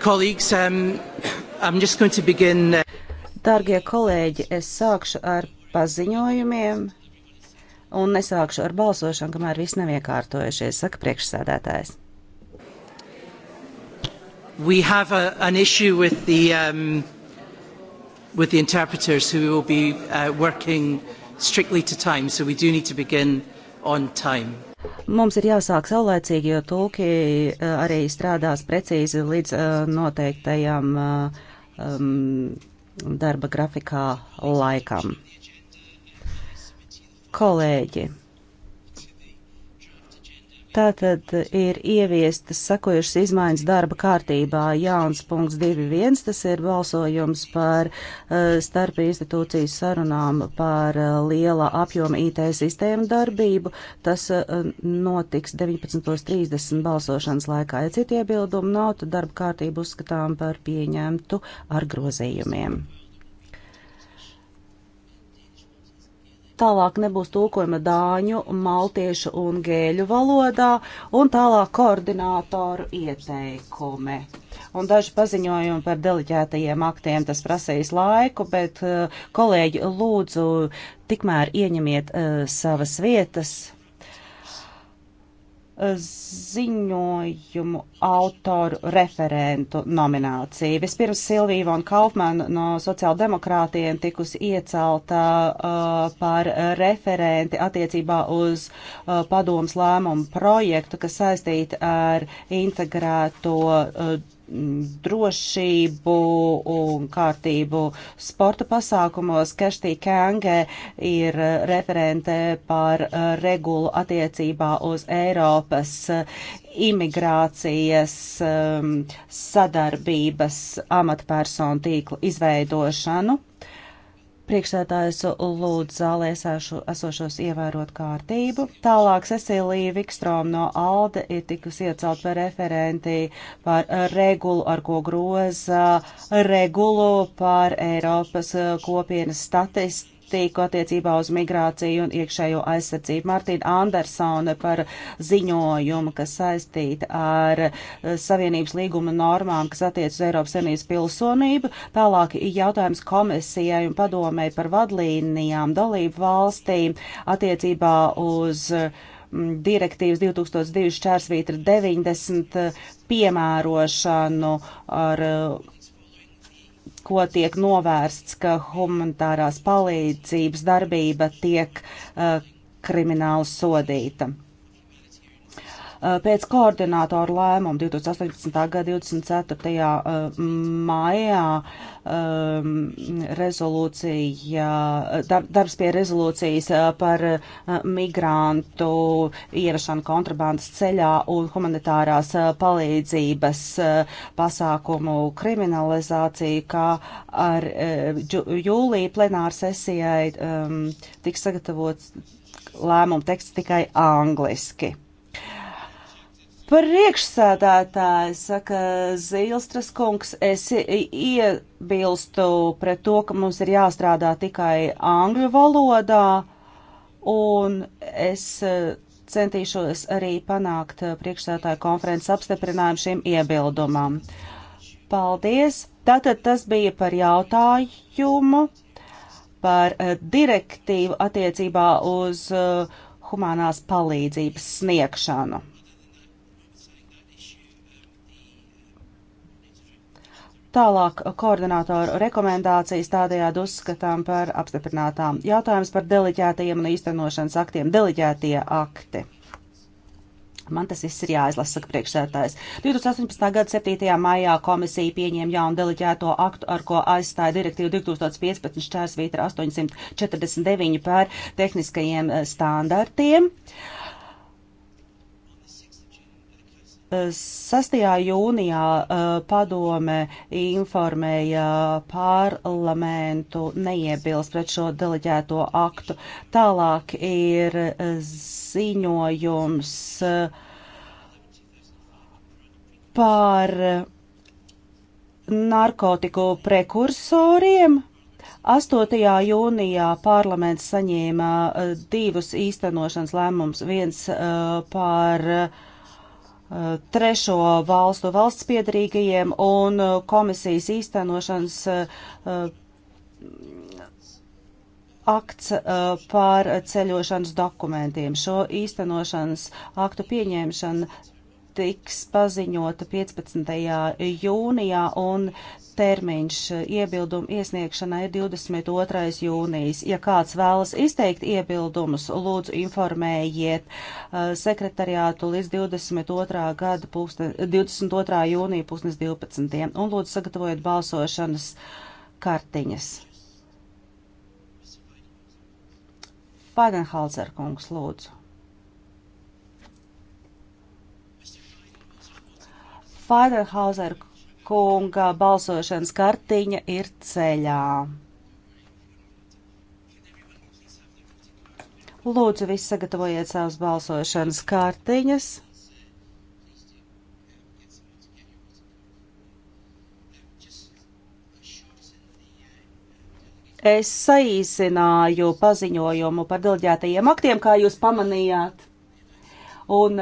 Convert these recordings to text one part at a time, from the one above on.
Colleagues, um, I'm just going to begin. Uh, Dārgie kolēģi, es sākšu ar paziņojumiem un nesākšu ar balsošanu, kamēr viss nav iekārtojušies, saka priekšsēdētājs. We have a, an issue with the, um, with the interpreters who will be uh, working strictly to time, so we do need to begin uh, Mums ir jāsāk saulēcīgi, jo tulki eh, arī strādās precīzi līdz eh, noteiktajam eh, um, darba grafikā laikam. Kolēģi, Tātad ir ieviestas sakojušas izmaiņas darba kārtībā. Jauns punkts 2.1, tas ir balsojums par uh, starp institūcijas sarunām par uh, liela apjoma IT sistēmu darbību. Tas uh, notiks 19.30 balsošanas laikā. Ja citi iebildumi nav, tad darba kārtību uzskatām par pieņemtu ar grozījumiem. tālāk nebūs tulkojuma dāņu, maltiešu un gēļu valodā, un tālāk koordinātoru ieteikumi. Un daži paziņojumi par deliģētajiem aktiem tas prasīs laiku, bet eh, kolēģi lūdzu tikmēr ieņemiet uh, savas vietas ziņojumu autoru referentu nomināciju. Vispirms Silvija von Kaufmann no sociāldemokrātiem tikusi iecelta uh, par referenti attiecībā uz uh, padomas lēmumu projektu, kas saistīta ar integrēto uh, drošību un kārtību sporta pasākumos. Kerstī Kēngē ir referente par regulu attiecībā uz Eiropas imigrācijas um, sadarbības amatpersonu tīklu izveidošanu. Priekšsētājs lūdz zālē esāšu, esošos ievērot kārtību. Tālāk Cecilija Vikstrom no ALDE ir tikusi iecelt par referentī par regulu, ar ko groza regulu par Eiropas kopienas statistiku politiku attiecībā uz migrāciju un iekšējo aizsardzību. Martina Andersone par ziņojumu, kas saistīta ar eh, Savienības līguma normām, kas attiec uz Eiropas Savienības pilsonību. Tālāk jautājums komisijai un padomē par vadlīnijām dalību valstīm attiecībā uz mm, direktīvas 2002 čērsvītra 90 piemērošanu ar eh, ko tiek novērsts, ka humanitārās palīdzības darbība tiek uh, krimināli sodīta. Eh, pēc koordinātoru lēmumu 2018. gada 24. maijā eh, eh, rezolūcija, darbs pie rezolūcijas par migrantu ierašanu kontrabandas ceļā un humanitārās palīdzības pasākumu kriminalizāciju, kā ar jūlija plenāru sesijai tiks sagatavots lēmumu teksts tikai angliski. Priekšsēdētāji, saka Zīlstras kungs, es iebilstu pret to, ka mums ir jāstrādā tikai angļu valodā, un es e, centīšos arī panākt e, priekšsēdētāju konferences apstiprinājumu šim iebildumam. Paldies! Tātad tas bija par jautājumu par e, direktīvu attiecībā uz humānās palīdzības sniegšanu. Tālāk koordinātoru rekomendācijas tādējādi uzskatām par apstiprinātām. Jautājums par deliģētajiem un īstenošanas aktiem. Deliģētie akti. Man tas viss ir jāizlasa, saka priekšsētājs. 2018. gada 7. maijā komisija pieņēma jaunu deliģēto aktu, ar ko aizstāja direktīvu 2015 čērsvītra 849 par tehniskajiem eh, standartiem. Uh, 6. jūnijā padome informēja parlamentu neiebilst pret šo deleģēto aktu. Tālāk ir ziņojums par narkotiku prekursoriem. 8. jūnijā parlaments saņēma divus īstenošanas lēmumus, viens par uh, trešo valstu valsts piedarīgajiem un uh, komisijas īstenošanas uh, akts uh, par ceļošanas dokumentiem. Šo īstenošanas aktu pieņemšana tiks paziņota 15. jūnijā un termiņš iebildumu iesniegšanai ir 22. jūnijas. Ja kāds vēlas izteikt iebildumus, lūdzu informējiet uh, sekretariātu līdz 22. gada pulksten, 22. jūnija pusnes 12. un lūdzu sagatavojiet balsošanas kartiņas. Pādenhalzer kungs, lūdzu. Faiderhauser kunga balsošanas kartiņa ir ceļā. Lūdzu, visi sagatavojiet savas balsošanas kārtiņas. Es saīsināju paziņojumu par dilģētajiem aktiem, kā jūs pamanījāt. Un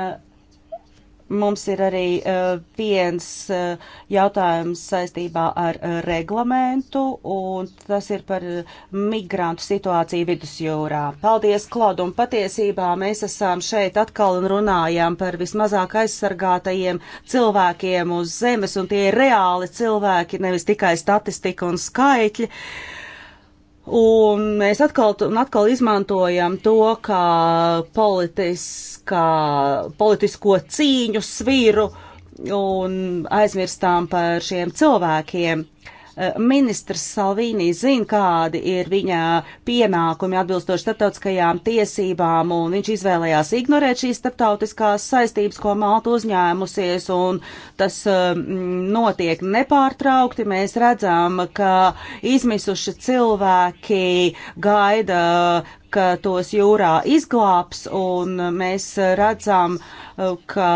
Mums ir arī uh, viens uh, jautājums saistībā ar uh, reglamentu, un tas ir par migrantu situāciju vidusjūrā. Paldies, Klaud, un patiesībā mēs esam šeit atkal un runājam par vismazāk aizsargātajiem cilvēkiem uz zemes, un tie ir reāli cilvēki, nevis tikai statistika un skaitļi. Uh, Un mēs atkal un atkal izmantojam to kā politiskā, politisko cīņu svīru un aizmirstām par šiem cilvēkiem. Eh, ministrs Salvīnī zina, kādi ir viņa pienākumi atbilstoši starptautiskajām tiesībām, un viņš izvēlējās ignorēt šīs starptautiskās saistības, ko Malta uzņēmusies, un tas eh, mm, notiek nepārtraukti. Mēs redzam, ka izmisuši cilvēki gaida ka tos jūrā izglābs, un mēs redzam, eh, ka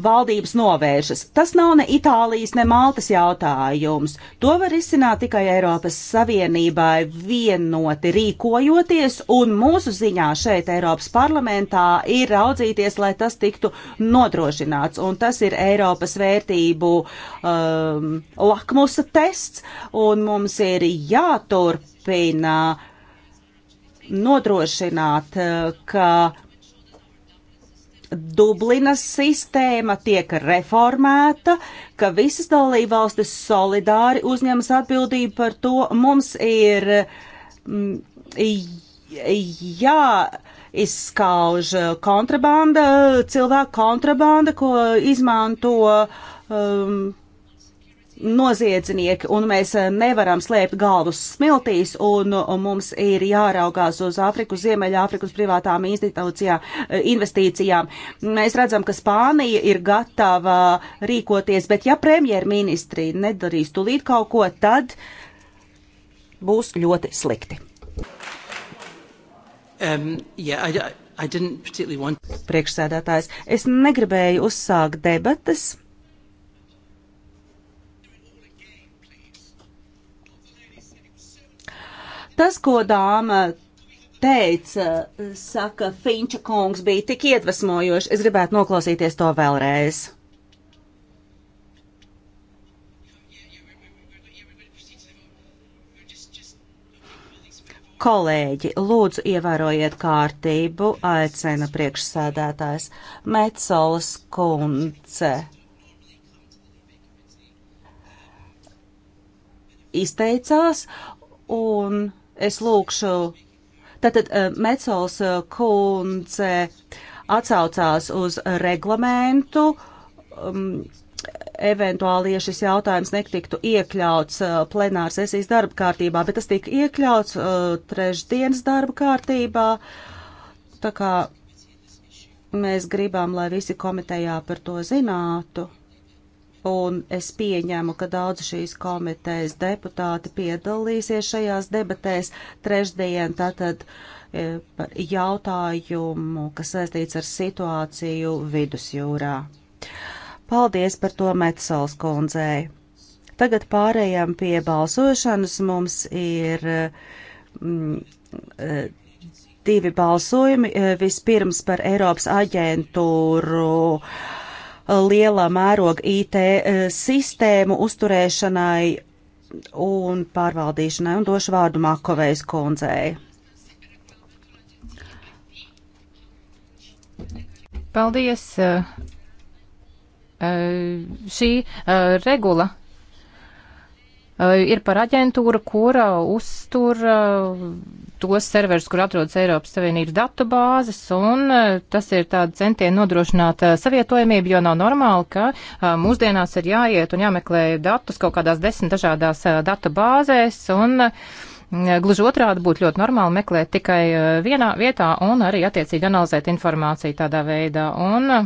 valdības novēršas. Tas nav ne Itālijas, ne Maltas jautājums. To var izsināt tikai Eiropas Savienībai vienoti rīkojoties, un mūsu ziņā šeit Eiropas parlamentā ir raudzīties, lai tas tiktu nodrošināts. Un tas ir Eiropas vērtību um, lakmusa tests, un mums ir jāturpina nodrošināt, uh, ka Dublinas sistēma tiek reformēta, ka visas dalībvalstis solidāri uzņemas atbildību par to. Mums ir mm, jā izskauž kontrabanda, cilvēku kontrabanda, ko izmanto um, noziedznieki, un mēs eh, nevaram slēpt galvas smiltīs, un, un eh, mums ir jāraugās uz Āfriku, Ziemeļāfrikas privātām eh, investīcijām. Mēs redzam, ka Spānija ir gatava rīkoties, bet ja premjerministri nedarīs tulīt kaut ko, tad būs ļoti slikti. Um, yeah, I, I want... Priekšsēdētājs, es negribēju uzsākt debatas Tas, ko dāma teica, saka Finča kungs, bija tik iedvesmojoši. Es gribētu noklausīties to vēlreiz. Kolēģi, lūdzu ievērojiet kārtību, aicina priekšsēdētājs Metsolas kundze. Izteicās un es lūkšu. Tātad eh, Mecols eh, kundze atsaucās uz reglamentu. Um, eventuāli, ja šis jautājums netiktu iekļauts eh, plenāra sesijas darba kārtībā, bet tas tika iekļauts uh, trešdienas darba kārtībā. Tā kā mēs gribam, lai visi komitejā par to zinātu un es pieņēmu, ka daudz šīs komitejas deputāti piedalīsies šajās debatēs trešdien, tātad e, par jautājumu, kas saistīts ar situāciju vidusjūrā. Paldies par to Metsals kundzei. Tagad pārējām pie balsošanas. Mums ir mm, e, divi balsojumi. E, vispirms par Eiropas aģentūru. Uh, lielā mēroga IT eh, sistēmu uzturēšanai un pārvaldīšanai, un došu vārdu Makovejas kundzei. Paldies! Eh, eh, šī regula ir par aģentūru, kura uztur tos serverus, kur atrodas Eiropas Savienības datubāzes, un e, tas ir tāda centiena nodrošināt e, savietojamību, jo nav normāli, ka e, mūsdienās ir jāiet un jāmeklē datus kaut kādās desmit dažādās datubāzēs, un gluži otrādi būtu ļoti normāli meklēt tikai vienā vietā un arī attiecīgi analizēt informāciju tādā veidā. Un,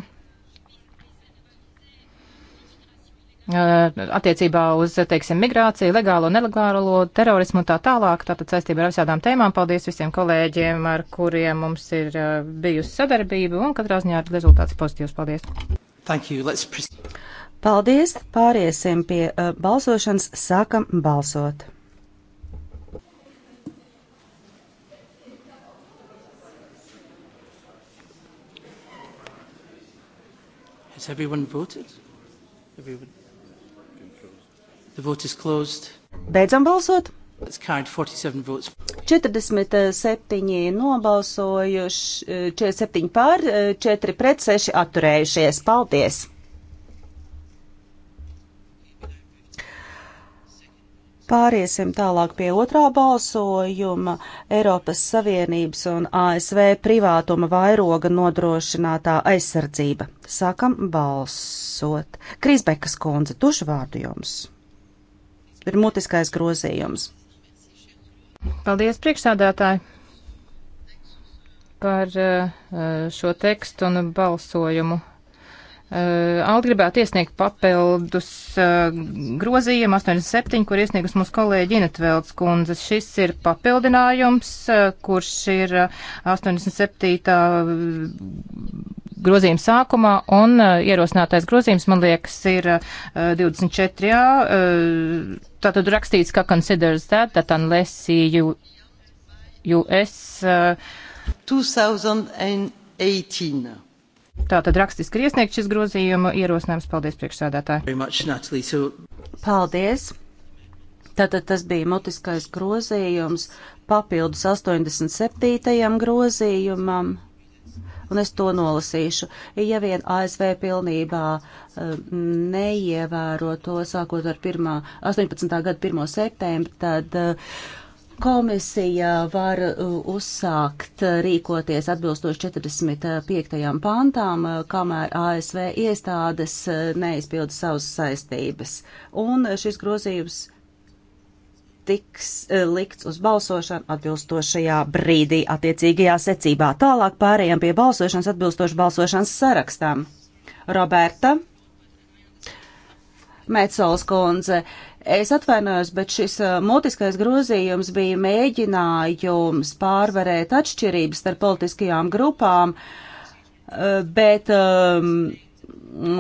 Eh, attiecībā uz, teiksim, migrāciju, legālo, nelegālo terorismu un tā tālāk, tātad saistībā ar visādām tēmām. Paldies visiem kolēģiem, ar kuriem mums ir eh, bijusi sadarbība, un katrā ziņā rezultāts pozitīvs. Paldies! Paldies! Pāriesim pie uh, balsošanas. Sākam balsot! Has everyone voted? Everyone? Beidzam balsot. 47 nobalsojuši, 47 pār, 4 pret, 6 atturējušies. Paldies! Pāriesim tālāk pie otrā balsojuma - Eiropas Savienības un ASV privātuma vairoga nodrošinātā aizsardzība. Sākam balsot. Krīsbekas kundze, tušu vārdu jums! ir mutiskais grozījums. Paldies, priekšsādātāji, par uh, šo tekstu un balsojumu. Uh, Aldi gribētu iesniegt papildus uh, grozījumu 87, kur iesniegus mūsu kolēģi Inetvelds kundze. Šis ir papildinājums, kurš ir 87 grozījuma sākumā, un uh, ierosinātais grozījums, man liekas, ir uh, 24a. Uh, tātad rakstīts, ka considers that, that unless you, e US. Uh, 2018. Tātad rakstiski ir iesniegts šis grozījuma ierosinājums. Paldies, priekšsādātāji. Much, Natalie, so... Paldies. Tātad tas bija mutiskais grozījums papildus 87. grozījumam un es to nolasīšu. Ja vien ASV pilnībā eh, neievēro to sākot ar 1, 18. gada 1. septembri, tad eh, komisija var eh, uzsākt rīkoties atbilstoši 45. pantām, kamēr ASV iestādes neizpilda savas saistības. Un šis grozījums tiks eh, likts uz balsošanu atbilstošajā brīdī attiecīgajā secībā. Tālāk pārējām pie balsošanas atbilstoši balsošanas sarakstam. Roberta Metsols kundze, es atvainojos, bet šis eh, mutiskais grozījums bija mēģinājums pārvarēt atšķirības starp politiskajām grupām, eh, bet um,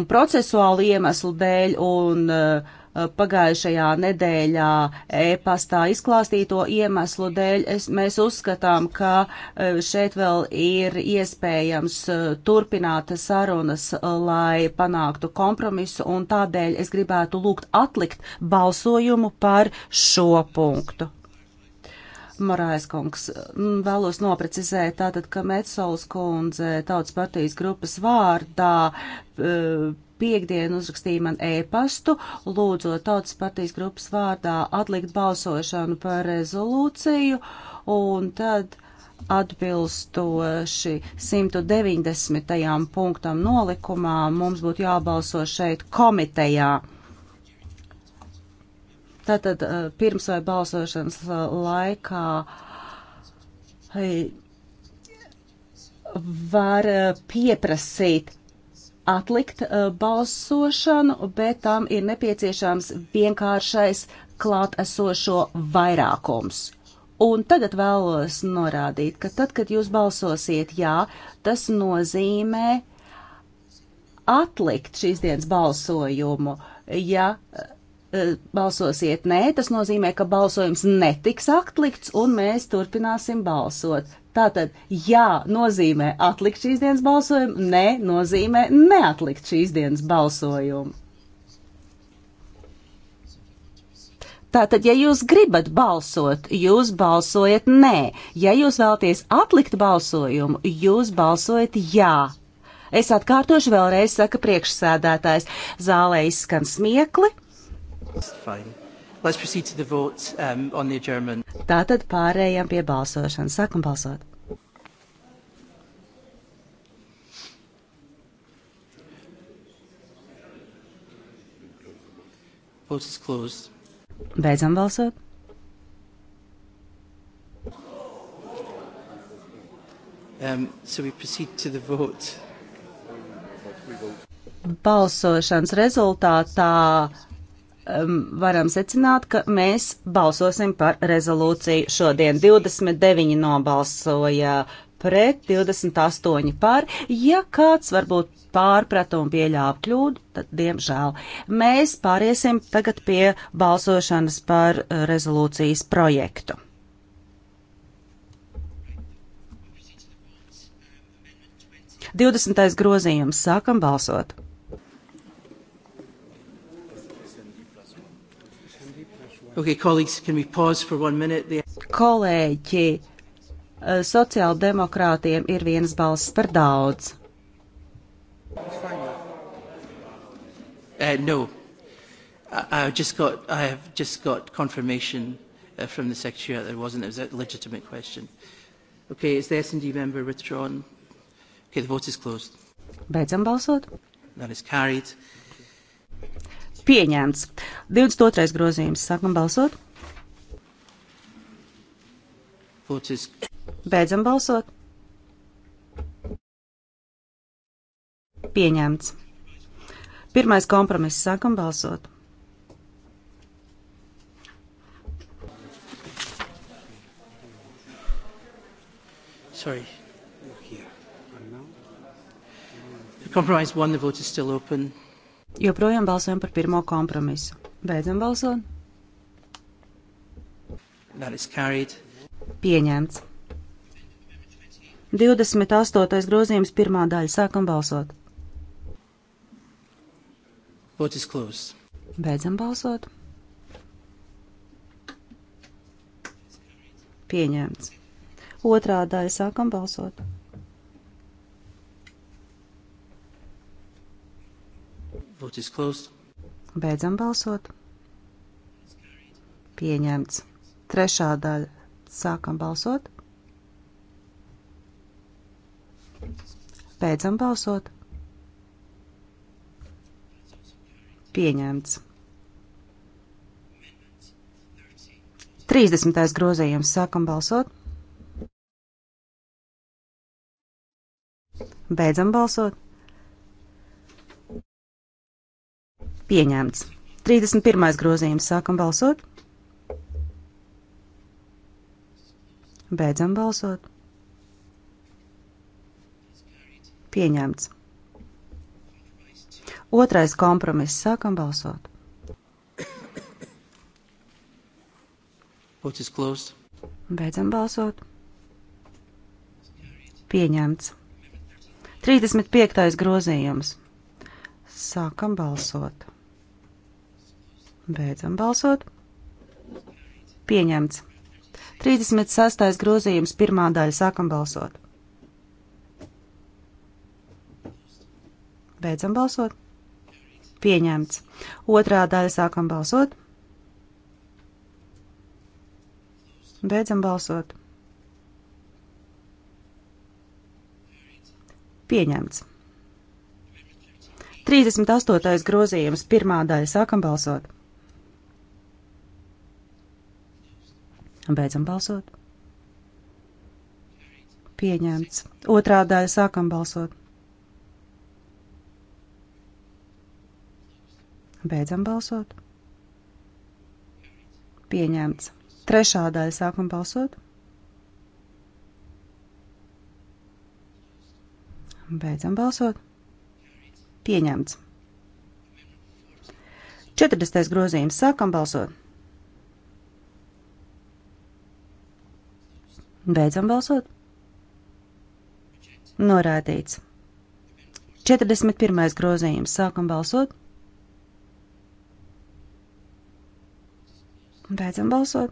procesuālu iemeslu dēļ un uh, pagājušajā nedēļā e-pastā izklāstīto iemeslu dēļ es, mēs uzskatām, ka e, šeit vēl ir iespējams e, turpināt sarunas, lai panāktu kompromisu, un tādēļ es gribētu lūgt atlikt balsojumu par šo punktu. Morais kungs, vēlos noprecizēt tātad, ka Metsols kundze tautas partijas grupas vārdā e, piekdien uzrakstīja man ēpastu, e lūdzot Tautas partijas grupas vārdā atlikt balsošanu par rezolūciju, un tad atbilstoši 190. punktam nolikumā mums būtu jābalso šeit komitejā. Tātad eh, pirms vai balsošanas eh, laikā eh, var pieprasīt atlikt uh, balsošanu, bet tam ir nepieciešams vienkāršais klātesošo vairākums. Un tagad vēlos norādīt, ka tad, kad jūs balsosiet jā, tas nozīmē atlikt šīs dienas balsojumu, ja uh, E, balsosiet nē, tas nozīmē, ka balsojums netiks atlikts un mēs turpināsim balsot. Tātad jā nozīmē atlikt šīs dienas balsojumu, nē nozīmē neatlikt šīs dienas balsojumu. Tātad, ja jūs gribat balsot, jūs balsojat nē. Ja jūs vēlaties atlikt balsojumu, jūs balsojat jā. Es atkārtošu vēlreiz, saka priekšsēdētājs. Zālē izskan smiekli. Vote, um, Tātad pārējām pie balsošanas. Sākam balsot. Beidzam balsot. Um, so we proceed to the vote. Balsošanas rezultātā Um, varam secināt, ka mēs balsosim par rezolūciju šodien. 29 nobalsoja pret, 28 par. Ja kāds varbūt pārprata un pieļāva kļūdu, tad diemžēl. Mēs pāriesim tagad pie balsošanas par uh, rezolūcijas projektu. Divdesmitais grozījums. Sākam balsot. Okay, colleagues, can we pause for one minute? The... Kolēģi, eh, sociāldemokrātiem ir vienas balss par daudz. Uh, no. I, I just got, I have just got confirmation uh, from the Secretary that there wasn't. It was a legitimate question. Okay, is the S&D member withdrawn? Okay, the vote is closed. Beidzam balsot. That is carried pieņemts. 22. grozījums. Sākam balsot. Beidzam balsot. Pieņemts. Pirmais kompromiss. Sākam balsot. Sorry. Compromise one, the vote is still open. Joprojām balsojam par pirmo kompromisu. Beidzam balsot. Pieņemts. 28. grozījums pirmā daļa. Sākam balsot. Beidzam balsot. Pieņemts. Otrā daļa. Sākam balsot. Vote is closed. Beidzam balsot. Pieņemts. Trešā daļa. Sākam balsot. Beidzam balsot. Pieņemts. 30. grozījums. Sākam balsot. Beidzam balsot. Pieņemts. 31. grozījums. Sākam balsot. Beidzam balsot. Pieņemts. Otrais kompromiss. Sākam balsot. Vote is closed. Beidzam balsot. Pieņemts. 35. grozījums. Sākam balsot. Beidzam balsot. Pieņemts. 36. grozījums, pirmā daļa, sākam balsot. Beidzam balsot. Pieņemts. Otrā daļa, sākam balsot. Beidzam balsot. Pieņemts. 38. grozījums, pirmā daļa, sākam balsot. Beidzam balsot. Pieņemts. Otrā daļa sākam balsot. Beidzam balsot. Pieņemts. Trešā daļa sākam balsot. Beidzam balsot. Pieņemts. 40. grozījums sākam balsot. Beidzam balsot. Norādīts. 41. grozījums. Sākam balsot. Beidzam balsot.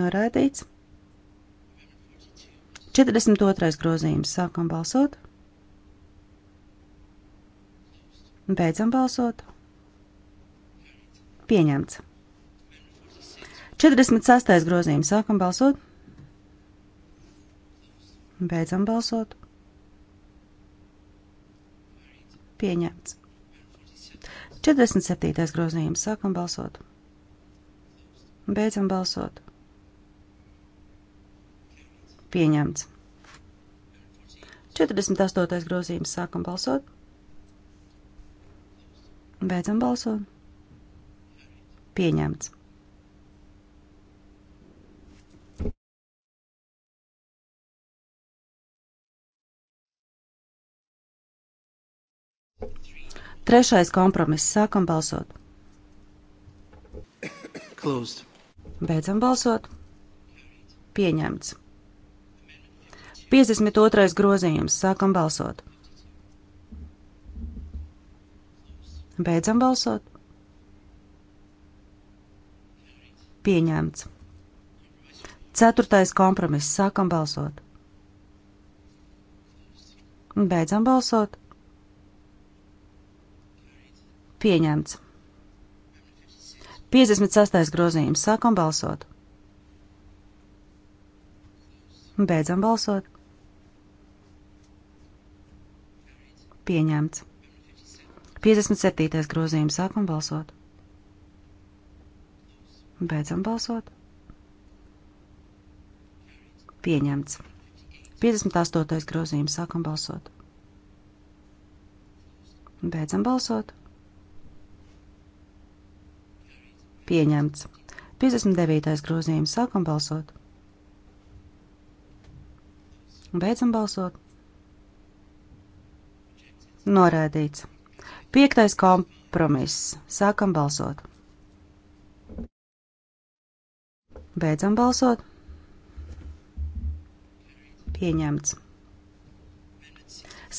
Norādīts. 42. grozījums. Sākam balsot. Beidzam balsot. Pieņemts. 46. grozījums. Sākam balsot. Beidzam balsot. Pieņemts. 47. grozījums. Sākam balsot. Beidzam balsot. Pieņemts. 48. grozījums. Sākam balsot. Beidzam balsot. Pieņemts. Trešais kompromiss. Sākam balsot. Closed. Beidzam balsot. Pieņemts. 52. grozījums. Sākam balsot. Beidzam balsot. Pieņemts. Ceturtais kompromiss. Sākam balsot. Beidzam balsot. Pieņemts. 56. grozījums. Sākam balsot. Beidzam balsot. Pieņemts. 57. grozījums. Sākam balsot. Beidzam balsot. Pieņemts. 58. grozījums. Sākam balsot. Beidzam balsot. Pieņemts. 59. grozījums. Sākam balsot. Beidzam balsot. Norādīts. Piektais kompromiss. Sākam balsot. Beidzam balsot. Pieņemts.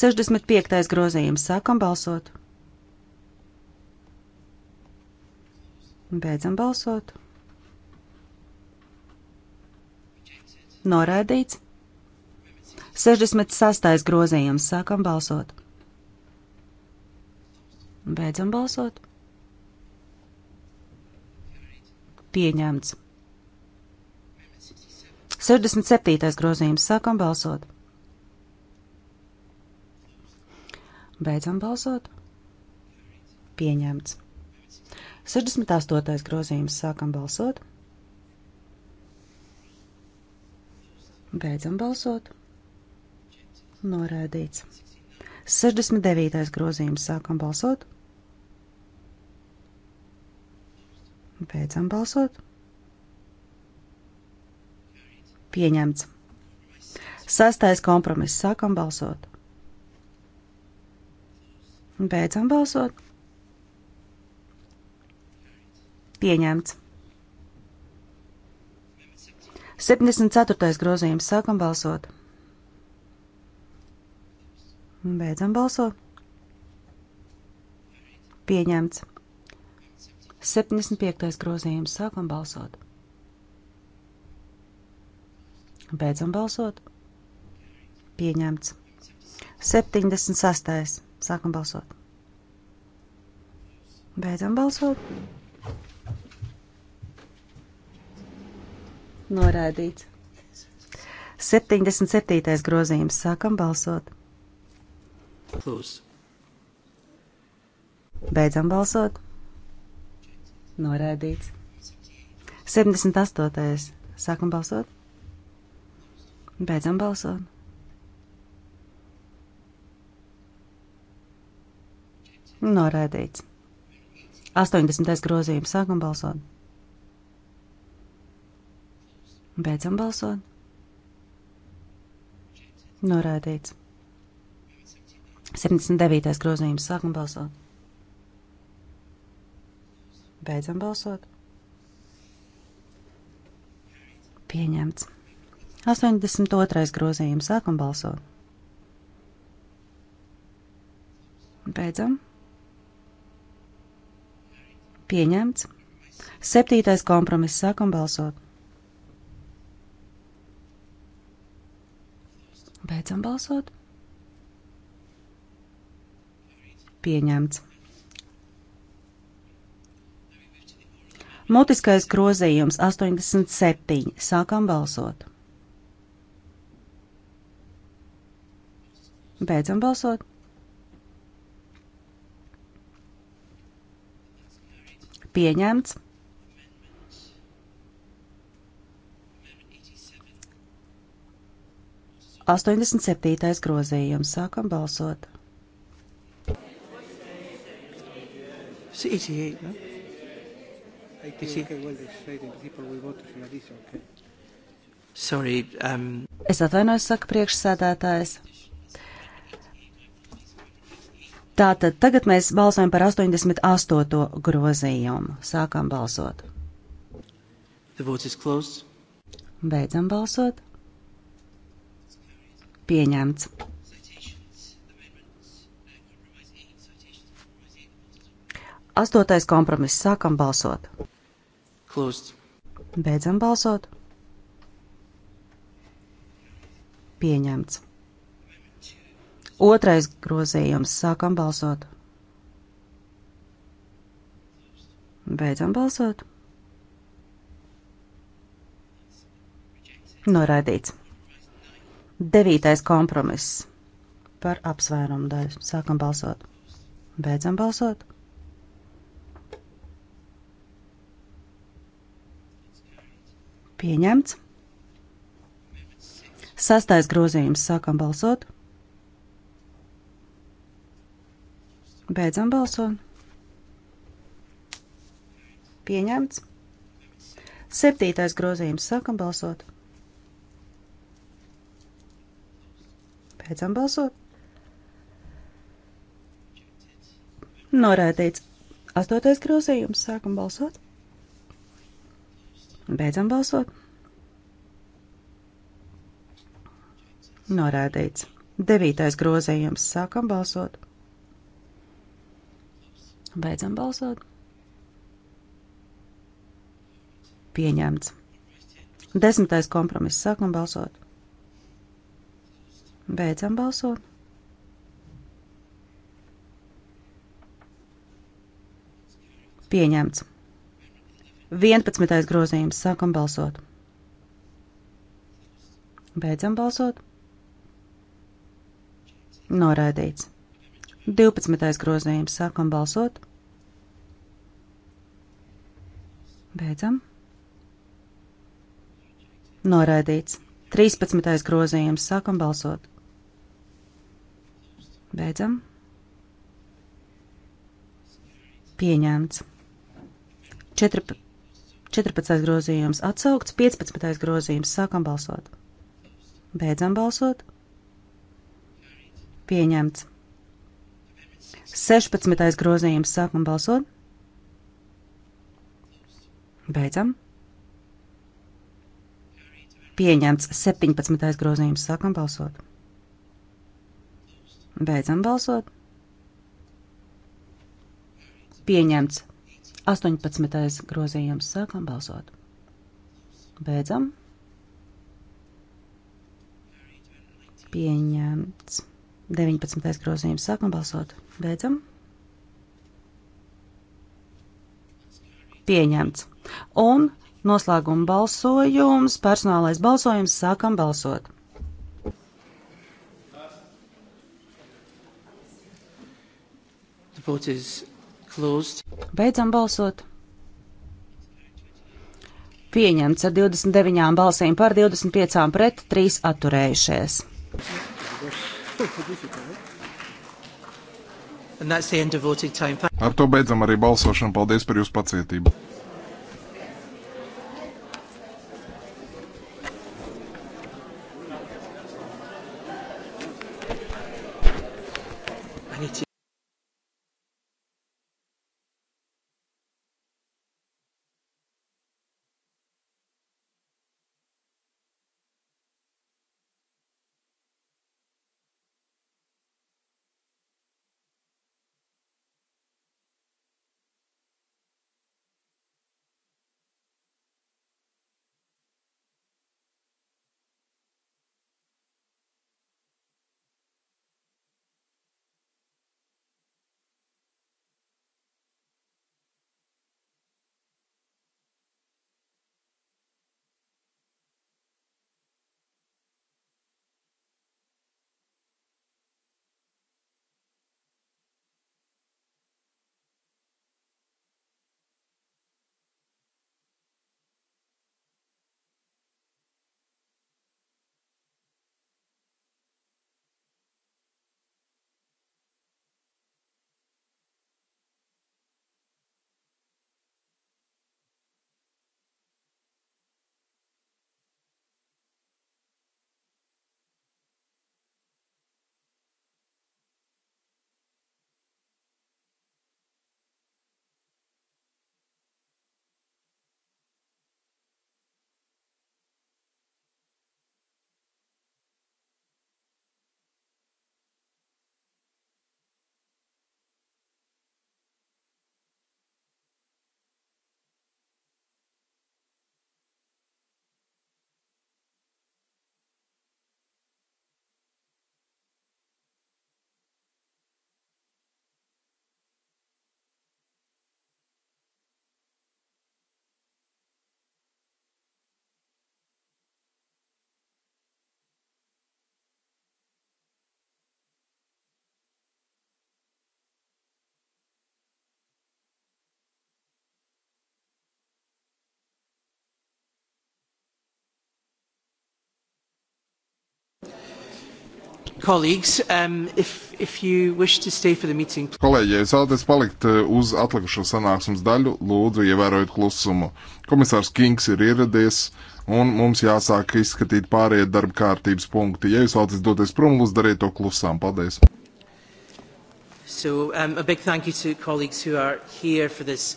65. grozījums. Sākam balsot. Beidzam balsot. Noraidīts. 66. grozījums. Sākam balsot. Beidzam balsot. Pieņemts. 67. grozījums. Sākam balsot. Beidzam balsot. Pieņemts. 68. grozījums sākam balsot. Beidzam balsot. Norēdīts. 69. grozījums sākam balsot. Beidzam balsot. Pieņemts. Sastais kompromiss sākam balsot. Beidzam balsot. Pieņemts. 74. grozījums. Sākam balsot. Beidzam balsot. Pieņemts. 75. grozījums. Sākam balsot. Beidzam balsot. Pieņemts. 76. Sākam balsot. Beidzam balsot. Noraidīts. 77. grozījums. Sākam balsot. Close. Beidzam balsot. Noraidīts. 78. Sākam balsot. Beidzam balsot. Noraidīts. 80. grozījums. Sākam balsot. Beidzam balsot. Norādīts. 79. grozījums. Sākam balsot. Beidzam balsot. Pieņemts. 82. grozījums. Sākam balsot. Beidzam. Pieņemts. Septītais kompromiss. Sākam balsot. Beidzam balsot. Pieņemts. Mutiskais grozījums 87. Sākam balsot. Beidzam balsot. Pieņemts. 87. grozījums. Sākam balsot. Sorry, um... Es atvainojos, saka priekšsēdētājs. Tātad tagad mēs balsojam par 88. grozījumu. Sākam balsot. Beidzam balsot pieņemts. Astotais kompromiss. Sākam balsot. Closed. Beidzam balsot. Pieņemts. Otrais grozījums. Sākam balsot. Beidzam balsot. Noraidīts. Devītais kompromiss par apsvērumu daļu. Sākam balsot. Beidzam balsot. Pieņemts. Sastais grozījums. Sākam balsot. Beidzam balsot. Pieņemts. Septītais grozījums. Sākam balsot. Beidzam balsot. Norādīts. Astotais grozījums. Sākam balsot. Beidzam balsot. Norādīts. Devītais grozījums. Sākam balsot. Beidzam balsot. Pieņemts. Desmitais kompromiss. Sākam balsot. Beidzam balsot. Pieņemts. 11. grozījums. Sākam balsot. Beidzam balsot. Noraidīts. 12. grozījums. Sākam balsot. Beidzam. Noraidīts. 13. grozījums. Sākam balsot. Beidzam. Pieņemts. 14. 14. grozījums atsaukts, 15. grozījums sākam balsot. Beidzam balsot. Pieņemts. 16. grozījums sākam balsot. Beidzam. Pieņemts 17. grozījums sākam balsot. Beidzam balsot. Pieņemts. 18. grozījums. Sākam balsot. Beidzam. Pieņemts. 19. grozījums. Sākam balsot. Beidzam. Pieņemts. Un noslēguma balsojums, personālais balsojums. Sākam balsot. Beidzam balsot. Pieņemts ar 29 balsīm par 25 pret 3 atturējušies. Ar to beidzam arī balsošanu. Paldies par jūsu pacietību! Colleagues, um, if, if you wish to stay for the meeting. Kolēģi, ja jūs vēlaties palikt uh, uz atlikušo sanāksmes daļu, lūdzu ievērojiet klusumu. Komisārs Kings ir ieradies un mums jāsāk izskatīt pārējie darba kārtības punkti. Ja jūs vēlaties doties prom, lūdzu dariet to klusām. Paldies! So, um, a big thank you to colleagues who are here for this.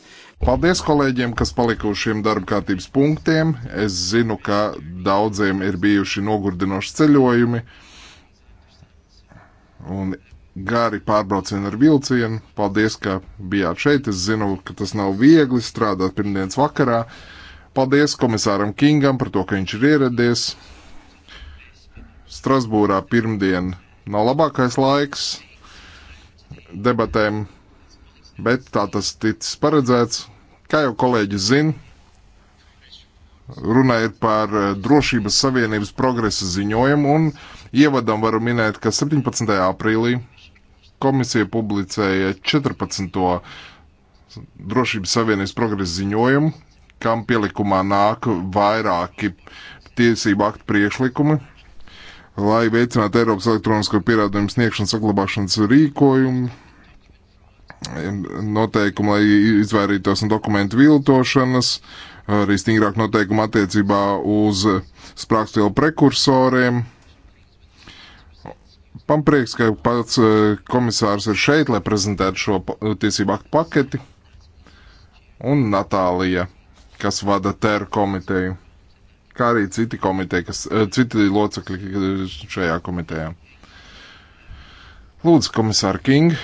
Paldies kolēģiem, kas palika uz šiem darba kārtības punktiem. Es zinu, ka daudziem ir bijuši nogurdinoši ceļojumi. Uh, un gari pārbraucieni ar vilcienu. Paldies, ka bijāt šeit. Es zinu, ka tas nav viegli strādāt pirmdienas vakarā. Paldies komisāram Kingam par to, ka viņš ir ieradies. Strasbūrā pirmdien nav labākais laiks debatēm, bet tā tas ticis paredzēts. Kā jau kolēģi zina, runājot par eh, drošības savienības progresa ziņojumu un uh, Ievadam varu minēt, ka 17. aprīlī komisija publicēja 14. drošības savienības progresa ziņojumu, kam pielikumā nāk vairāki tiesību aktu priekšlikumi, lai veicinātu Eiropas elektronisko pierādījumu sniegšanas saglabāšanas rīkojumu, noteikumu, lai izvairītos no dokumentu viltošanas, arī stingrāk noteikumu attiecībā uz sprākstvielu prekursoriem Man prieks, ka pats e, komisārs ir šeit, lai prezentētu šo tiesību aktu paketi. Un Natālija, kas vada TER komiteju, kā arī citi komiteji, kas, e, citi locekļi e, šajā komitejā. Lūdzu, komisāra King.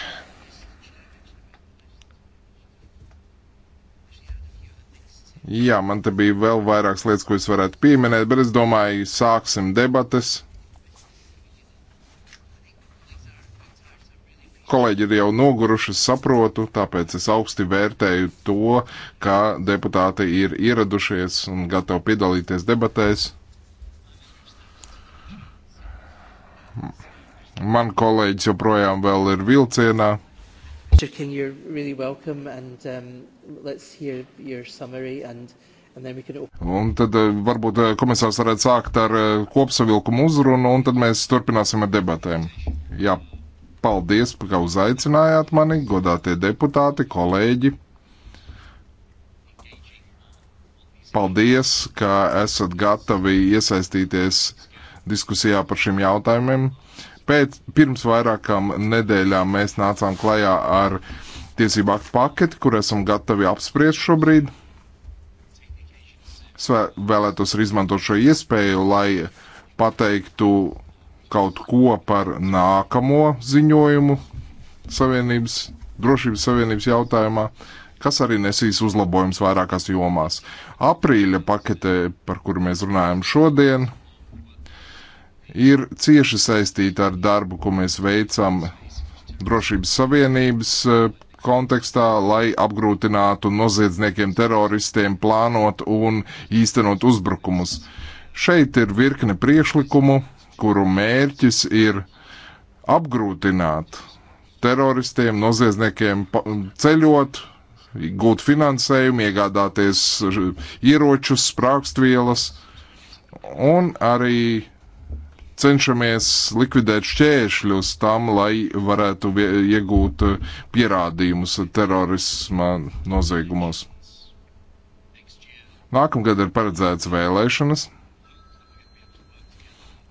Jā, man te bija vēl vairākas lietas, ko es varētu pieminēt, bet es domāju, sāksim debates. kolēģi ir jau noguruši, saprotu, tāpēc es augsti vērtēju to, ka deputāti ir ieradušies un gatavi piedalīties debatēs. Man kolēģis joprojām vēl ir vilcienā. Mr. King, you're really welcome, and um, let's hear your summary, and, and then we can open. Un tad eh, varbūt eh, komisārs varētu sākt ar eh, kopsavilkumu uzrunu, un tad mēs turpināsim ar debatēm. Jā, Paldies, ka uzaicinājāt mani, godātie deputāti, kolēģi. Paldies, ka esat gatavi iesaistīties diskusijā par šiem jautājumiem. Pēc, pirms vairākām nedēļām mēs nācām klajā ar tiesību aktu paketi, kur esam gatavi apspriest šobrīd. Es vēlētos arī izmantot šo iespēju, lai pateiktu kaut ko par nākamo ziņojumu Savienības, drošības Savienības jautājumā, kas arī nesīs uzlabojums vairākās jomās. Aprīļa pakete, par kuru mēs runājam šodien, ir cieši saistīta ar darbu, ko mēs veicam drošības Savienības eh, kontekstā, lai apgrūtinātu noziedzniekiem, teroristiem plānot un īstenot uzbrukumus. Šeit ir virkne priekšlikumu, kuru mērķis ir apgrūtināt teroristiem, noziedzniekiem ceļot, gūt finansējumu, iegādāties ieročus, sprākstvielas un arī cenšamies likvidēt šķēršļus tam, lai varētu iegūt pierādījumus terorisma noziegumos. Nākamgad ir paredzēts vēlēšanas.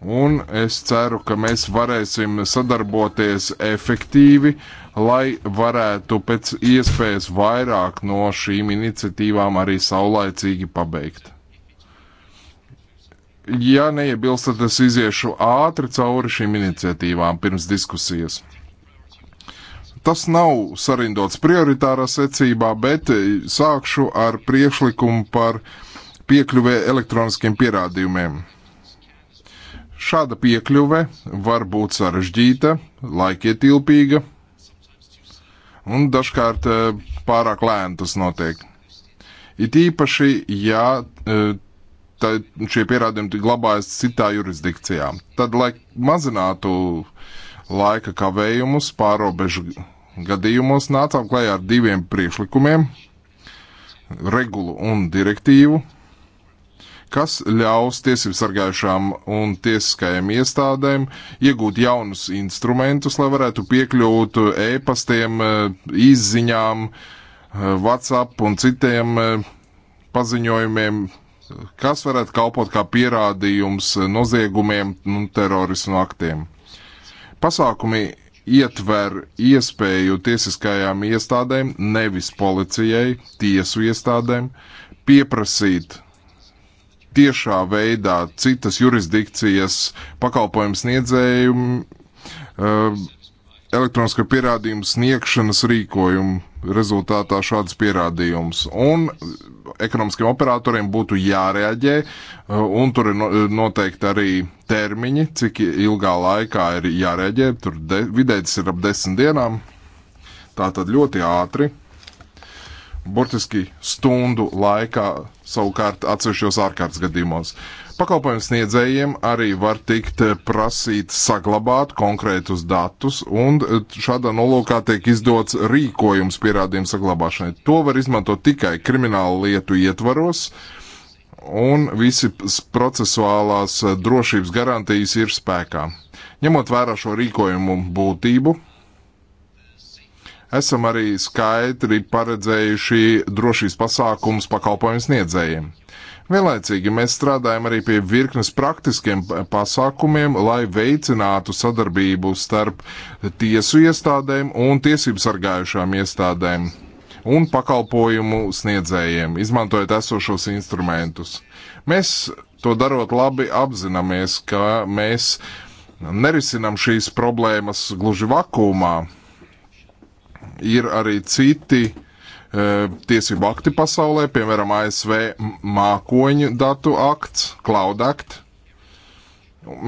Un es ceru, ka mēs varēsim sadarboties efektīvi, lai varētu pēc iespējas vairāk no šīm iniciatīvām arī saulaicīgi pabeigt. Ja neiebilstat, es iziešu ātri cauri šīm iniciatīvām pirms diskusijas. Tas nav sarindots prioritārā secībā, bet sākšu ar priekšlikumu par piekļuvē elektroniskiem pierādījumiem. Šāda piekļuve var būt sarežģīta, laikietilpīga un dažkārt eh, pārāk lēni tas notiek. It īpaši, ja eh, tā, šie pierādījumi glabājas citā jurisdikcijā, tad, lai mazinātu laika kavējumus pārobežu gadījumos, nācām klajā ar diviem priekšlikumiem - regulu un direktīvu, kas ļaus tiesību sargājušām un tiesiskajām iestādēm iegūt jaunus instrumentus, lai varētu piekļūt e-pastiem, eh, izziņām, eh, WhatsApp un citiem eh, paziņojumiem, kas varētu kalpot kā pierādījums noziegumiem un terorismu aktiem. Pasākumi ietver iespēju tiesiskajām iestādēm, nevis policijai, tiesu iestādēm, pieprasīt tiešā veidā citas jurisdikcijas pakalpojumu sniedzēju um, elektronisko pierādījumu sniegšanas rīkojumu rezultātā šādas pierādījumus. Un ekonomiskiem operatoriem būtu jāreaģē, uh, un tur ir noteikti arī termiņi, cik ilgā laikā ir jārēģē. Tur vidēji tas ir ap desmit dienām. Tā tad ļoti ātri burtiski stundu laikā, savukārt atsevišķos ārkārtas gadījumos. Pakalpojumu sniedzējiem arī var tikt eh, prasīt saglabāt konkrētus datus, un eh, šādā nolūkā tiek izdots rīkojums pierādījumu saglabāšanai. To var izmantot tikai kriminālu lietu ietvaros, un visi procesuālās eh, drošības garantijas ir spēkā. Ņemot vērā šo rīkojumu būtību, Esam arī skaidri paredzējuši drošības pasākums pakalpojumu sniedzējiem. Vienlaicīgi mēs strādājam arī pie virknes praktiskiem pasākumiem, lai veicinātu sadarbību starp tiesu iestādēm un tiesību sargājušām iestādēm un pakalpojumu sniedzējiem, izmantojot esošos instrumentus. Mēs to darot labi apzināmies, ka mēs nerisinam šīs problēmas gluži vakumā, ir arī citi eh, tiesību akti pasaulē, piemēram, ASV mākoņu datu akts, Cloud Act.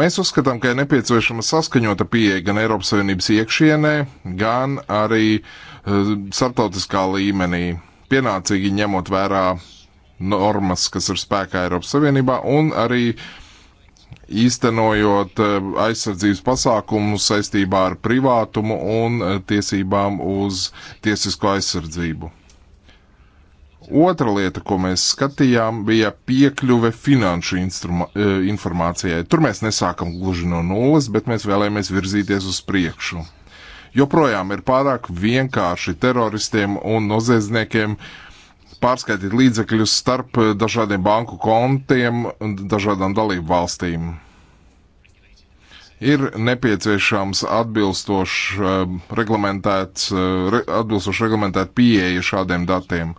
Mēs uzskatām, ka ir nepieciešama saskaņota pieeja gan Eiropas Savienības iekšienē, gan arī uh, starptautiskā līmenī, pienācīgi ņemot vērā normas, kas ir spēkā Eiropas Savienībā, un arī uh, īstenojot eh, aizsardzības pasākumus saistībā ar privātumu un eh, tiesībām uz tiesisko aizsardzību. Otra lieta, ko mēs skatījām, bija piekļuve finanšu eh, informācijai. Tur mēs nesākam gluži no nulles, bet mēs vēlamies virzīties uz priekšu. Joprojām ir pārāk vienkārši teroristiem un noziedzniekiem uh, pārskaitīt līdzekļus starp eh, dažādiem banku kontiem un dažādām dalību valstīm. Ir nepieciešams atbilstoši uh, eh, reglamentēts, uh, eh, atbilstoši reglamentēt pieeja šādiem datiem.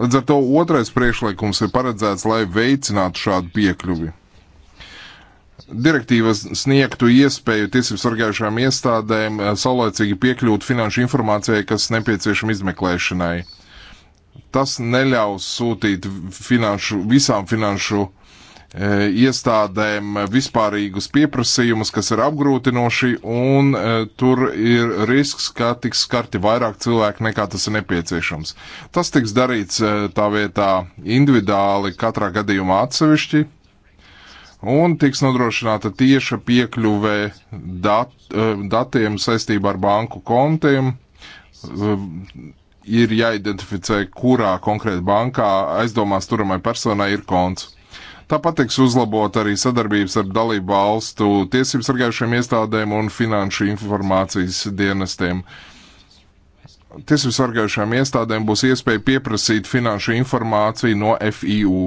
Līdz ar to otrais priekšlikums ir paredzēts, lai veicinātu šādu piekļuvi. Direktīvas sniegtu iespēju tiesību sargājušām iestādēm saulēcīgi piekļūt finanšu informācijai, kas nepieciešama izmeklēšanai. Uh, tas neļaus sūtīt finanšu, visām finanšu e, iestādēm vispārīgus pieprasījumus, kas ir apgrūtinoši, un e, tur ir risks, ka tiks skarti vairāk cilvēki nekā tas ir nepieciešams. Tas tiks darīts e, tā vietā individuāli, katrā gadījumā atsevišķi, un tiks nodrošināta tieša piekļuve dat, e, datiem saistībā ar banku kontiem e, ir jāidentificē, kurā konkrēti bankā aizdomās turamai personai ir konts. Tāpat tiks uzlabot arī sadarbības ar dalību valstu tiesību sargājušiem iestādēm un finanšu informācijas dienestiem. Tiesību sargājušām iestādēm būs iespēja pieprasīt finanšu informāciju no FIU.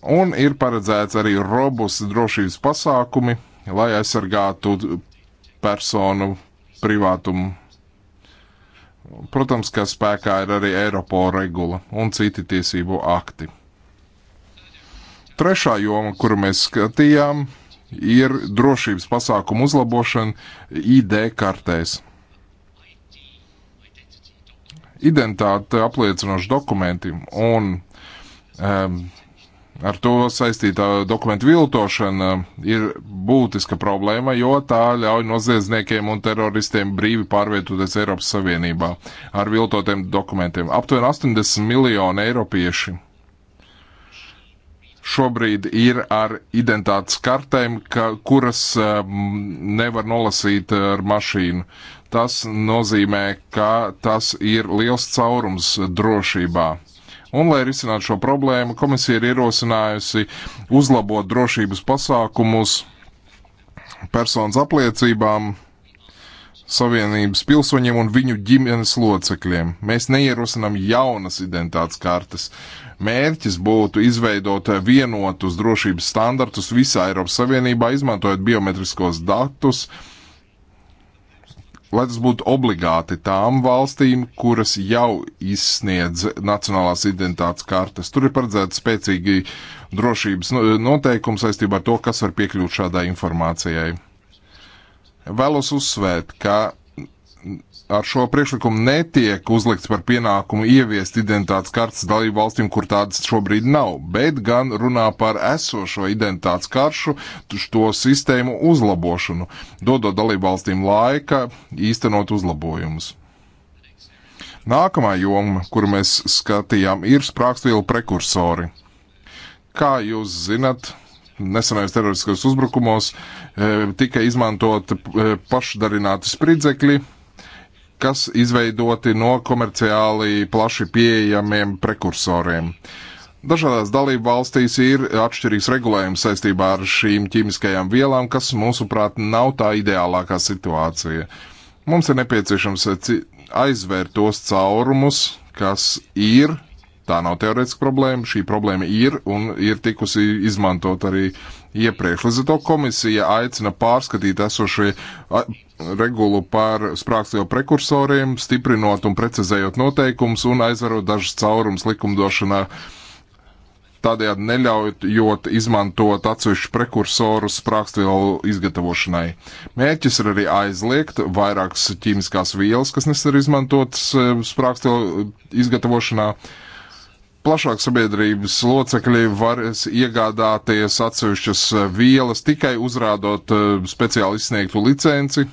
Un ir paredzēts arī robusti drošības pasākumi, lai aizsargātu personu privātumu Protams, ka spēkā ir arī Eiropola regula un citi tiesību akti. Trešā joma, kuru mēs skatījām, ir drošības pasākumu uzlabošana ID kartēs. Identitāte apliecinoši dokumenti un um, ar to saistītā dokumentu viltošana ir būtiska problēma, jo tā ļauj noziedzniekiem un teroristiem brīvi pārvietoties Eiropas Savienībā ar viltotiem dokumentiem. Aptuveni 80 miljoni eiropieši šobrīd ir ar identitātes kartēm, ka, kuras um, nevar nolasīt eh, ar mašīnu. Tas nozīmē, ka tas ir liels caurums drošībā Un, lai risinātu šo problēmu, komisija ir ierosinājusi uzlabot drošības pasākumus personas apliecībām savienības pilsoņiem un viņu ģimenes locekļiem. Mēs neierosinām jaunas identitātes kartes. Mērķis būtu izveidot vienotus drošības standartus visā Eiropas Savienībā, izmantojot biometriskos datus, uh, lai tas būtu obligāti tām valstīm, kuras jau izsniedz nacionālās identitātes kartes. Tur ir paredzēta spēcīgi drošības noteikumi saistībā ar to, kas var piekļūt šādai informācijai. Vēlos uzsvērt, ka ar šo priekšlikumu netiek uzlikts par pienākumu ieviest identitātes kartes dalību valstīm, kur tādas šobrīd nav, bet gan runā par esošo identitātes karšu, to sistēmu uzlabošanu, dodot dalību valstīm laika īstenot uzlabojumus. Nākamā joma, kuru mēs skatījām, ir sprākstvielu prekursori. Kā jūs zinat, nesenajos teroriskajos uzbrukumos eh, tika izmantoti eh, pašdarināti spridzekļi, kas izveidoti no komerciāli plaši pieejamiem prekursoriem. Dažādās dalību valstīs ir atšķirīgs regulējums saistībā ar šīm ķīmiskajām vielām, kas, mūsuprāt, nav tā ideālākā situācija. Mums ir nepieciešams aizvērt tos caurumus, kas ir Tā nav teorētiska problēma, šī problēma ir un ir tikusi izmantot arī iepriekš. Līdz ar to komisija aicina pārskatīt esošie regulu par sprākstīvo prekursoriem, stiprinot un precizējot noteikumus un aizvarot dažas caurums likumdošanā. Tādējādi neļaujot izmantot atsevišķu prekursorus sprākstvielu izgatavošanai. Mērķis ir arī aizliegt vairākas ķīmiskās vielas, kas nesen ir izmantotas e, sprākstvielu izgatavošanā. Uh, plašāk sabiedrības locekļi var iegādāties atsevišķas eh, vielas tikai uzrādot eh, speciāli izsniegtu licenci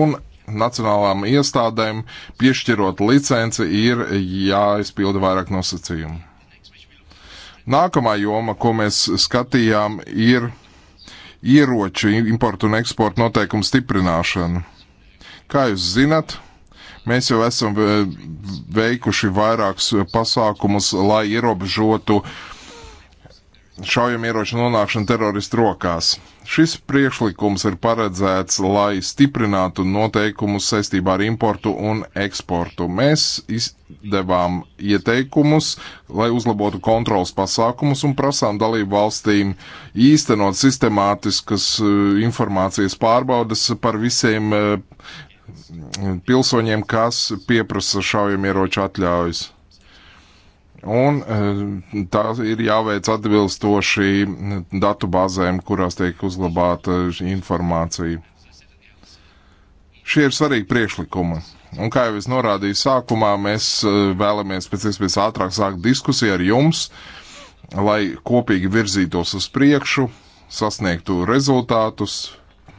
un nacionālām iestādēm piešķirot licenci ir jāizpilda vairāk nosacījumu. Nākamā joma, ko mēs skatījām, ir ieroču importu un eksportu noteikumu stiprināšana. Kā jūs zinat, Mēs jau esam eh, veikuši vairākus eh, pasākumus, lai ierobežotu šaujamieroču nonākšanu teroristu rokās. Šis priekšlikums ir paredzēts, lai stiprinātu noteikumus saistībā ar importu un eksportu. Mēs izdevām ieteikumus, lai uzlabotu kontrols pasākumus un prasām dalību valstīm īstenot sistemātiskas eh, informācijas pārbaudas par visiem pilsoņiem, kas pieprasa šaujamieroču atļaujas. Un e, tā ir jāveic atbilstoši datu bāzēm, kurās tiek uzglabāta informācija. Šie ir svarīgi priekšlikumi. Un kā jau es norādīju sākumā, mēs e, vēlamies pēc iespējas ātrāk sākt diskusiju ar jums, lai kopīgi virzītos uz priekšu, sasniegtu rezultātus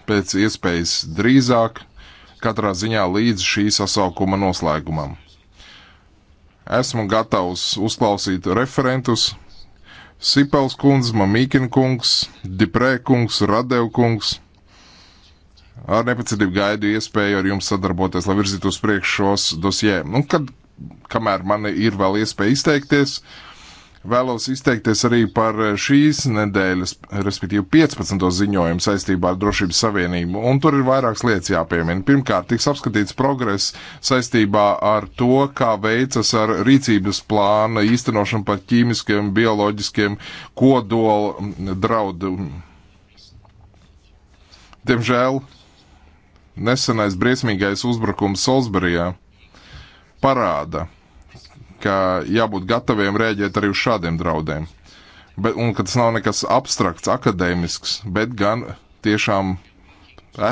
pēc iespējas drīzāk katrā ziņā līdz šī sasaukuma noslēgumam. Esmu gatavs uzklausīt referentus. Sipels kundze, Mamīkina kungs, Diprē kungs, Radev kungs. Ar nepacietību gaidu iespēju ar jums sadarboties, lai virzītu uz priekšu šos dosjē. Un nu, kad, kamēr man ir vēl iespēja izteikties, uh, Vēlos izteikties arī par šīs nedēļas, respektīvi 15. ziņojumu saistībā ar Drošības Savienību, un tur ir vairākas lietas jāpiemina. Pirmkārt, tiks apskatīts progress saistībā ar to, kā veicas ar rīcības plāna īstenošanu par ķīmiskiem, bioloģiskiem kodola draudu. Diemžēl nesenais briesmīgais uzbrukums Solsberijā parāda, ka jābūt gataviem rēģēt arī uz šādiem draudiem. Bet, un ka tas nav nekas abstrakts, akadēmisks, bet gan tiešām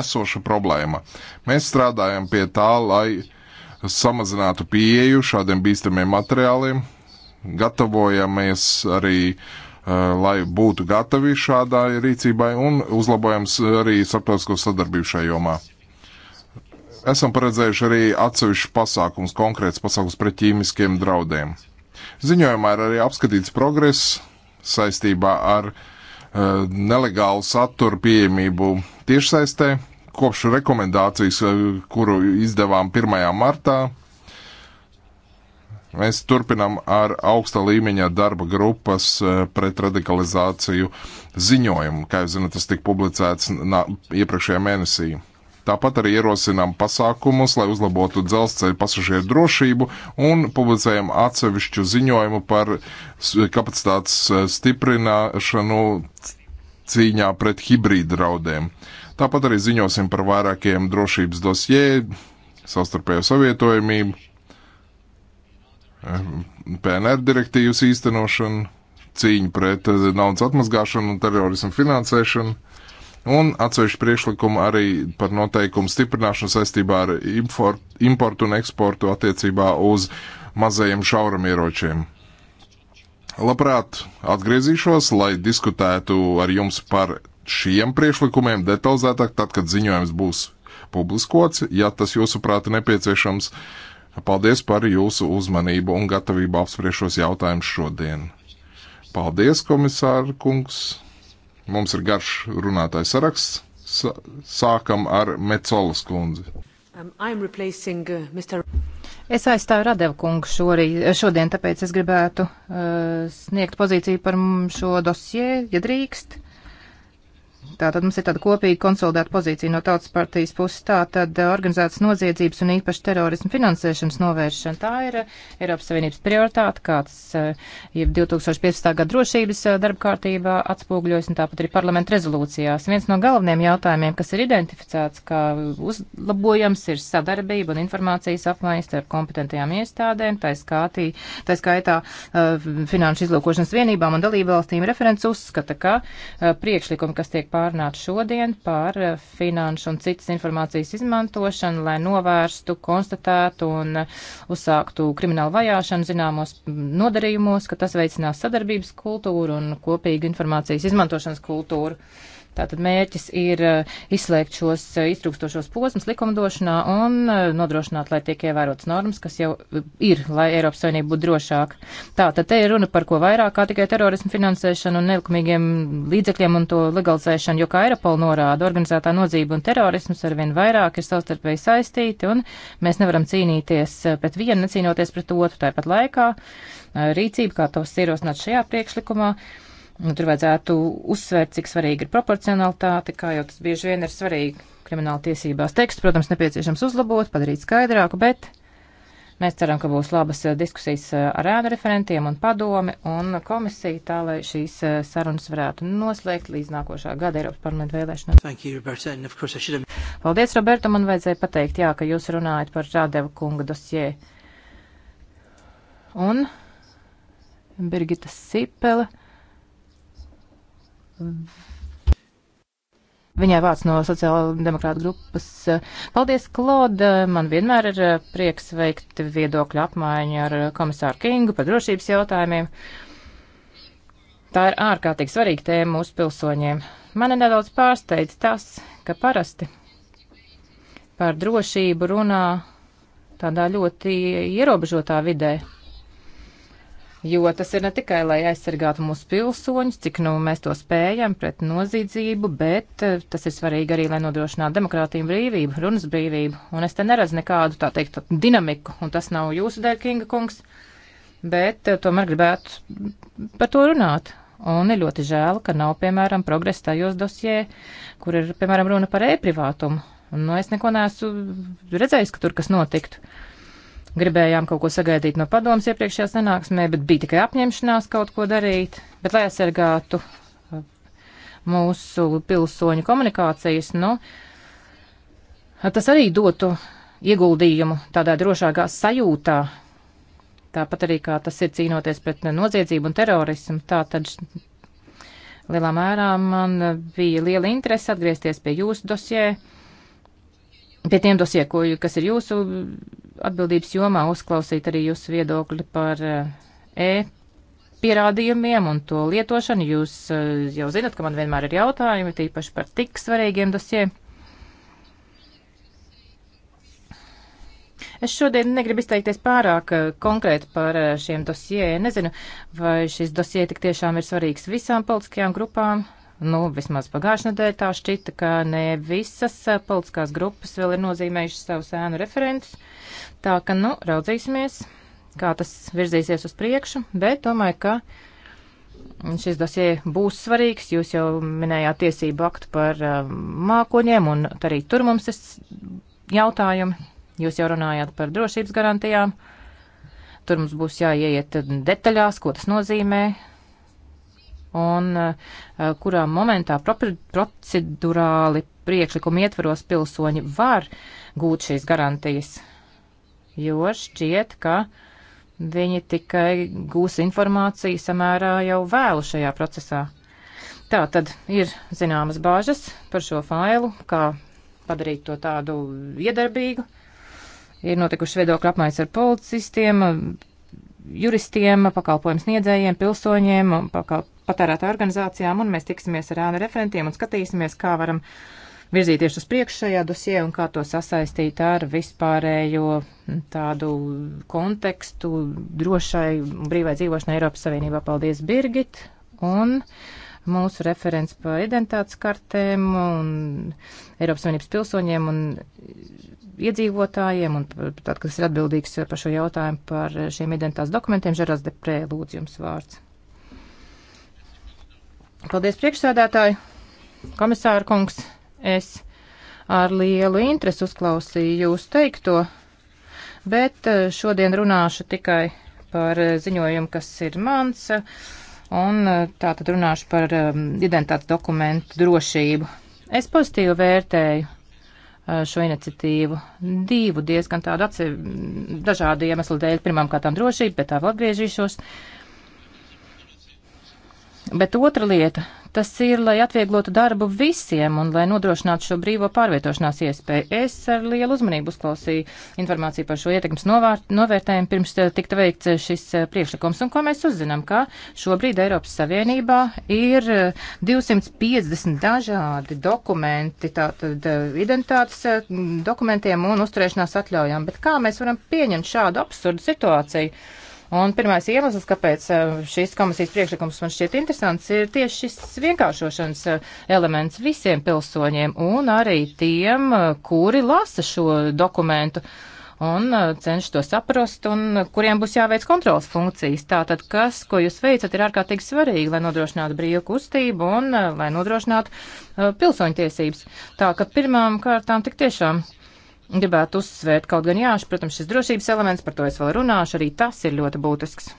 esoša problēma. Mēs strādājam pie tā, lai samazinātu pieeju šādiem bīstamiem materiāliem, gatavojamies arī, eh, lai būtu gatavi šādai rīcībai un uzlabojams arī starptautisko sadarbību šajā jomā. Esam paredzējuši arī atsevišķus pasākums, konkrēts pasākums pret ķīmiskiem draudiem. Ziņojumā ir arī apskatīts progress saistībā ar uh, nelegālu saturu pieejamību tiešsaistē, kopš rekomendācijas, eh, kuru izdevām 1. martā. Mēs turpinām ar augsta līmeņa darba grupas eh, pret radikalizāciju ziņojumu. Kā jūs zināt, tas tika publicēts iepriekšējā mēnesī. Tāpat arī ierosinām pasākumus, lai uzlabotu dzelzceļa pasažieru drošību un publicējam atsevišķu ziņojumu par kapacitātes stiprināšanu cīņā pret hibrīdu draudiem. Tāpat arī ziņosim par vairākiem drošības dosjē, savstarpējo savietojamību, ehm, PNR direktīvas īstenošanu, cīņu pret eh, naudas atmazgāšanu un terorismu finansēšanu un atsevišķi priekšlikumu arī par noteikumu stiprināšanu saistībā ar importu un eksportu attiecībā uz mazajiem šauramieročiem. Labprāt, atgriezīšos, lai diskutētu ar jums par šiem priekšlikumiem detalizētāk, tad, kad ziņojums būs publiskots, ja tas jūsuprāt nepieciešams. Paldies par jūsu uzmanību un gatavību apspriešos jautājumus šodien. Paldies, komisāra kungs! Mums ir garš runātājs saraksts. Sākam ar Mecolas kundzi. Um, uh, Mr... Es aizstāvu Radevu kungu šorī, šodien, tāpēc es gribētu uh, sniegt pozīciju par šo dosie, ja drīkst. Tātad mums ir tāda kopīga konsolidēta pozīcija no tautas partijas puses. Tātad eh, organizētas noziedzības un īpaši terorismu finansēšanas novēršana. Tā ir eh, Eiropas Savienības prioritāte, kāds eh, jau 2015. gada drošības darba kārtībā atspūgļojas un tāpat arī parlamenta rezolūcijās. Viens no galvenajiem jautājumiem, kas ir identificēts, kā uzlabojams, ir sadarbība un informācijas apmaiņas starp kompetentajām iestādēm, tā, skatī, tā skaitā finanšu izlūkošanas vienībām un dalību valstīm. Referents uzskata, ka priekšlikumi, kas tiek pārādīti, pārnāt šodien par eh, finanšu un citas informācijas izmantošanu, lai novērstu, konstatētu un eh, uzsāktu kriminālu vajāšanu zināmos nodarījumos, ka tas veicinās sadarbības kultūru un kopīgu informācijas izmantošanas kultūru. Tātad mērķis ir eh, izslēgt šos eh, iztrūkstošos posmus likumdošanā un eh, nodrošināt, lai tiek ievērotas normas, kas jau ir, lai Eiropas Savienība būtu drošāka. Tātad te ir runa par ko vairāk kā tikai terorismu finansēšanu un nelikumīgiem līdzekļiem un to legalizēšanu, jo, kā Eiropola norāda, organizētā nodzība un terorisms arvien vairāk ir savstarpēji saistīti un mēs nevaram cīnīties pret vienu, necīnoties pret otru tāpat laikā. Rīcība, kā tos ierosināt šajā priekšlikumā, uh, Tur vajadzētu uzsvērt, cik svarīga ir proporcionalitāte, kā jau tas bieži vien ir svarīgi krimināla tiesībās. Tekstu, protams, nepieciešams uzlabot, padarīt skaidrāku, bet mēs ceram, ka būs labas eh, diskusijas eh, ar ēnu referentiem un padomi un komisiju tā, lai šīs eh, sarunas varētu noslēgt līdz nākošā gada Eiropas parlamenta vēlēšanām. Paldies, Roberta, man vajadzēja pateikt, jā, ka jūs runājat par Rādeva kunga dosjē. Un Birgita Sipele Viņai vārds no sociāla demokrāta grupas. Paldies, Klauda! Man vienmēr ir eh, prieks veikt viedokļu apmaiņu ar eh, komisāru Kingu par drošības jautājumiem. Tā ir ārkārtīgi svarīga tēma mūsu pilsoņiem. Mani nedaudz pārsteidz tas, ka parasti par drošību runā tādā ļoti ierobežotā vidē jo tas ir ne tikai, lai aizsargātu mūsu pilsoņus, cik nu mēs to spējam pret nozīdzību, bet eh, tas ir svarīgi arī, lai nodrošinātu demokrātiju brīvību, runas brīvību, un es te neredzu nekādu, tā teikt, dinamiku, un tas nav jūsu dēļ, Kinga kungs, bet eh, tomēr gribētu par to runāt. Un ir ļoti žēl, ka nav, piemēram, progresa tajos dosjē, kur ir, piemēram, runa par e-privātumu. Nu, es neko neesmu redzējis, ka tur kas notiktu. Uh, gribējām kaut ko sagaidīt no padomas iepriekšējā sanāksmē, bet bija tikai apņemšanās kaut ko darīt, bet lai aizsargātu eh, mūsu pilsoņu komunikācijas, nu, tas arī dotu ieguldījumu tādā drošākā sajūtā, tāpat arī kā tas ir cīnoties pret noziedzību un terorismu, tā tad lielā mērā man bija liela interese atgriezties pie jūsu dosjē, pie tiem dosjē, ko, kas ir jūsu atbildības jomā uzklausīt arī jūsu viedokli par e eh, pierādījumiem un to lietošanu. Jūs eh, jau zinat, ka man vienmēr ir jautājumi, tīpaši par tik svarīgiem dosiem. Es šodien negribu izteikties pārāk eh, konkrēti par šiem dosjē. Nezinu, vai šis dosjē tik tiešām ir svarīgs visām politiskajām grupām. Nu, vismaz pagājušajā nedēļā tā šķita, ka ne visas eh, politiskās grupas vēl ir nozīmējušas savus ēnu referentus. Tā ka, nu, raudzīsimies, kā tas virzīsies uz priekšu, bet domāju, ka šis dosie būs svarīgs. Jūs jau minējāt tiesību aktu par eh, mākoņiem, un arī tur mums ir jautājumi. Jūs jau runājāt par drošības garantijām. Tur mums būs jāieiet detaļās, ko tas nozīmē, un eh, kurā momentā procedurāli priekšlikuma ietvaros pilsoņi var gūt šīs garantijas, jo šķiet, ka viņi tikai gūs informāciju samērā jau vēlu šajā procesā. Tā tad ir zināmas bāžas par šo failu, kā padarīt to tādu iedarbīgu. Ir notikuši viedokļu apmaiņas ar policistiem, juristiem, pakalpojumu sniedzējiem, pilsoņiem, pakal, patērētāju organizācijām, un mēs tiksimies ar ēnu referentiem un skatīsimies, kā varam virzīties uz priekšu šajā dosijā un kā to sasaistīt ar vispārējo tādu kontekstu drošai un brīvai dzīvošanai Eiropas Savienībā. Paldies, Birgit! Un mūsu referents par identitātes kartēm un Eiropas Savienības pilsoņiem un iedzīvotājiem, un tad, kas ir atbildīgs par šo jautājumu par šiem identitātes dokumentiem, Žerās Deprē, lūdzu jums vārds. Paldies, priekšsēdētāji! Komisāra kungs, es ar lielu interesi uzklausīju jūs teikto, bet eh, šodien runāšu tikai par eh, ziņojumu, kas ir mans, un eh, tā tad runāšu par ehm, identitātes dokumentu drošību. Es pozitīvi vērtēju šo iniciatīvu divu diezgan tādu atsevi dažādu iemeslu dēļ, pirmām kārtām drošību, bet tā vēl atgriežīšos. Uh, Bet otra lieta, tas ir, lai atvieglotu darbu visiem un lai nodrošinātu šo brīvo pārvietošanās iespēju. Es ar lielu uzmanību uzklausīju informāciju par šo ietekmes novērtējumu pirms eh, tikta veikts eh, šis eh, priekšlikums. Un ko mēs uzzinām, ka šobrīd Eiropas Savienībā ir 250 dažādi dokumenti, tātad identitātes dokumentiem un uzturēšanās atļaujām. Bet kā mēs varam pieņemt šādu absurdu situāciju? Un pirmais iemesls, kāpēc eh, šis komisijas priekšlikums man šķiet interesants, ir tieši šis vienkāršošanas eh, elements visiem pilsoņiem un arī tiem, eh, kuri lasa šo dokumentu un cenšas to saprast, un kuriem būs jāveic kontrolas funkcijas. Tātad, kas, ko jūs veicat, ir ārkārtīgi svarīgi, lai nodrošinātu brīvu kustību un lai nodrošinātu uh, pilsoņu tiesības. Tā ka pirmām kārtām tik tiešām gribētu uzsvērt kaut gan jāši, protams, šis drošības elements, par to es vēl runāšu, arī tas ir ļoti būtisks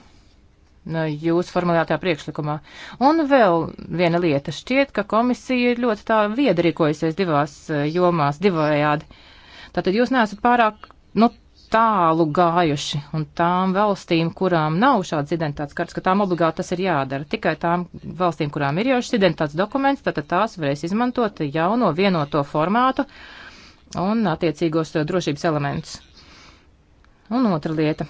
jūsu formulētā priekšlikumā. Un vēl viena lieta šķiet, ka komisija ir ļoti tā viedrīkojusies divās eh, jomās, divējādi. Tātad jūs neesat pārāk, nu, tālu gājuši, un tām valstīm, kurām nav šāds identitātes karts, ka tām obligāti tas ir jādara. Tikai tām valstīm, kurām ir jau šis identitātes dokuments, tātad tās varēs izmantot jauno vienoto formātu, uh, un attiecīgos eh, drošības elementus. Un otra lieta.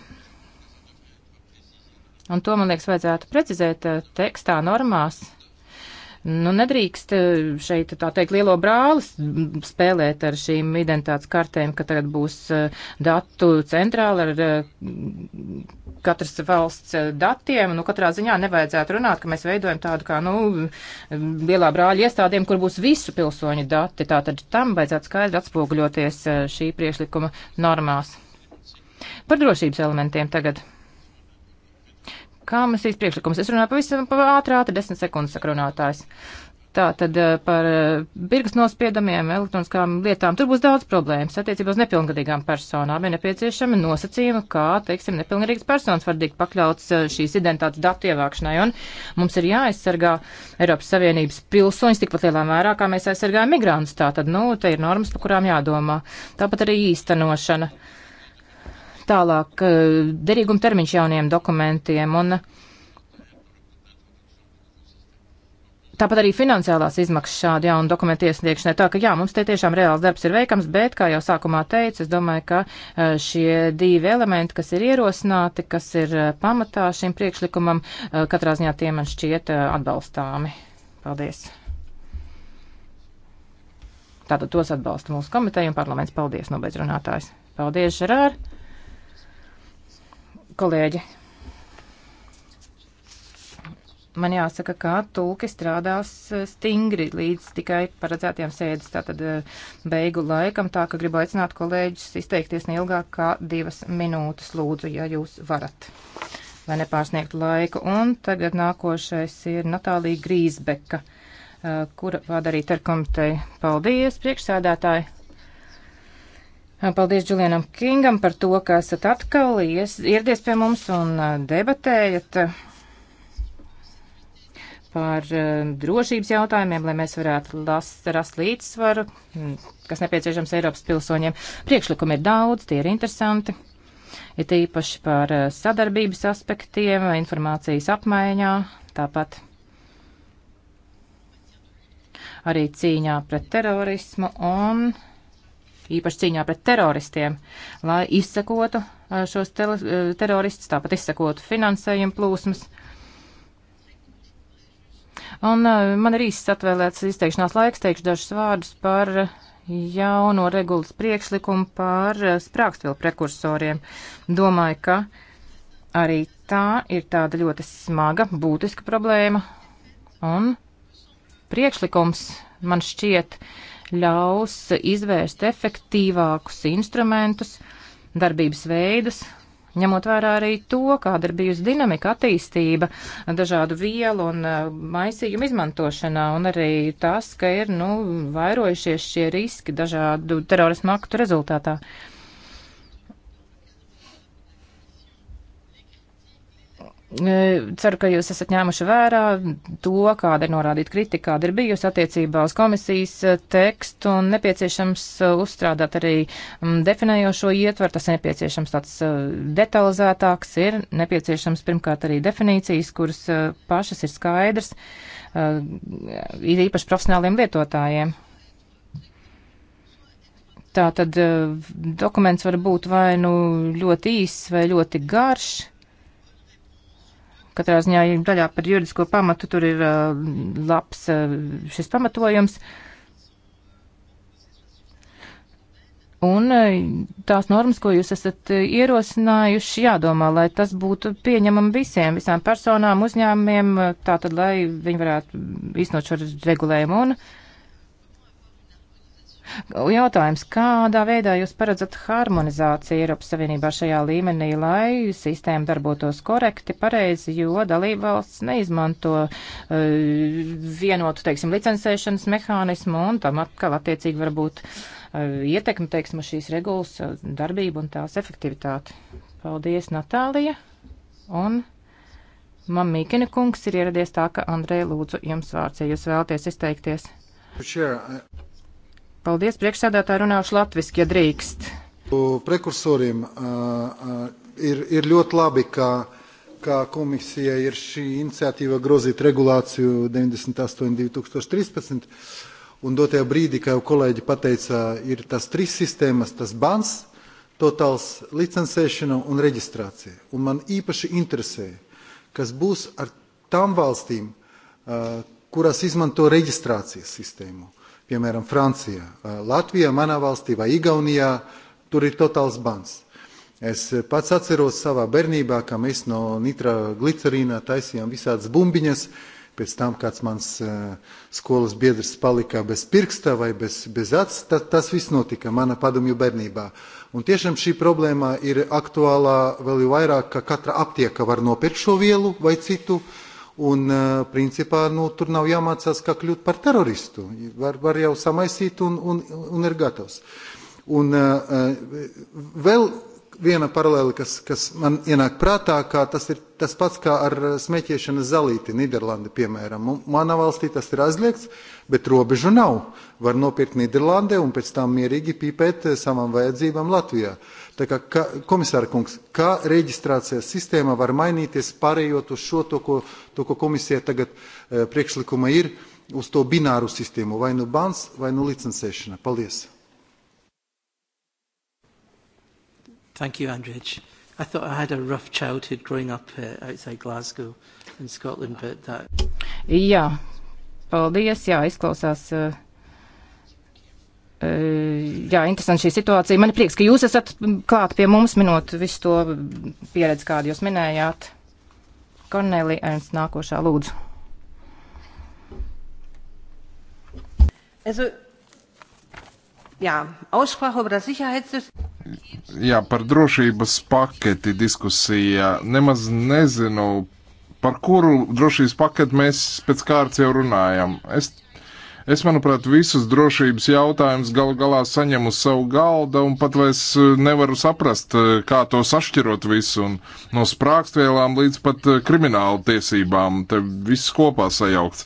Un to, man liekas, vajadzētu precizēt eh, tekstā normās, Nu, nedrīkst eh, šeit, tā teikt, lielo brāli spēlēt ar šīm identitātes kartēm, ka tagad būs eh, datu centrāla ar eh, katras valsts datiem. Nu, katrā ziņā nevajadzētu runāt, ka mēs veidojam tādu kā, nu, lielā brāļa iestādēm, kur būs visu pilsoņu dati. Tātad tam vajadzētu skaidri atspoguļoties šī priešlikuma normās. Par drošības elementiem tagad komisijas priekšlikums. Es runāju pavisam ātri, ātri, desmit sekundes sakrunātājs. Tā tad eh, par eh, birgas nospiedamiem elektroniskām lietām tur būs daudz problēmas. Attiecībā uz nepilngadīgām personām ir nepieciešama nosacījuma, kā, teiksim, nepilngadīgas personas var tikt pakļauts eh, šīs identitātes datu ievākšanai. Un mums ir jāaizsargā Eiropas Savienības pilsoņus tikpat lielā mērā, kā mēs aizsargājam migrantus. Tā tad, nu, te ir normas, par kurām jādomā. Tāpat arī īstenošana. Uh, Tālāk, eh, derīguma termiņš jauniem dokumentiem un eh, tāpat arī finansiālās izmaksas šādu jaunu dokumentu iesniegšanai. Tā ka jā, mums te tiešām reāls darbs ir veikams, bet, kā jau sākumā teicu, es domāju, ka eh, šie divi elementi, kas ir ierosināti, kas ir pamatā šim priekšlikumam, katrā ziņā tie man šķiet atbalstāmi. Paldies! Tātad tos atbalsta mūsu komiteja un parlaments. Paldies, nobeidz runātājs. Paldies, Žerār! kolēģi. Man jāsaka, ka tūki strādās eh, stingri līdz tikai paredzētajām sēdes, tātad eh, beigu laikam, tā ka gribu aicināt kolēģus izteikties neilgāk kā divas minūtes, lūdzu, ja jūs varat, lai nepārsniegtu laiku. Un tagad nākošais ir Natālija Grīsbeka, eh, kura vada arī terkomiteja. Paldies, priekšsēdētāji! Paldies Džulienam Kingam par to, ka esat atkal ieradies pie mums un debatējat par drošības jautājumiem, lai mēs varētu last, rast līdzsvaru, kas nepieciešams Eiropas pilsoņiem. Priekšlikumi ir daudz, tie ir interesanti. Ir īpaši par sadarbības aspektiem, informācijas apmaiņā, tāpat arī cīņā pret terorismu un īpaši cīņā pret teroristiem, lai izsekotu eh, šos eh, teroristus, tāpat izsekotu finansējumu plūsmas. Un eh, man ir īsts atvēlēts izteikšanās laiks, teikšu dažus vārdus par jauno regulas priekšlikumu par sprākstvielu prekursoriem. Domāju, ka arī tā ir tāda ļoti smaga, būtiska problēma. Un priekšlikums man šķiet uh, ļaus izvērst efektīvākus instrumentus, darbības veidus, ņemot vērā arī to, kāda ir bijusi dinamika attīstība dažādu vielu un uh, maisījumu izmantošanā, un arī tas, ka ir, nu, vairojušies šie riski dažādu terorismu aktu rezultātā. Uh, E, ceru, ka jūs esat ņēmuši vērā to, kāda ir norādīta kritika, kāda ir bijusi attiecībā uz komisijas e, tekstu un nepieciešams e, uzstrādāt arī definējošo ietvaru. Tas ir nepieciešams tāds detalizētāks, ir nepieciešams pirmkārt arī definīcijas, kuras pašas ir skaidrs, ir īpaši profesionāliem lietotājiem. Tā tad dokuments var būt vai nu ļoti īss vai ļoti garš Katrā ziņā daļā par juridisko pamatu tur ir uh, labs uh, šis pamatojums. Un uh, tās normas, ko jūs esat ierosinājuši, jādomā, lai tas būtu pieņemam visiem, visām personām, uzņēmumiem, tā tad, lai viņi varētu iznot šo regulējumu. Un Jautājums, kādā veidā jūs paredzat harmonizāciju Eiropas Savienībā šajā līmenī, lai sistēma darbotos korekti, pareizi, jo dalība valsts neizmanto uh, vienotu, teiksim, licencēšanas mehānismu un tam atkal attiecīgi varbūt uh, e, ietekmi, teiksim, uz šīs regulas e, darbību un tās efektivitāti. Paldies, Natālija! Un man Mīkina kungs ir ieradies tā, ka Andrei lūdzu jums vārds, ja jūs vēlaties izteikties. Sure. I... Paldies, priekšsēdētāji, runāšu latviski, ja drīkst. Prekursoriem uh, ir, ir ļoti labi, ka, ka komisija ir šī iniciatīva grozīt regulāciju 98.2013. Un dotajā brīdī, kā jau kolēģi pateica, ir tas trīs sistēmas, tas bans, totāls licencēšana un reģistrācija. Un man īpaši interesē, kas būs ar tām valstīm, uh, kurās izmanto reģistrācijas sistēmu piemēram, Francijā. Latvijā, manā valstī vai Igaunijā, tur ir totāls bans. Es pats atceros savā bērnībā, kā mēs no nitra glicerīna taisījām visādas bumbiņas, pēc tam kāds mans e, skolas biedrs palika bez pirksta vai bez, bez acis, tad tas viss notika mana padomju bērnībā. Un tiešām šī problēma ir aktuālā vēl jau vairāk, ka katra aptieka var nopirkt šo vielu vai citu uh, Un, uh, principā, nu, tur nav jāmācās, kā kļūt par teroristu. Var, var jau samaisīt un, un, un ir gatavs. Un uh, uh, vēl viena paralēla, kas, kas man ienāk prātā, kā tas ir tas pats kā ar smēķēšanas zalīti Nīderlandi, piemēram. Manā valstī tas ir aizliegts, bet robežu nav. Var nopirkt Nīderlandē un pēc tam mierīgi pīpēt savam vajadzībām Latvijā. Uh, Tā kā, kā komisāra kungs, kā reģistrācijas sistēma var mainīties pārējot uz šo, to, ko, to, ko komisija tagad e, priekšlikuma ir, uz to bināru sistēmu, vai nu bans, vai nu licencēšana? Paldies. Thank you, Andrej. I thought I had a rough childhood growing up uh, outside Glasgow in Scotland, but that... Jā, paldies, jā, izklausās... Uh Eh, jā, interesanti šī situācija. Man ir prieks, ka jūs esat klāt pie mums, minot visu to pieredzi, kādu jūs minējāt. Kornelija Ernst, nākošā lūdzu. Also, jā, aussprache über das Sicherheitssystem. Jā, par drošības paketi diskusija. Nemaz nezinu, par kuru drošības paketu mēs pēc kārtas jau runājam. Es Es, manuprāt, visus drošības jautājumus galu galā saņemu uz savu galda, un pat vairs e, nevaru saprast, e, kā to sašķirot visu, un no sprākstvielām līdz pat e, krimināla tiesībām, te viss kopā sajaukts.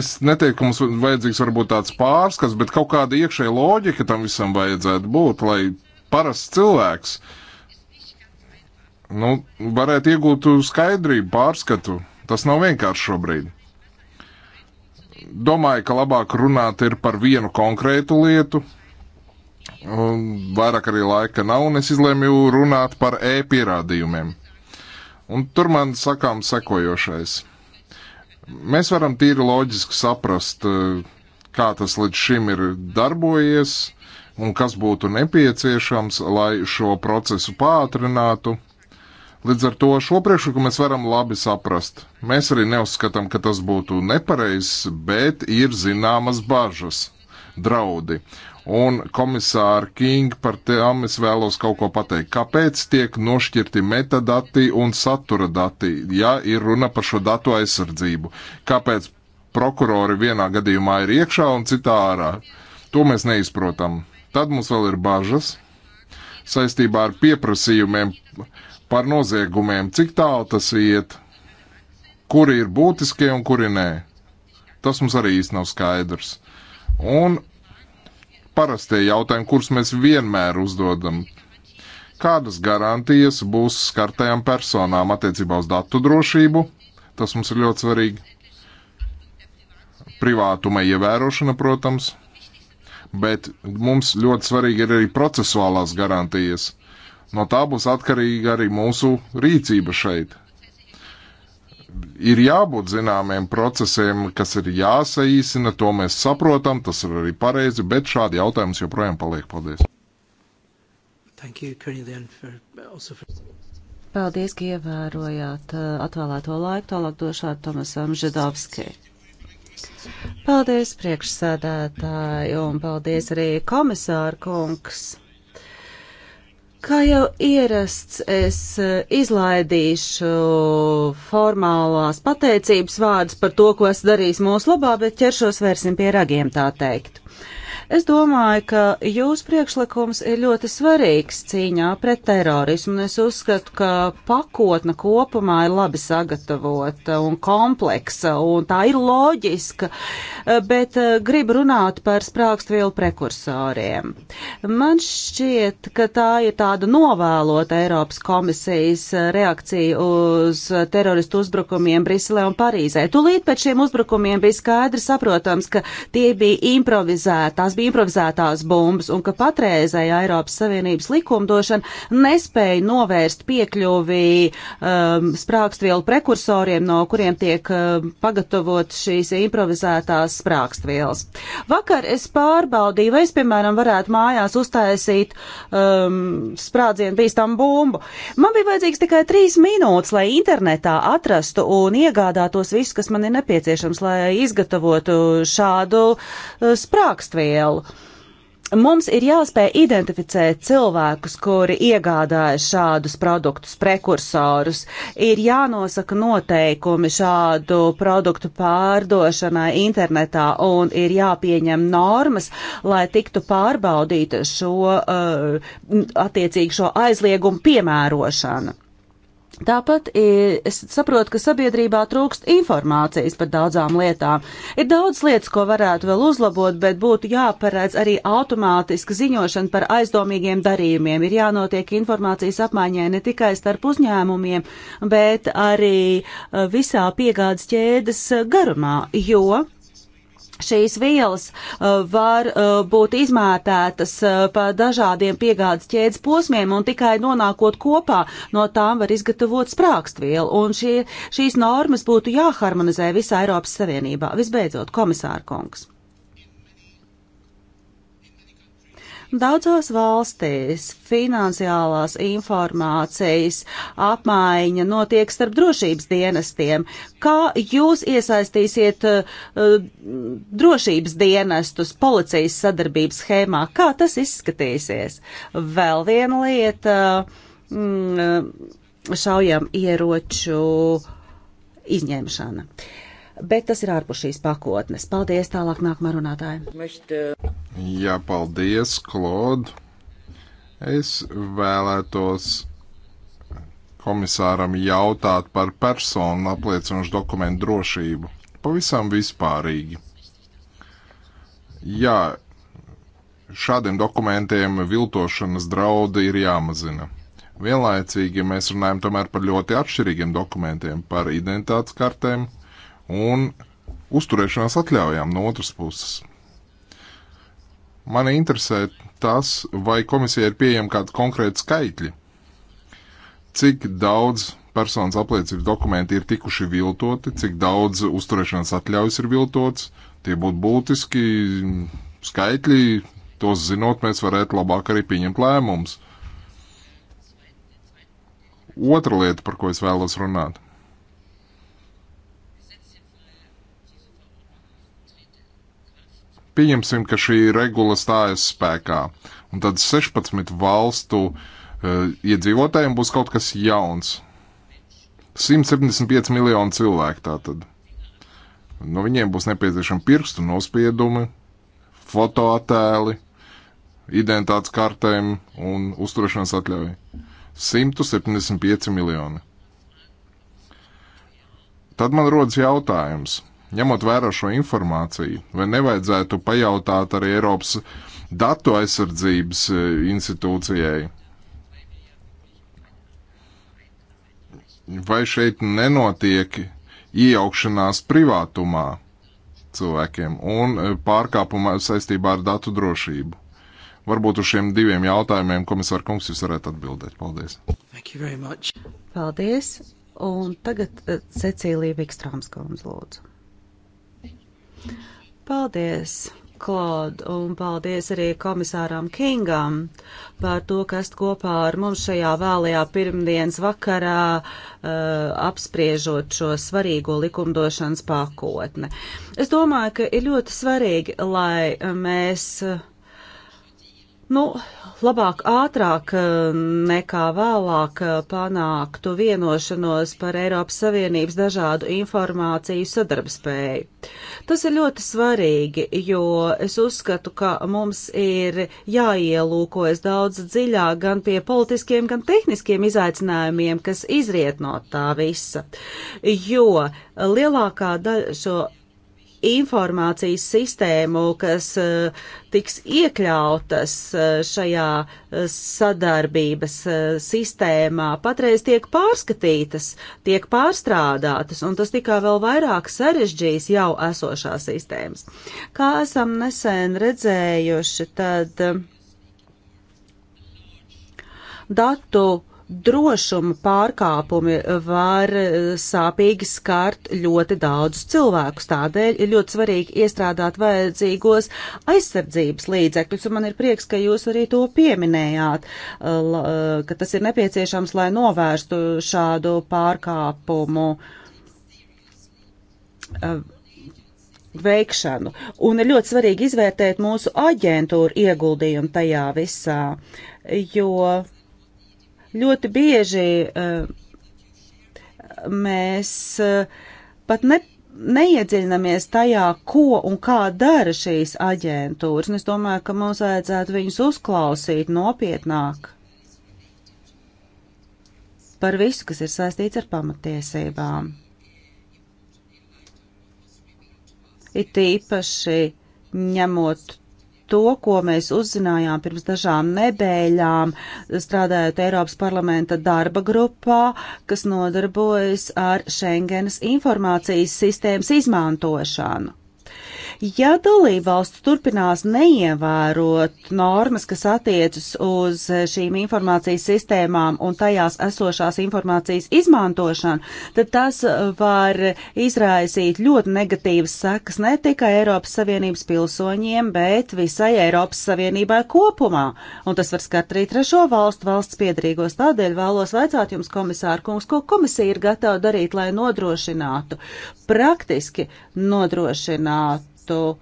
Es netieku, ka mums vajadzīgs varbūt tāds pārskats, bet kaut kāda iekšēja loģika tam visam vajadzētu būt, lai parasts cilvēks nu, varētu iegūt skaidrību, pārskatu. Tas nav vienkārši šobrīd domāju, ka labāk runāt ir par vienu konkrētu lietu. Un vairāk arī laika nav, un es izlēmu runāt par e-pierādījumiem. Un tur man sakām sekojošais. Mēs varam tīri loģiski saprast, kā tas līdz šim ir darbojies un kas būtu nepieciešams, lai šo procesu pātrinātu. Līdz ar to šo priekšlikumu mēs varam labi saprast. Mēs arī neuzskatām, ka tas būtu nepareizs, bet ir zināmas bažas, draudi. Un komisāra King par tām es vēlos kaut ko pateikt. Kāpēc tiek nošķirti metadati un satura dati, ja ir runa par šo datu aizsardzību? Kāpēc prokurori vienā gadījumā ir iekšā un citā ārā? To mēs neizprotam. Tad mums vēl ir bažas saistībā ar pieprasījumiem par noziegumiem, cik tālu tas iet, kuri ir būtiskie un kuri nē. Tas mums arī īsti nav skaidrs. Un parastie jautājumi, kurus mēs vienmēr uzdodam. Kādas garantijas būs skartajām personām attiecībā uz datu drošību? Tas mums ir ļoti svarīgi. Privātuma ievērošana, protams, bet mums ļoti svarīgi ir arī procesuālās garantijas – No tā būs atkarīga arī mūsu rīcība šeit. Ir jābūt zināmiem procesiem, kas ir jāsaīsina, to mēs saprotam, tas ir arī pareizi, bet šādi jautājums joprojām paliek. Paldies! You, for, for... Paldies, ka ievērojāt uh, atvēlēto laiku. Tālāk došādu Tomasam Židovskai. Paldies, priekšsēdētāji, un paldies arī komisāra kungs Kā jau ierasts, es eh, izlaidīšu formālās pateicības vārdus par to, ko esmu darījis mūsu labā, bet ķeršos vērsim pie ragiem tā teikt. Es domāju, ka jūsu priekšlikums ir ļoti svarīgs cīņā pret terorismu, un es uzskatu, ka pakotne kopumā ir labi sagatavota un kompleksa, un tā ir loģiska, bet eh, gribu runāt par sprākstvielu prekursoriem. Man šķiet, ka tā ir tāda novēlota Eiropas komisijas eh, reakcija uz teroristu uzbrukumiem Briselē un Parīzē. Tūlīt pēc šiem uzbrukumiem bija skaidri saprotams, ka tie bija improvizēti, tās bija bija improvizētās bumbas un ka patreizējā Eiropas Savienības likumdošana nespēja novērst piekļuvi um, sprākstvielu prekursoriem, no kuriem tiek um, pagatavot šīs improvizētās sprākstvielas. Vakar es pārbaudīju, vai es, piemēram, varētu mājās uztaisīt um, sprādzienu bīstam bumbu. Man bija vajadzīgs tikai trīs minūtes, lai internetā atrastu un iegādātos visu, kas man ir nepieciešams, lai izgatavotu šādu uh, sprākstvielu attēlu. Mums ir jāspēj identificēt cilvēkus, kuri iegādājas šādus produktus, prekursorus. Ir jānosaka noteikumi šādu produktu pārdošanai internetā un ir jāpieņem normas, lai tiktu pārbaudīta šo, uh, attiecīgi šo aizliegumu piemērošana. Tāpat es saprotu, ka sabiedrībā trūkst informācijas par daudzām lietām. Ir daudz lietas, ko varētu vēl uzlabot, bet būtu jāparedz arī automātiska ziņošana par aizdomīgiem darījumiem. Ir jānotiek informācijas apmaiņai ne tikai starp uzņēmumiem, bet arī visā piegādes ķēdes garumā, jo Šīs vielas uh, var uh, būt izmētētas uh, pa dažādiem piegādes ķēdes posmiem un tikai nonākot kopā no tām var izgatavot sprākstvielu. Un šie, šīs normas būtu jāharmonizē visā Eiropas Savienībā. Visbeidzot, komisārkungs. Daudzās valstīs finansiālās informācijas apmaiņa notiek starp drošības dienestiem. Kā jūs iesaistīsiet uh, drošības dienestus policijas sadarbības schēmā? Kā tas izskatīsies? Vēl viena lieta. Mm, šaujam ieroču izņemšana. Uh, bet tas ir ārpus šīs pakotnes. Paldies, tālāk nākamā runātāja. Jā, paldies, Klod. Es vēlētos komisāram jautāt par personu apliecinošu dokumentu drošību. Pavisam vispārīgi. Jā, šādiem dokumentiem viltošanas draudi ir jāmazina. Vienlaicīgi mēs runājam tomēr par ļoti atšķirīgiem dokumentiem, par identitātes kartēm, un uzturēšanās atļaujām no otras puses. Mani interesē tas, vai komisija ir pieejama kāda konkrēta skaitļa, cik daudz personas apliecības dokumenti ir tikuši viltoti, cik daudz uzturēšanās atļaujas ir viltots. Tie būtu būtiski skaitļi, tos zinot, mēs varētu labāk arī pieņemt lēmumus. Otra lieta, par ko es vēlos runāt. pieņemsim, ka šī regula stājas spēkā, un tad 16 valstu uh, iedzīvotājiem būs kaut kas jauns. 175 miljonu cilvēku tātad. No viņiem būs nepieciešami pirkstu nospiedumi, fotoattēli, identitātes kartēm un uzturēšanās atļauja. 175 miljoni. Tad man rodas jautājums, Ņemot vērā šo informāciju, vai nevajadzētu pajautāt arī Eiropas datu aizsardzības e, institūcijai? Vai šeit nenotiek iejaukšanās privātumā cilvēkiem un e, pārkāpuma saistībā ar datu drošību? Varbūt uz šiem diviem jautājumiem komisāra kungs jūs varētu atbildēt. Paldies! Paldies! Un tagad e, Cecīlija Vikstrāms, kā mums lūdzu. Paldies, Klod, un paldies arī komisāram Kingam par to, kas kopā ar mums šajā vēlajā pirmdienas vakarā uh, apspriežot šo svarīgo likumdošanas pakotni. Es domāju, ka ir ļoti svarīgi, lai mēs. Uh, Nu, labāk ātrāk eh, nekā vēlāk eh, panāktu vienošanos par Eiropas Savienības dažādu informāciju sadarbspēju. Tas ir ļoti svarīgi, jo es uzskatu, ka mums ir jāielūkojas daudz dziļāk gan pie politiskiem, gan tehniskiem izaicinājumiem, kas izriet no tā visa. Jo lielākā daļa šo informācijas sistēmu, kas eh, tiks iekļautas eh, šajā eh, sadarbības sistēmā, patreiz tiek pārskatītas, tiek pārstrādātas, un tas tikai vēl vairāk sarežģīs jau esošās sistēmas. Kā esam nesen redzējuši, tad datu drošuma pārkāpumi var eh, sāpīgi skart ļoti daudzus cilvēkus. Tādēļ ir ļoti svarīgi iestrādāt vajadzīgos aizsardzības līdzekļus, un man ir prieks, ka jūs arī to pieminējāt, eh, eh, ka tas ir nepieciešams, lai novērstu šādu pārkāpumu veikšanu. Un ir ļoti svarīgi izvērtēt mūsu aģentūru ieguldījumu tajā visā, jo Ļoti bieži eh, mēs eh, pat ne, neiedziļinamies tajā, ko un kā dara šīs aģentūras. Un es domāju, ka mums vajadzētu viņus uzklausīt nopietnāk par visu, kas ir saistīts ar pamatiesībām. It īpaši ņemot to, ko mēs uzzinājām pirms dažām nedēļām, strādājot Eiropas parlamenta darba grupā, kas nodarbojas ar Schengenas informācijas sistēmas izmantošanu. Ja dalībvalsts turpinās neievērot normas, kas attiecas uz šīm informācijas sistēmām un tajās esošās informācijas izmantošanu, tad tas var izraisīt ļoti negatīvas sekas ne tikai Eiropas Savienības pilsoņiem, bet visai Eiropas Savienībai kopumā. Un tas var skart arī trešo valstu valsts piedrīgos. Tādēļ vēlos vaicāt jums, komisāra kungs, ko komisija ir gatava darīt, lai nodrošinātu, praktiski nodrošinātu panāktu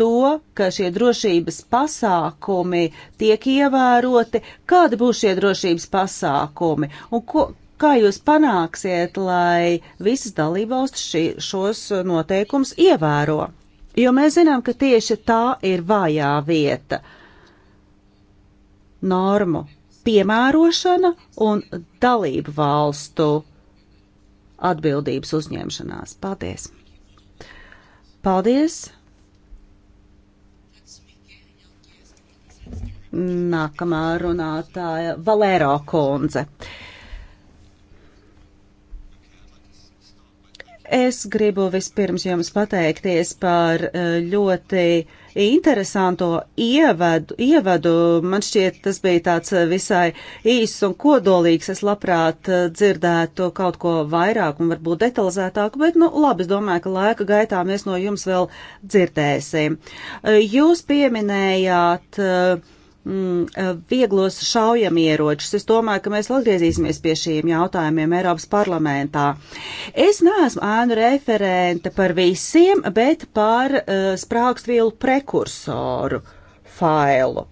to, ka šie drošības pasākumi tiek ievēroti, kādi būs šie drošības pasākumi un ko, kā jūs panāksiet, lai visas dalībvalstis šos noteikumus ievēro. Jo mēs zinām, ka tieši tā ir vājā vieta - normu piemērošana un dalību valstu atbildības uzņemšanās. Paldies! Paldies! Nākamā runātāja Valēro Konze. Es gribu vispirms jums pateikties par eh, ļoti uh, interesanto ievadu, ievadu. Man šķiet, tas bija tāds eh, visai īss un kodolīgs. Es labprāt eh, dzirdētu kaut ko vairāk un varbūt detalizētāku, bet, nu, labi, es domāju, ka laika gaitā mēs no jums vēl dzirdēsim. Eh, jūs pieminējāt uh, mm, vieglos šaujamieročus. Es domāju, ka mēs vēl griezīsimies pie šiem jautājumiem Eiropas parlamentā. Es neesmu ēnu referente par visiem, bet par uh, sprākstvielu prekursoru failu.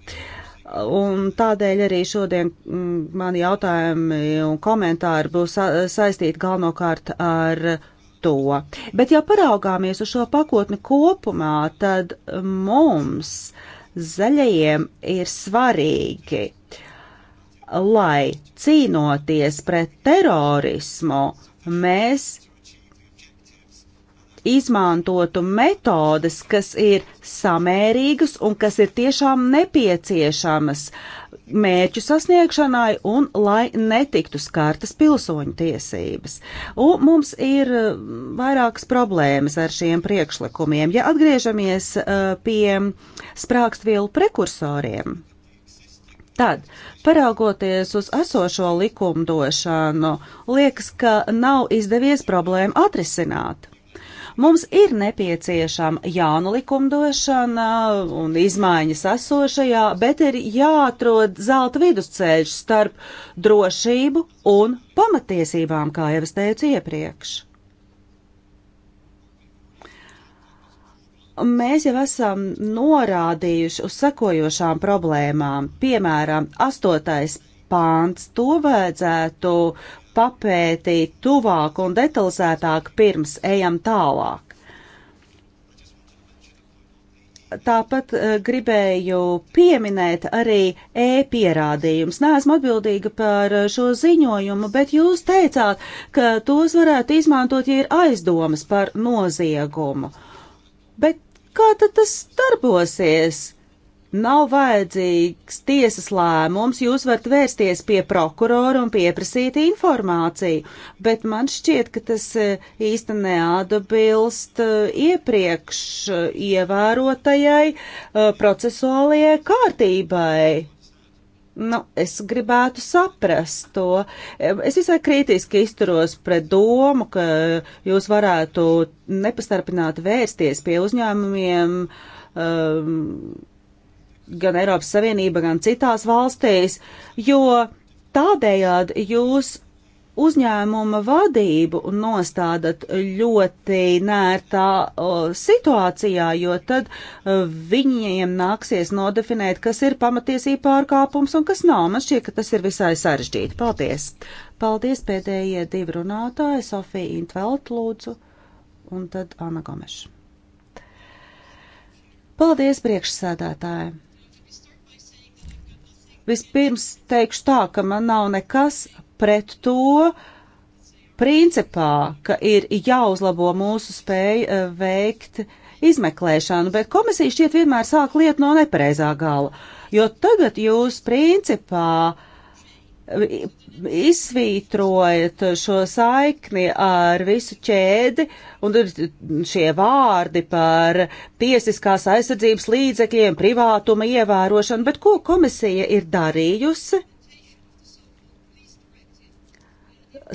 Un tādēļ arī šodien mm, mani jautājumi un komentāri būs saistīti galvenokārt ar to. Bet ja paraugāmies uz šo pakotni kopumā, tad mums uh, Zaļajiem ir svarīgi, lai cīnoties pret terorismu, mēs izmantotu metodes, kas ir samērīgas un kas ir tiešām nepieciešamas mērķu sasniegšanai un lai netiktu skartas pilsoņu tiesības. Un mums ir uh, vairākas problēmas ar šiem priekšlikumiem. Ja atgriežamies uh, pie sprākstvielu prekursoriem, Tad, paraugoties uz esošo likumdošanu, liekas, ka nav izdevies problēmu atrisināt. Mums ir nepieciešama jauna likumdošana un izmaiņas esošajā, bet ir jāatrod zelta vidusceļš starp drošību un pamatiesībām, kā jau es teicu iepriekš. mēs jau esam norādījuši uz sekojošām problēmām. Piemēram, astotais pāns to vajadzētu papētīt tuvāk un detalizētāk pirms ejam tālāk. Tāpat eh, gribēju pieminēt arī e-pierādījums. Neesmu atbildīga par eh, šo ziņojumu, bet jūs teicāt, ka tos varētu izmantot, ja ir aizdomas par noziegumu. Bet kā tad tas darbosies? Nav vajadzīgs tiesas lēmums, jūs varat vērsties pie prokurora un pieprasīt informāciju, bet man šķiet, ka tas eh, īsti neatbilst eh, iepriekš eh, ievērotajai procesuālajai kārtībai. Nu, es gribētu saprast to. Es visai kritiski izturos pret domu, ka jūs varētu nepastarpināti vērsties pie uzņēmumiem. Um, gan Eiropas Savienība, gan citās valstīs, jo tādējādi jūs uzņēmuma vadību nostādat ļoti nērtā situācijā, jo tad viņiem nāksies nodefinēt, kas ir pamatiesība pārkāpums un kas nav. Man šķiet, ka tas ir visai sarežģīti. Paldies! Paldies pēdējie divi runātāji, Sofija Intvelt lūdzu un tad Ana Gomeša. Paldies priekšsēdētājiem! Vispirms teikšu tā, ka man nav nekas pret to, principā, ka ir jāuzlabo mūsu spēja eh, veikt izmeklēšanu, bet komisija šķiet vienmēr sāk lietu no nepareizā gala. Jo tagad jūs principā izsvītrojat šo saikni ar visu ķēdi, un tur šie vārdi par tiesiskās aizsardzības līdzekļiem, privātuma ievērošanu, bet ko komisija ir darījusi?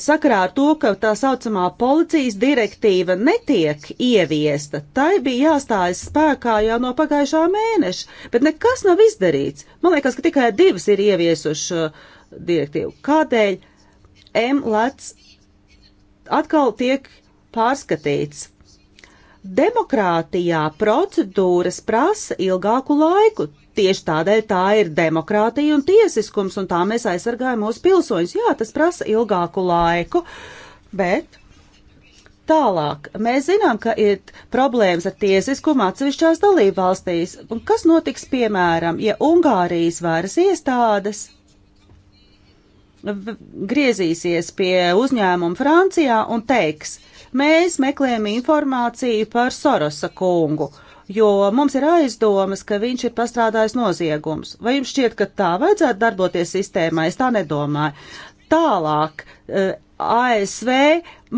sakarā ar to, ka tā saucamā policijas direktīva netiek ieviesta. Tai bija jāstājas spēkā jau no pagājušā mēneša, bet nekas nav izdarīts. Man liekas, ka tikai divas ir ieviesuši direktīvu. Kādēļ MLETS atkal tiek pārskatīts? Demokrātijā procedūras prasa ilgāku laiku, Tieši tādēļ tā ir demokrātija un tiesiskums, un tā mēs aizsargājam mūsu pilsoņus. Jā, tas prasa ilgāku laiku, bet Tālāk, mēs zinām, ka ir problēmas ar tiesiskumu atsevišķās dalību valstīs. Un kas notiks, piemēram, ja Ungārijas varas iestādes griezīsies pie uzņēmuma Francijā un teiks, mēs meklējam informāciju par Sorosa kungu. Uh, jo mums ir aizdomas, ka viņš ir pastrādājis noziegums. Vai jums šķiet, ka tā vajadzētu darboties sistēmā? Es tā nedomāju. Tālāk, eh, ASV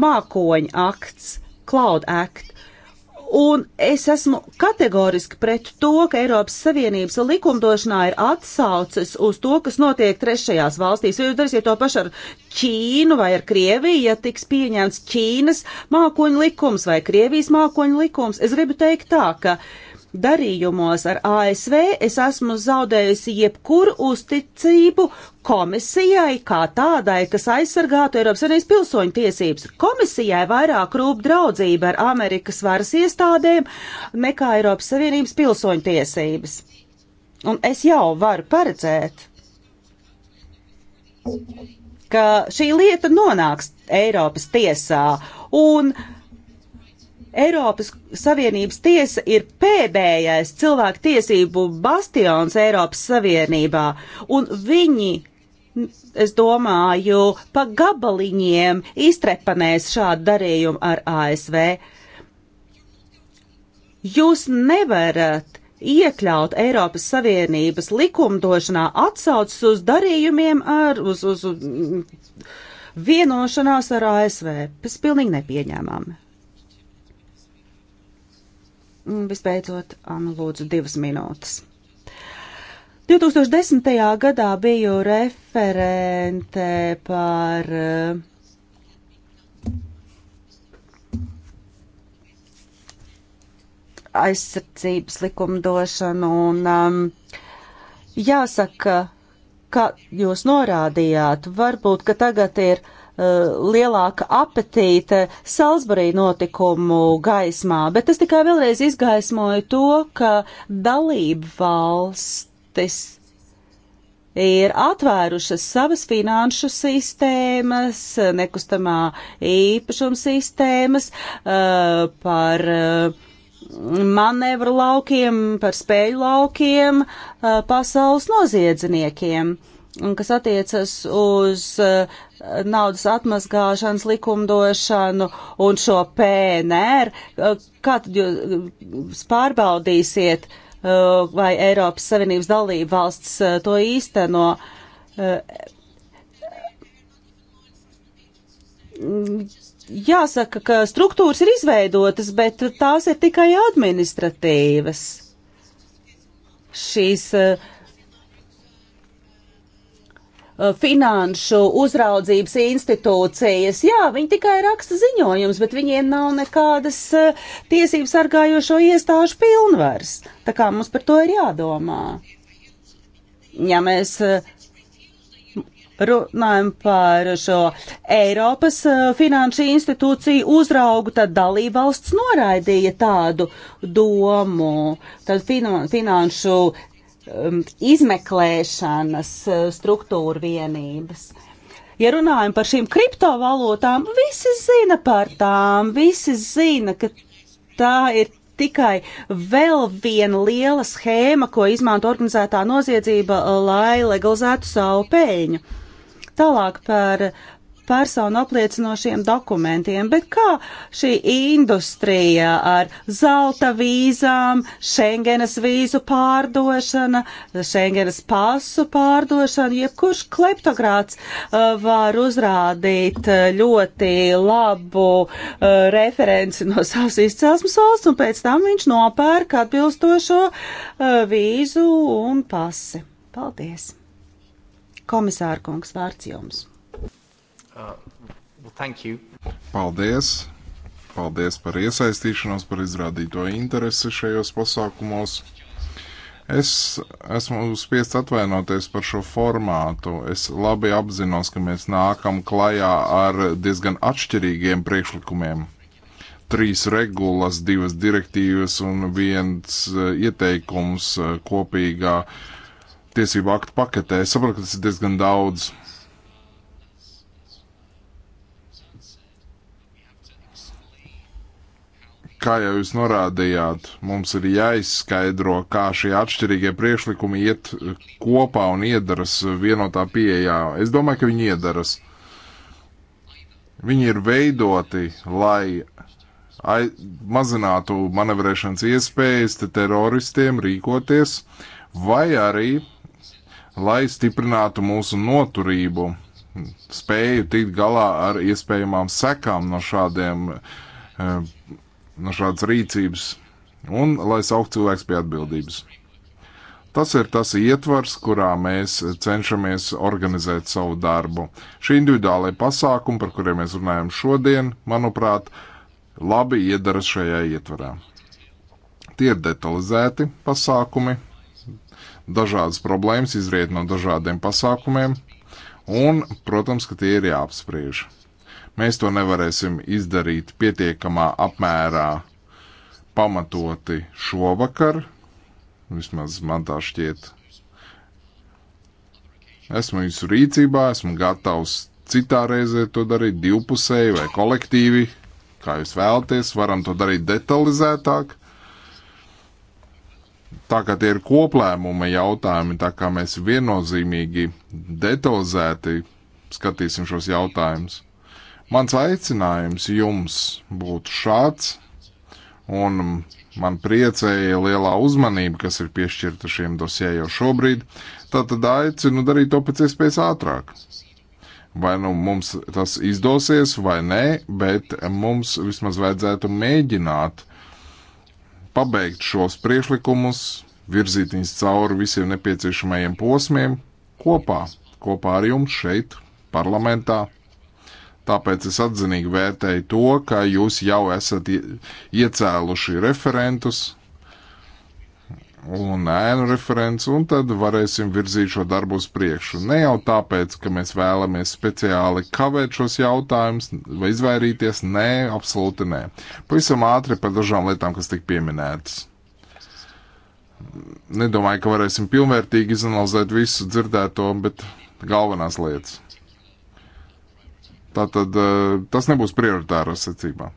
mākoņa akts, Cloud Act. Un es esmu kategoriski pret to, ka Eiropas Savienības likumdošanā ir atsauces uz to, kas notiek trešajās valstīs. Jo jūs darīsiet to pašu ar Ķīnu vai ar Krieviju, ja tiks pieņemts Ķīnas mākoņu likums vai Krievijas mākoņu likums. Es gribu teikt tā, ka uh, darījumos ar ASV es esmu zaudējusi jebkuru uzticību komisijai kā tādai, kas aizsargātu Eiropas Savienības pilsoņu tiesības. Komisijai vairāk rūp draudzība ar Amerikas varas iestādēm nekā Eiropas Savienības pilsoņu tiesības. Un es jau varu paredzēt ka šī lieta nonāks Eiropas tiesā. Un Eiropas Savienības tiesa ir pēdējais cilvēku tiesību bastions Eiropas Savienībā, un viņi, es domāju, pa gabaliņiem iztrepanēs šādu darījumu ar ASV. Jūs nevarat iekļaut Eiropas Savienības likumdošanā atsaucas uz darījumiem ar, uz, uz, uz vienošanās ar ASV. Tas pilnīgi nepieņēmami. Visbeidzot, Anna lūdzu divas minūtes. 2010. gadā biju referente par eh, aizsardzības likumdošanu un um, jāsaka, kā jūs norādījāt, varbūt, ka tagad ir uh, Eh, lielāka apetīte Salisburī notikumu gaismā, bet tas tikai vēlreiz izgaismoja to, ka dalību valstis ir atvērušas savas finanšu sistēmas, nekustamā īpašuma sistēmas eh, par eh, manevru laukiem, par spēļu laukiem pasaules noziedzniekiem un kas attiecas uz uh, naudas atmazgāšanas likumdošanu un šo PNR, kā tad jūs eh, pārbaudīsiet, eh, vai Eiropas Savienības dalība valsts eh, to īsteno? Jāsaka, ka struktūras ir izveidotas, bet tās ir tikai administratīvas. Šīs uh, Uh, finanšu uzraudzības institūcijas. Jā, viņi tikai raksta ziņojums, bet viņiem nav nekādas uh, tiesības sargājošo iestāžu pilnvars. Tā kā mums par to ir jādomā. Ja mēs uh, runājam par šo Eiropas finanšu institūciju uzraugu, tad dalībvalsts noraidīja tādu domu. Tad finanšu Um, izmeklēšanas uh, struktūra vienības. Ja runājam par šīm kriptovalūtām, visi zina par tām, visi zina, ka tā ir tikai vēl viena liela schēma, ko izmanto organizētā noziedzība, lai legalizētu savu peļņu. Tālāk par personu apliecinošiem dokumentiem, bet kā šī industrija ar zelta vīzām, Schengenas vīzu pārdošana, Schengenas pasu pārdošana, jebkurš kleptokrāts uh, var uzrādīt uh, ļoti labu uh, referenci no savas izcelsmes valsts, un pēc tam viņš nopērk atbilstošo vīzu un pasi. Paldies! Komisārkungs, vārds jums! Uh, well, thank you. Paldies! Paldies par iesaistīšanos, par izrādīto interesi šajos pasākumos. Es esmu spiests atvainoties par šo formātu. Es labi apzinos, ka mēs nākam klajā ar diezgan atšķirīgiem priekšlikumiem. Trīs regulas, divas direktīvas un viens uh, ieteikums uh, kopīgā tiesību aktu paketē. Es saprotu, ka tas ir diezgan daudz. kā jau jūs norādījāt, mums ir jāizskaidro, kā šie atšķirīgie priekšlikumi iet kopā un iedaras vienotā pieejā. Es domāju, ka viņi iedaras. Viņi ir veidoti, lai mazinātu manevrēšanas iespējas te teroristiem rīkoties, vai arī, lai stiprinātu mūsu noturību, spēju tikt galā ar iespējamām sekām no šādiem uh, no šādas rīcības un lai saukt cilvēks pie atbildības. Tas ir tas ietvars, kurā mēs cenšamies organizēt savu darbu. Šī individuālai pasākumi, par kuriem mēs runājam šodien, manuprāt, labi iedaras šajā ietvarā. Tie ir detalizēti pasākumi, dažādas problēmas izriet no dažādiem pasākumiem, un, protams, ka tie ir jāapspriež. Mēs to nevarēsim izdarīt pietiekamā apmērā pamatoti šovakar, vismaz man tā šķiet. Esmu jūsu rīcībā, esmu gatavs citā reizē to darīt divpusēji vai kolektīvi, kā jūs vēlaties, varam to darīt detalizētāk. Tā kā tie ir koplēmuma jautājumi, tā kā mēs viennozīmīgi detalizēti skatīsim šos jautājumus. Mans aicinājums jums būtu šāds, un man priecēja lielā uzmanība, kas ir piešķirta šiem dosē jau šobrīd, tātad aicinu darīt to pēc iespējas ātrāk. Vai nu mums tas izdosies vai nē, bet mums vismaz vajadzētu mēģināt pabeigt šos priešlikumus, virzīt viņus cauri visiem nepieciešamajiem posmiem kopā, kopā ar jums šeit, parlamentā, Tāpēc es atzinīgi vērtēju to, ka jūs jau esat iecēluši referentus un ēnu referents, un tad varēsim virzīt šo darbu uz priekšu. Ne jau tāpēc, ka mēs vēlamies speciāli kavēt šos jautājumus vai izvairīties, nē, absolūti nē. Pavisam ātri par dažām lietām, kas tik pieminētas. Nedomāju, ka varēsim pilnvērtīgi izanalizēt visu dzirdēto, bet galvenās lietas. Tātad eh, tas nebūs prioritāra secībā.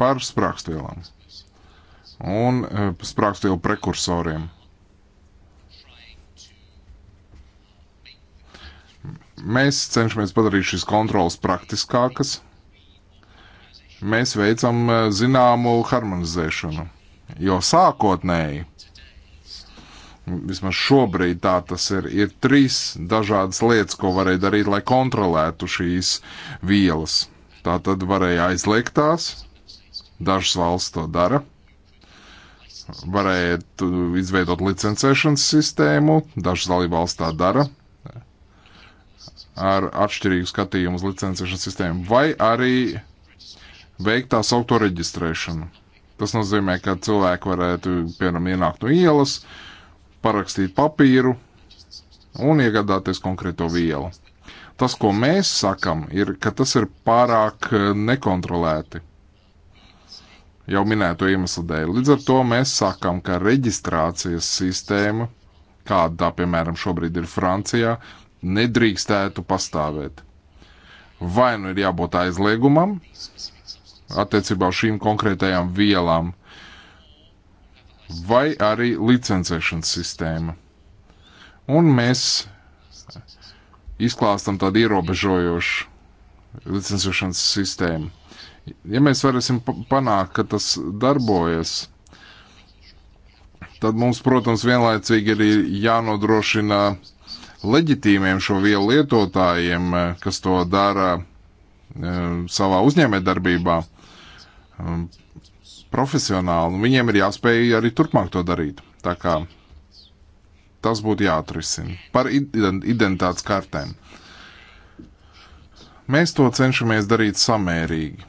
Par sprākstvielām un eh, sprākstvielu prekursoriem. Mēs cenšamies padarīt šīs kontrolas praktiskākas. Mēs veicam eh, zināmu harmonizēšanu, jo sākotnēji Vismaz šobrīd tā tas ir. Ir trīs dažādas lietas, ko varēja darīt, lai kontrolētu šīs vielas. Tā tad varēja aizliegt tās, dažas valsts to dara. Varēja izveidot licencēšanas sistēmu, dažas dalībvalsts tā dara ar atšķirīgu skatījumu uz licencēšanas sistēmu, vai arī veikt tā saucamo reģistrēšanu. Tas nozīmē, ka cilvēki varētu, piemēram, ienākt no ielas, uh, parakstīt papīru un iegādāties konkrēto vielu. Tas, ko mēs sakam, ir, ka tas ir pārāk eh, nekontrolēti. Jau minēto iemeslu dēļ. Līdz ar to mēs sakam, ka reģistrācijas sistēma, kāda tā piemēram šobrīd ir Francijā, nedrīkstētu pastāvēt. Vai nu ir jābūt aizliegumam attiecībā uz šīm konkrētajām vielām, uh, vai arī licencēšanas sistēma. Un mēs izklāstam tādu ierobežojošu licencēšanas sistēmu. Ja mēs varēsim panākt, ka tas darbojas, tad mums, protams, vienlaicīgi arī jānodrošina leģitīmiem šo vielu lietotājiem, kas to dara eh, savā uzņēmējdarbībā, profesionāli, un viņiem ir jāspēj arī turpmāk to darīt. Tā kā tas būtu jāatrisina par identitātes kartēm. Mēs to cenšamies darīt samērīgi.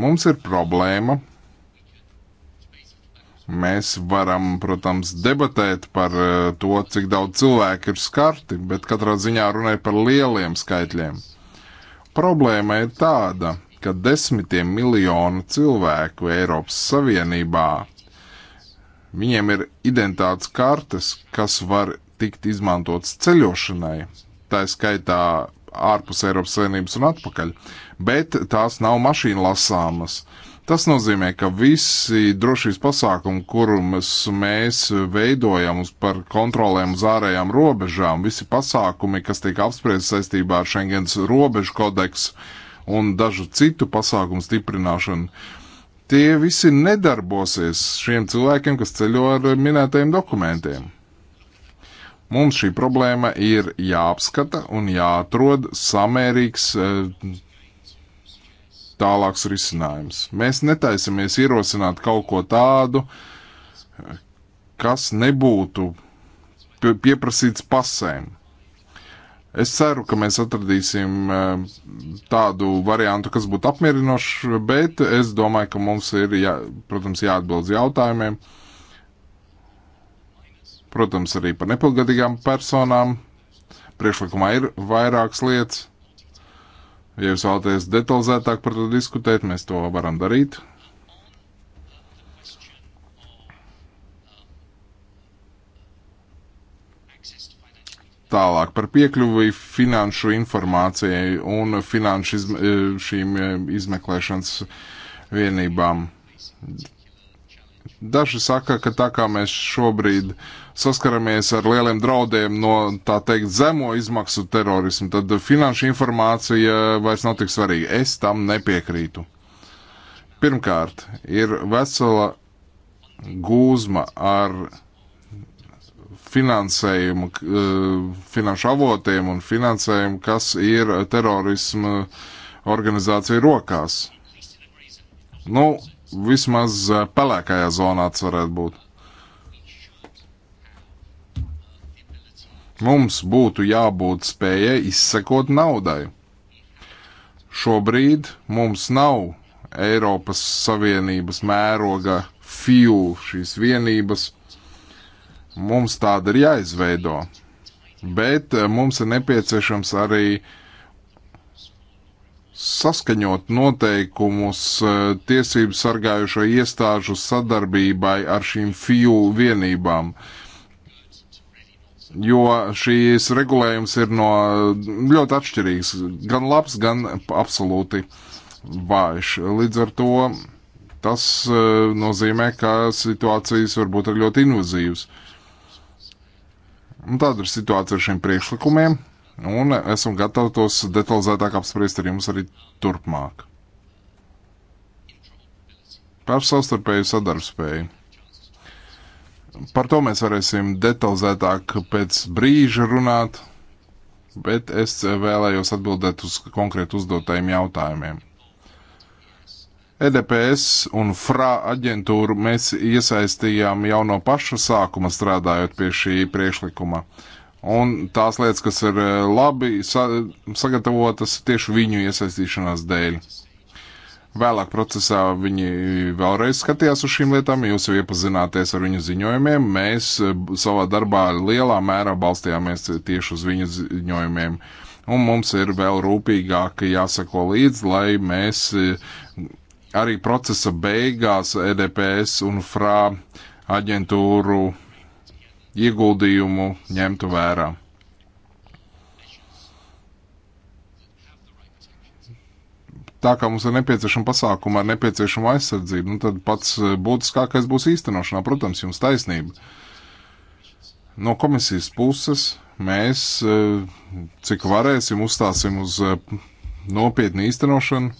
Mums ir problēma. Mēs varam, protams, debatēt par eh, to, cik daudz cilvēku ir skarti, bet katrā ziņā runāja par lieliem skaitļiem. Problēma ir tāda, ka desmitiem miljonu cilvēku Eiropas Savienībā viņiem ir identitātes kartes, kas var tikt izmantotas ceļošanai, tā skaitā ārpus Eiropas Savienības un atpakaļ, bet tās nav mašīna lasāmas. Tas nozīmē, ka visi drošības pasākumi, kurus mēs veidojam uz par kontrolēm uz ārējām robežām, visi pasākumi, kas tiek apspriesti saistībā ar Schengens robežu kodeksu, un dažu citu pasākumu stiprināšanu, tie visi nedarbosies šiem cilvēkiem, kas ceļo ar minētajiem dokumentiem. Mums šī problēma ir jāapskata un jāatrod samērīgs eh, tālāks risinājums. Mēs netaisamies ierosināt kaut ko tādu, kas nebūtu pieprasīts pasēm. Es ceru, ka mēs atradīsim eh, tādu variantu, kas būtu apmierinošs, bet es domāju, ka mums ir, jā, protams, jāatbild jautājumiem. Protams, arī par nepilngadīgām personām. Priekšlikumā ir vairākas lietas. Ja jūs vēlaties detalizētāk par to diskutēt, mēs to varam darīt. Tālāk par piekļuvi finanšu informācijai un finanšu izm e, šīm e, izmeklēšanas vienībām. Daži saka, ka tā kā mēs šobrīd saskaramies ar lieliem draudiem no tā teikt zemo izmaksu terorismu, tad finanšu informācija vairs nav tik svarīga. Es tam nepiekrītu. Pirmkārt, ir vesela gūzma ar finansējumu, e, finanšu avotiem un finansējumu, kas ir terorisma organizācija rokās. Nu, vismaz e, pelēkajā zonā tas varētu būt. Mums būtu jābūt spējai izsekot naudai. Šobrīd mums nav Eiropas Savienības mēroga FIU šīs vienības, Mums tāda ir jāizveido. Bet eh, mums ir nepieciešams arī saskaņot noteikumus eh, tiesību sargājušo iestāžu sadarbībai ar šīm FIU vienībām jo šīs regulējums ir no mm, ļoti atšķirīgs, gan labs, gan absolūti vājš. Līdz ar to tas eh, nozīmē, ka situācijas varbūt ir ļoti invazīvas. Un nu, tāda ir situācija ar šiem priekšlikumiem, un esmu gatavs tos detalizētāk apspriest ar jums arī turpmāk. Par savstarpēju sadarbspēju. Par to mēs varēsim detalizētāk pēc brīža runāt, bet es vēlējos atbildēt uz konkrēti uzdotajiem jautājumiem. EDPS un FRA aģentūru mēs iesaistījām jau no paša sākuma strādājot pie šī priekšlikuma. Un tās lietas, kas ir eh, labi sa sagatavotas tieši viņu iesaistīšanās dēļ. Vēlāk procesā viņi vēlreiz skatījās uz šīm lietām, jūs jau iepazināties ar viņu ziņojumiem. Mēs eh, savā darbā lielā mērā balstījāmies tieši uz viņu ziņojumiem. Un mums ir vēl rūpīgāk jāsako līdzi, lai mēs eh, arī procesa beigās EDPS un FRA aģentūru ieguldījumu ņemtu vērā. Tā kā mums ir nepieciešama pasākuma ar nepieciešamu aizsardzību, nu tad pats būtiskākais būs īstenošanā. Protams, jums taisnība. No komisijas puses mēs, eh, cik varēsim, uzstāsim uz eh, nopietnu īstenošanu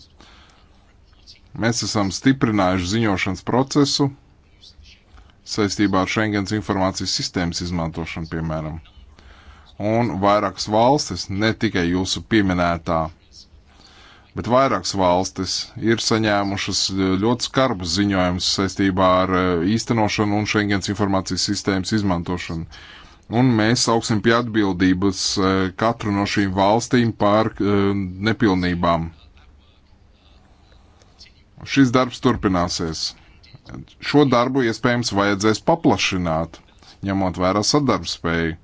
Mēs esam stiprinājuši ziņošanas procesu saistībā ar Schengens informācijas sistēmas izmantošanu, piemēram. Un vairākas valstis, ne tikai jūsu pieminētā, bet vairākas valstis ir saņēmušas ļoti skarbus ziņojumus saistībā ar eh, īstenošanu un Schengens informācijas sistēmas izmantošanu. Un mēs sauksim pie atbildības eh, katru no šīm valstīm par eh, nepilnībām Šis darbs turpināsies. Šo darbu iespējams vajadzēs paplašināt, ņemot vērā sadarbspēju.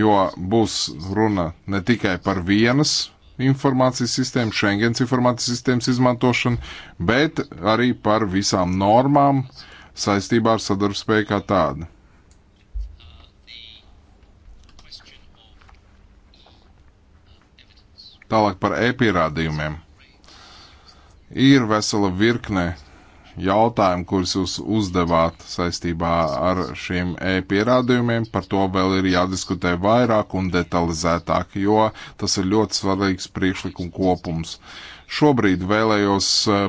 Jo būs runa ne tikai par vienas informācijas sistēmu, Schengens informācijas sistēmas izmantošanu, bet arī par visām normām saistībā ar sadarbspēju kā tādu. Tālāk par e-pierādījumiem. Ir vesela virkne jautājumu, kurus jūs uzdevāt saistībā ar šiem e-pierādījumiem. Par to vēl ir jādiskutē vairāk un detalizētāk, jo tas ir ļoti svarīgs priekšlikuma kopums. Šobrīd vēlējos eh,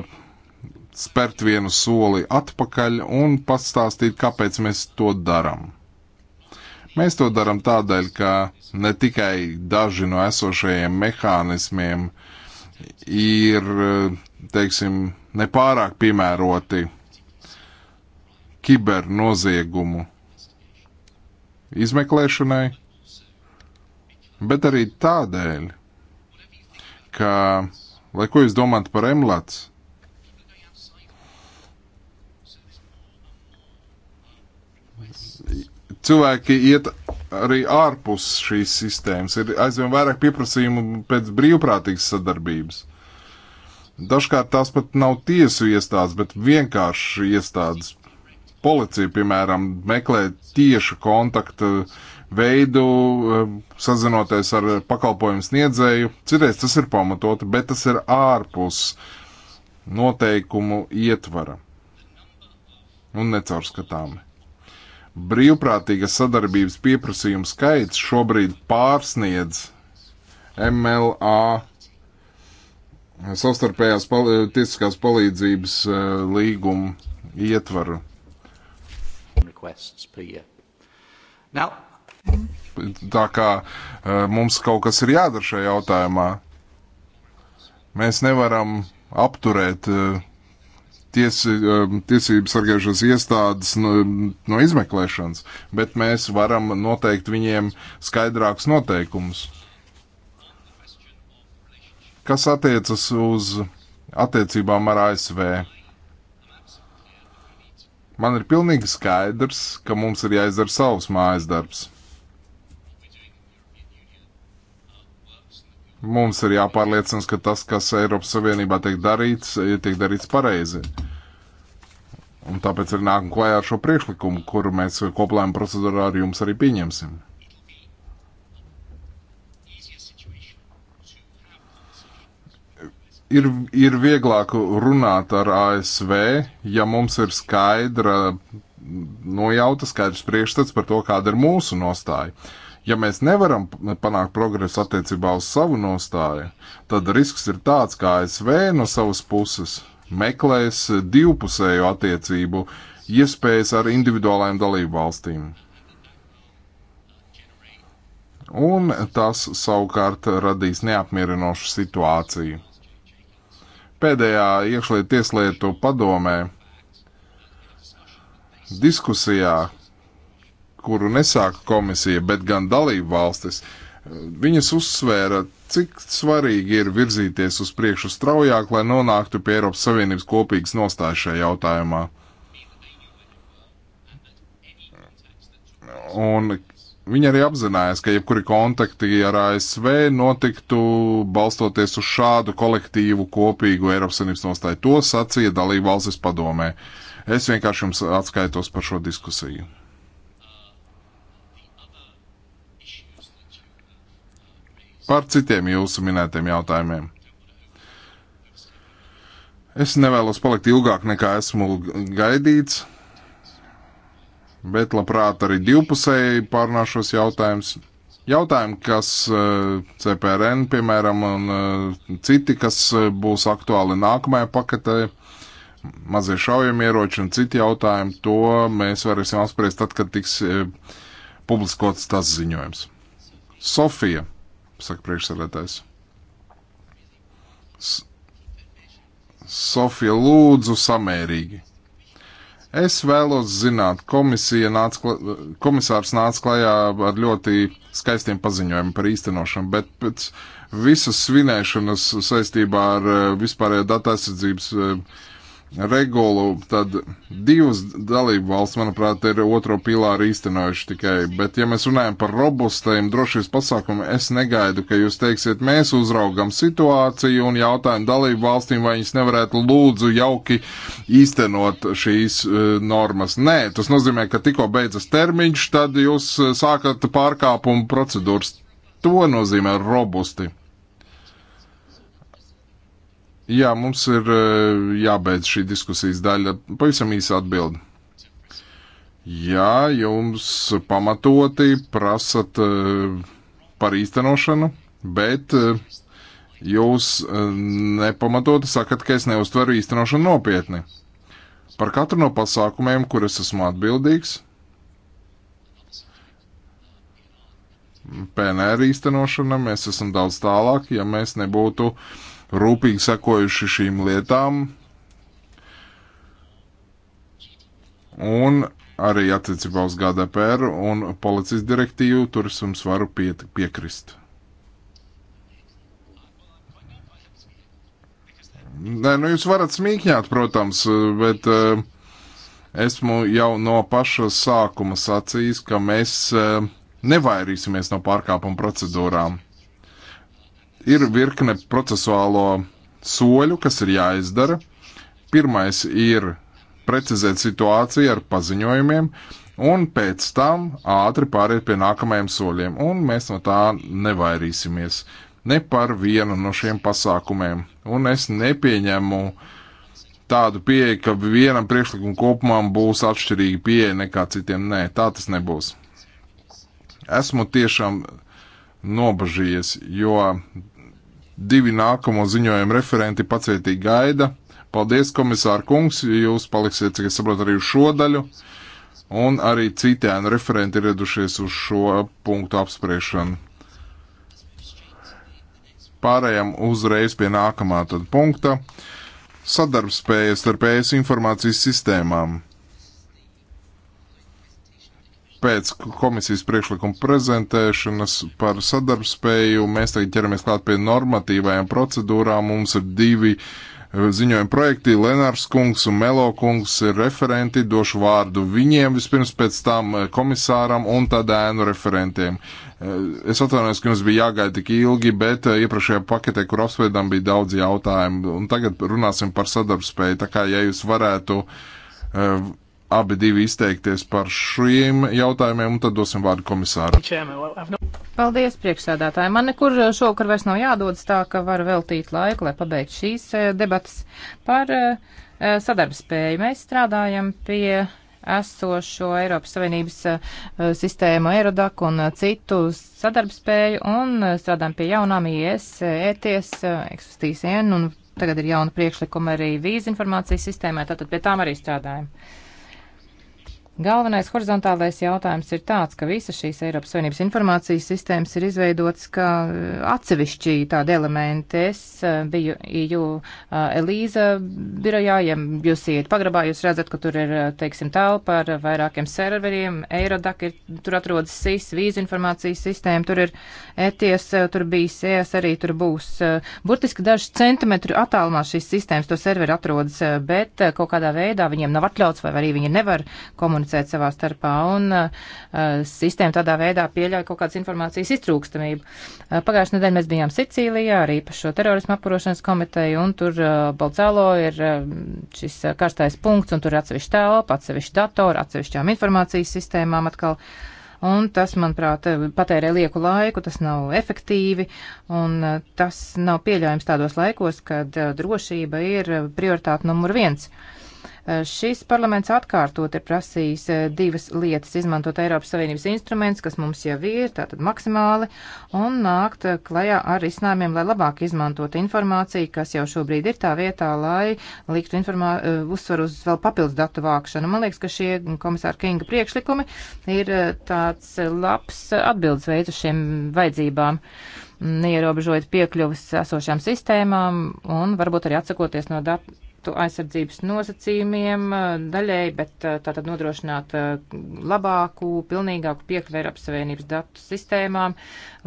spērt vienu soli atpakaļ un pastāstīt, kāpēc mēs to darām. Mēs to darām tādēļ, ka ne tikai daži no esošajiem mehānismiem ir eh, teiksim, nepārāk piemēroti kibernoziegumu izmeklēšanai, bet arī tādēļ, ka, lai ko jūs domājat par emlats, cilvēki iet arī ārpus šīs sistēmas. Ir aizvien vairāk pieprasījumu pēc brīvprātīgas sadarbības. Dažkārt tās pat nav tiesu iestādes, bet vienkārši iestādes. Policija, piemēram, meklē tiešu kontaktu veidu, eh, sazinoties ar pakalpojumu sniedzēju. Citreiz tas ir pamatoti, bet tas ir ārpus noteikumu ietvara un necaurskatāmi. Brīvprātīga sadarbības pieprasījuma skaits šobrīd pārsniedz MLA savstarpējās pal tiesiskās palīdzības uh, eh, līgumu ietvaru. Tā kā uh, mums kaut kas ir jādara šajā jautājumā, mēs nevaram apturēt uh, tiesi, tiesības sargājušās iestādes no, no izmeklēšanas, bet mēs varam noteikt viņiem skaidrākus noteikumus. Kas attiecas uz attiecībām ar ASV? Man ir pilnīgi skaidrs, ka mums ir jāizdara savs mājas darbs. Mums ir jāpārliecinās, ka tas, kas Eiropas Savienībā tiek darīts, eh, tiek darīts pareizi. Un tāpēc ir nākam klajā ar šo priekšlikumu, kuru mēs koplējuma procedūrā ar jums arī pieņemsim. ir, ir vieglāk runāt ar ASV, ja mums ir skaidra nojauta, skaidrs priekšstats par to, kāda ir mūsu nostāja. Ja mēs nevaram panākt progresu attiecībā uz savu nostāju, tad risks ir tāds, ka ASV no savas puses meklēs divpusēju attiecību iespējas ar individuālajām dalību valstīm. Un tas savukārt radīs neapmierinošu situāciju pēdējā iekšlietu tieslietu padomē diskusijā, kuru nesāka komisija, bet gan dalību valstis, viņas uzsvēra, cik svarīgi ir virzīties uz priekšu straujāk, lai nonāktu pie Eiropas Savienības kopīgas nostājas šajā jautājumā. Un Viņa arī apzinājās, ka jebkuri kontakti ar ASV notiktu balstoties uz šādu kolektīvu kopīgu Eiropas Savienības nostāju. To sacīja dalība valstis padomē. Es vienkārši jums atskaitos par šo diskusiju. Par citiem jūsu minētiem jautājumiem. Es nevēlos palikt ilgāk nekā esmu gaidīts bet labprāt arī divpusēji pārnāšos jautājums. Jautājumi, kas eh, CPRN, piemēram, un eh, citi, kas eh, būs aktuāli nākamajā paketē, mazie šaujamieroči un citi jautājumi, to mēs varēsim apspriest tad, kad tiks publiskots tas ziņojums. Sofija, saka priekšsēdētājs. Sofija, lūdzu, samērīgi. Es vēlos zināt, komisija nāc, komisārs nāca klajā ar ļoti skaistiem paziņojumiem par īstenošanu, bet pēc visas svinēšanas saistībā ar eh, vispārējo datu aizsardzības uh, regulu, tad divas dalību valsts, manuprāt, ir otro pilāru īstenojuši tikai. Bet, ja mēs runājam par robustajiem drošības pasākumiem, es negaidu, ka jūs teiksiet, mēs uzraugam situāciju un jautājam dalību valstīm, vai viņas nevarētu lūdzu jauki īstenot šīs uh, normas. Nē, tas nozīmē, ka tikko beidzas termiņš, tad jūs e, sākat pārkāpumu procedūras. To nozīmē robusti. Jā, mums ir eh, jābeidz šī diskusijas daļa. Pavisam īsa atbilde. Jā, jums pamatoti prasat eh, par īstenošanu, bet eh, jūs nepamatoti sakat, ka es neuztveru īstenošanu nopietni. Par katru no pasākumiem, kur es esmu atbildīgs, PNR īstenošana, mēs esam daudz tālāk, ja mēs nebūtu uh, rūpīgi sekojuši šīm lietām un arī attiecībā uz GDPR un policijas direktīvu, tur es jums varu piet, piekrist. Nē, nu jūs varat smīkņāt, protams, bet uh, esmu jau no paša sākuma sacījis, ka mēs uh, nevairīsimies no pārkāpuma procedūrām ir virkne procesuālo soļu, kas ir jāizdara. Pirmais ir precizēt situāciju ar paziņojumiem, un pēc tam ātri pāriet pie nākamajiem soļiem, un mēs no tā nevairīsimies ne par vienu no šiem pasākumiem, un es nepieņemu tādu pieeju, ka vienam priekšlikumu kopumam būs atšķirīga pieeja nekā citiem. Nē, tā tas nebūs. Esmu tiešām uh, nobažījies, jo divi nākamo ziņojumu referenti pacietīgi gaida. Paldies, komisāra kungs, jūs paliksiet, cik es saprotu, arī uz šo daļu, un arī citēnu referenti ir iedušies uz šo punktu apspriešanu. Pārējām uzreiz pie nākamā tad punkta - sadarbspējas starp ES informācijas sistēmām pēc komisijas priekšlikuma prezentēšanas par sadarbspēju mēs tagad ķeramies klāt pie normatīvajām procedūrām. Mums ir divi eh, ziņojumi projekti. Lenārs kungs un Melo kungs ir referenti. Došu vārdu viņiem vispirms, pēc tam eh, komisāram un tad ēnu referentiem. Eh, es atvainojos, ka jums bija jāgaida tik ilgi, bet iepriekšējā paketē, kur apsveidām, bija daudz jautājumu. Un tagad runāsim par sadarbspēju. Tā kā, ja jūs varētu abi divi izteikties par šiem jautājumiem, un tad dosim vārdu komisāru. Paldies, priekšsēdētāji. Man nekur šovakar vairs nav jādodas tā, ka var veltīt laiku, lai pabeigtu šīs eh, debatas par eh, sadarbspēju. Mēs strādājam pie esošo Eiropas Savienības eh, sistēmu Eirodak un citu sadarbspēju un strādājam pie jaunām IES, ETS, e eksistīs N un tagad ir jauna priekšlikuma arī vīzinformācijas sistēmai, tātad pie tām arī strādājam. Uh, Galvenais horizontālais jautājums ir tāds, ka visas šīs Eiropas Savienības informācijas sistēmas ir izveidotas kā eh, atsevišķi tādi elementi. Es eh, biju EU eh, Elīza birojā, ja jūs iet pagrabā, jūs redzat, ka tur ir, teiksim, telpa ar vairākiem serveriem, Eirodak ir, tur atrodas SIS, vīzu informācijas sistēma, tur ir ETIES eh, tur bijis, ES arī tur būs. Eh, burtiski dažs centimetru attālumā šīs sistēmas, to serveri atrodas, eh, bet kaut kādā veidā viņiem nav atļauts vai arī viņi nevar komunicēt savā starpā un sistēma tādā veidā pieļauj kaut kādas informācijas iztrūkstamību. Pagājušajā nedēļā mēs bijām Sicīlijā arī par šo terorismu apkarošanas komiteju un tur Balcālo ir šis karstais punkts un tur ir atsevišķa telpa, atsevišķa datora, atsevišķām informācijas sistēmām atkal. Uh, un tas, manuprāt, patērē lieku laiku, tas nav efektīvi, un uh, tas nav pieļaujams tādos laikos, kad uh, drošība ir prioritāte numur viens. Uh, Eh, šis parlaments atkārtot ir prasījis eh, divas lietas - izmantot Eiropas Savienības instruments, kas mums jau ir, tātad maksimāli, un nākt eh, klajā ar risinājumiem, lai labāk izmantot informāciju, kas jau šobrīd ir tā vietā, lai liktu uzsvaru uz vēl papildus datu vākšanu. Man liekas, ka šie komisāra Kinga priekšlikumi ir tāds labs atbildes veids uz šiem vajadzībām neierobežojot piekļuvis esošām sistēmām un varbūt arī atsakoties no datu tu aizsardzības nosacījumiem daļēji, bet tātad nodrošināt labāku, pilnīgāku piekļuvi Eiropas Savienības datu sistēmām,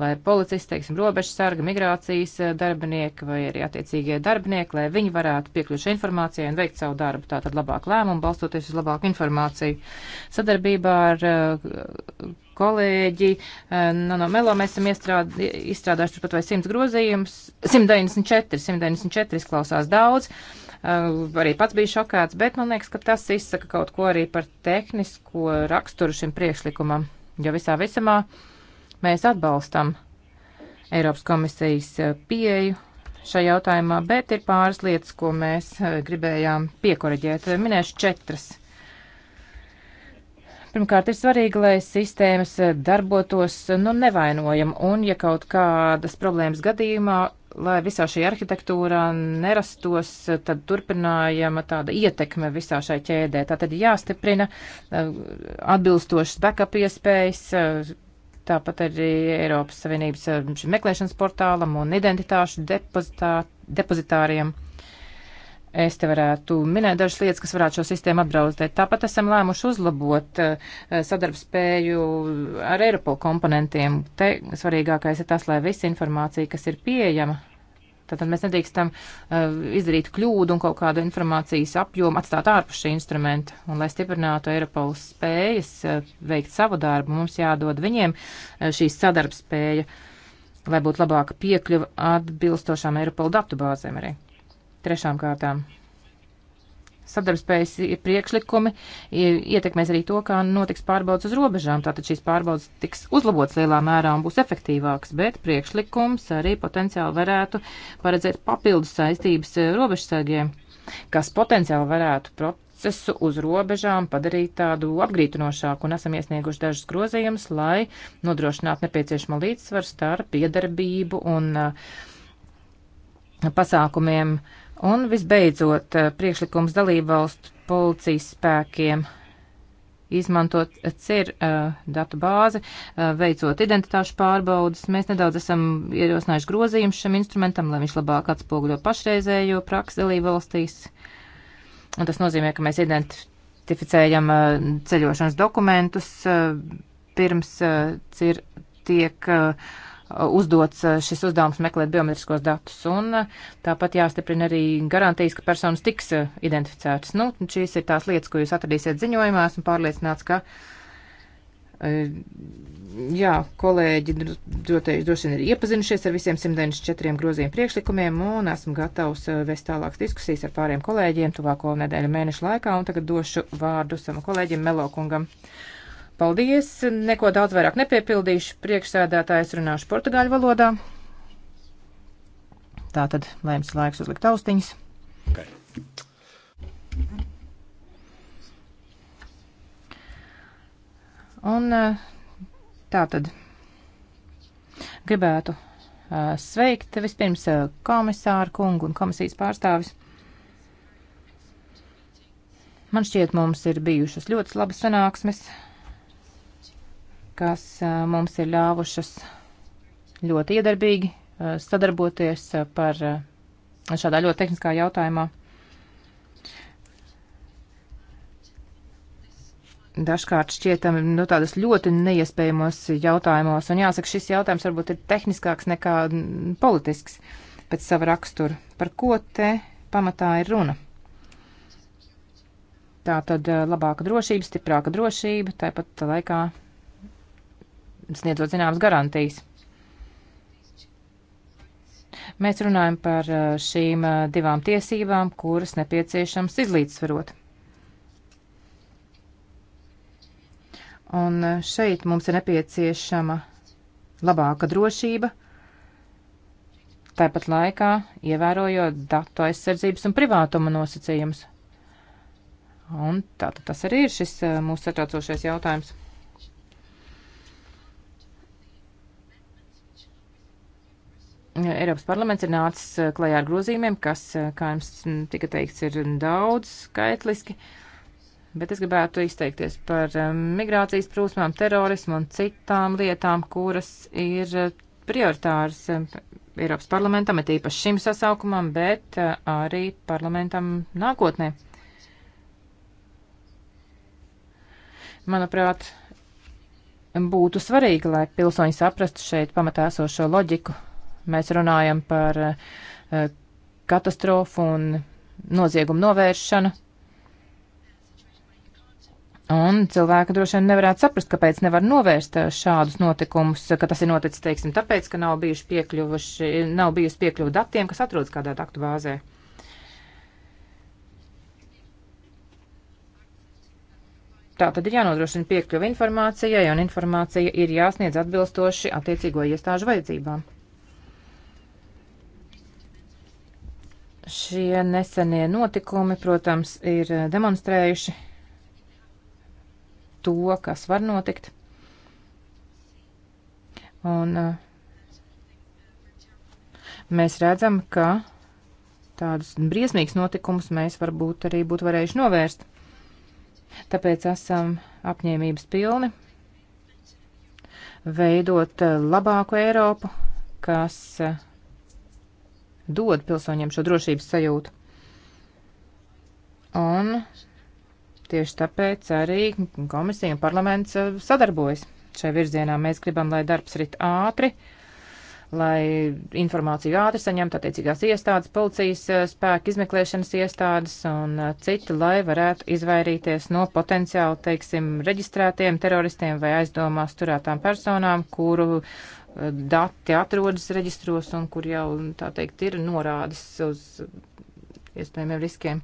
lai policisti, teiksim, robežsarga, migrācijas darbinieki vai arī attiecīgie darbinieki, lai viņi varētu piekļūt šai informācijai un veikt savu darbu, tātad labāku lēmumu, balstoties uz labāku informāciju. Sadarbībā ar kolēģi Nano no Melo mēs esam izstrādājuši pat vai 100 grozījumus, 194, 194 izklausās daudz Eh, arī pats bija šokāts, bet man liekas, ka tas izsaka kaut ko arī par tehnisko raksturu šim priekšlikumam, jo visā visamā mēs atbalstam Eiropas komisijas eh, pieeju šajā jautājumā, bet ir pāris lietas, ko mēs eh, gribējām piekoreģēt. Minēšu četras. Pirmkārt, ir svarīgi, lai sistēmas darbotos nu, nevainojam, un, ja kaut kādas problēmas gadījumā, lai visā šī arhitektūrā nerastos tad turpinājama tāda ietekme visā šai ķēdē. Tā tad jāstiprina eh, atbilstošas backup iespējas, eh, tāpat arī Eiropas Savienības eh, meklēšanas portālam un identitāšu depozitāriem. Es te varētu minēt dažas lietas, kas varētu šo sistēmu apdraudēt. Tāpat esam lēmuši uzlabot eh, sadarbspēju ar Eiropol komponentiem. Te svarīgākais ir tas, lai visa informācija, kas ir pieejama, tātad mēs nedrīkstam eh, izdarīt kļūdu un kaut kādu informācijas apjomu atstāt ārpus šī instrumenta. Un, lai stiprinātu Eiropola spējas eh, veikt savu darbu, mums jādod viņiem šī sadarbspēja, lai būtu labāka piekļuva atbilstošām Eiropola datu bāzēm arī. Trešām kārtām sadarbspējas priekšlikumi ietekmēs arī to, kā notiks pārbaudas uz robežām. Tātad šīs pārbaudas tiks uzlabotas lielā mērā un būs efektīvākas, bet priekšlikums arī potenciāli varētu paredzēt papildus saistības eh, robežsargiem, kas potenciāli varētu procesu uz robežām padarīt tādu apgrītinošāku un esam iesnieguši dažus grozījumus, lai nodrošinātu nepieciešamo līdzsvaru starp piedarbību un eh, pasākumiem uh, Un visbeidzot, eh, priekšlikums dalībvalstu policijas spēkiem izmantot CIR uh, datu bāzi, uh, veicot identitāšu pārbaudas. Mēs nedaudz esam ierosinājuši grozījumus šim instrumentam, lai viņš labāk atspoguļo pašreizējo praksi dalībvalstīs. Un tas nozīmē, ka mēs identificējam uh, ceļošanas dokumentus uh, pirms uh, CIR tiek. Uh, Uh, uzdots uh, šis uzdevums meklēt biometriskos datus, un uh, tāpat jāstiprina arī garantijas, ka personas tiks identificētas. Nu, šīs ir tās lietas, ko jūs atradīsiet ziņojumā, esmu pārliecināts, ka. Jā, kolēģi droši vien ir iepazinušies ar visiem 194 grozījumu priekšlikumiem, un esmu gatavs vest tālākas diskusijas ar pāriem kolēģiem tuvāko nedēļu mēnešu laikā, un tagad došu vārdu savam kolēģim Melokungam. Uh, Paldies! Neko daudz vairāk nepiepildīšu. Priekšsēdētājs runāšu portugāļu valodā. Tā tad lēms laiks uzlikt austiņas. Okay. Un eh, tā tad gribētu eh, sveikt vispirms eh, komisāru kungu un komisijas pārstāvis. Man šķiet, mums ir bijušas ļoti labas sanāksmes kas mums ir ļāvušas ļoti iedarbīgi sadarboties par šādā ļoti tehniskā jautājumā. Dažkārt šķietam nu, tādos ļoti neiespējamos jautājumos, un jāsaka, šis jautājums varbūt ir tehniskāks nekā politisks pēc sava rakstura. Par ko te pamatā ir runa? Tā tad labāka drošība, stiprāka drošība, tāpat laikā sniedzot zināmas garantijas. Mēs runājam par uh, šīm uh, divām tiesībām, kuras nepieciešams izlīdzsvarot. Un uh, šeit mums ir nepieciešama labāka drošība, tāpat laikā ievērojot datu aizsardzības un privātuma nosacījumus. Un tātad tas arī ir šis mūsu satraucošais jautājums. Eiropas parlaments ir nācis eh, klajā ar grozījumiem, kas, eh, kā jums tika teikts, ir daudz skaitliski, bet es gribētu izteikties par eh, migrācijas prūsmām, terorismu un citām lietām, kuras ir prioritāras Eiropas parlamentam, ir īpaši šim sasaukumam, bet arī parlamentam nākotnē. Manuprāt, būtu svarīgi, lai pilsoņi saprastu šeit pamatā esošo loģiku Mēs runājam par eh, katastrofu un noziegumu novēršanu. Un cilvēki droši vien nevarētu saprast, kāpēc nevar novērst eh, šādus notikumus, ka tas ir noticis, teiksim, tāpēc, ka nav bijuši piekļuvuši, nav bijusi piekļuva datiem, kas atrodas kādā aktu bāzē. Tā tad ir jānodrošina piekļuva informācijai, un informācija ir jāsniedz atbilstoši attiecīgo iestāžu vajadzībām. Šie nesenie notikumi, protams, ir eh, demonstrējuši to, kas var notikt. Un eh, mēs redzam, ka tādus briesmīgus notikumus mēs varbūt arī būtu varējuši novērst. Tāpēc esam apņēmības pilni veidot eh, labāku Eiropu, kas uh, dod pilsoņiem šo drošības sajūtu. Un tieši tāpēc arī komisija un parlaments eh, sadarbojas šajā virzienā. Mēs gribam, lai darbs rit ātri, lai informāciju ātri saņemtu attiecīgās iestādes, policijas eh, spēku izmeklēšanas iestādes un eh, citi, lai varētu izvairīties no potenciāli, teiksim, reģistrētiem teroristiem vai aizdomās turētām personām, kuru dati atrodas reģistros un kur jau, tā teikt, ir norādes uz iespējamiem riskiem.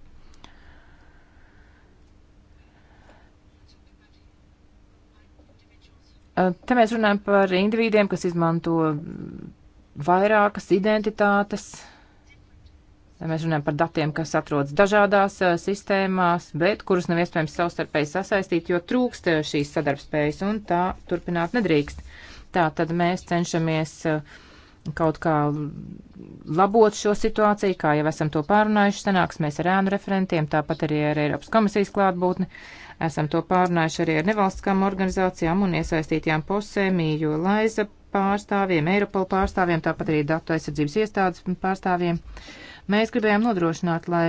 Te mēs runājam par individiem, kas izmanto vairākas identitātes. Mēs runājam par datiem, kas atrodas dažādās uh, sistēmās, bet kurus nav iespējams savstarpēji sasaistīt, jo trūkst šīs sadarbspējas, un tā turpināt nedrīkst. Tā tad mēs cenšamies eh, kaut kā labot šo situāciju, kā jau esam to pārunājuši sanāksmēs ar ēnu referentiem, tāpat arī ar Eiropas komisijas klātbūtni. Esam to pārunājuši arī ar nevalstiskām organizācijām un iesaistītajām posēm, jo laiza pārstāvjiem, Eiropola pārstāvjiem, tāpat arī datu aizsardzības iestādes pārstāvjiem. Mēs gribējām nodrošināt, lai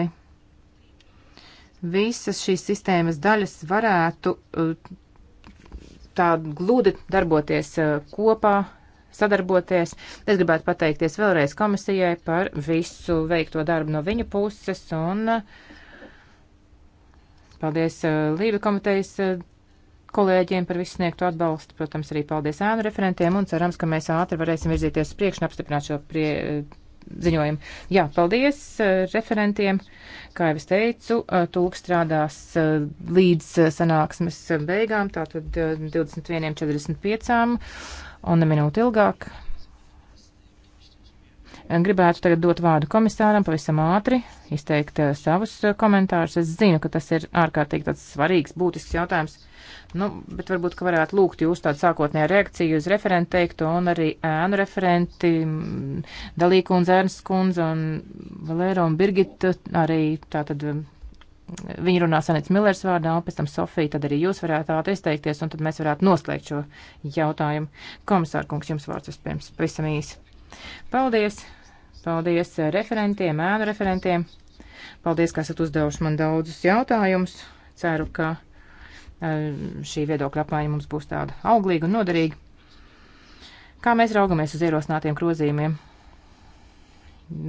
visas šīs sistēmas daļas varētu uh, tā glūdi darboties eh, kopā, sadarboties. Es gribētu pateikties vēlreiz komisijai par visu veikto darbu no viņa puses un eh, paldies eh, Lība komitejas kolēģiem par visu sniegto atbalstu. Protams, arī paldies ēnu referentiem un cerams, ka mēs ātri varēsim virzīties priekš un apstiprināt šo prie, ziņojumu. Jā, paldies eh, referentiem. Kā jau es teicu, eh, tūk strādās eh, līdz sanāksmes beigām, tātad 21.45 un ne minūti ilgāk. Gribētu tagad dot vārdu komisāram pavisam ātri, izteikt uh, savus uh, komentārus. Es zinu, ka tas ir ārkārtīgi tāds svarīgs, būtisks jautājums, nu, bet varbūt, ka varētu lūgt jūs tādu sākotnējā reakciju uz referentu teikto un arī ēnu referenti Dalīku un Zērnas kundze un Valēro un Birgita eh, arī tātad. Viņa runā Sanits Millers vārdā, un pēc tam Sofija, tad arī jūs varētu ātri izteikties, un tad mēs varētu noslēgt šo jautājumu. Komisārkungs, jums vārds vispirms, pavisam īsi. Paldies! Paldies eh, referentiem, ēnu referentiem. Paldies, ka esat uzdevuši man daudzus jautājumus. Ceru, ka eh, šī viedokļa apmaiņa mums būs tāda auglīga un noderīga. Kā mēs raugamies uz ierosinātiem grozījumiem?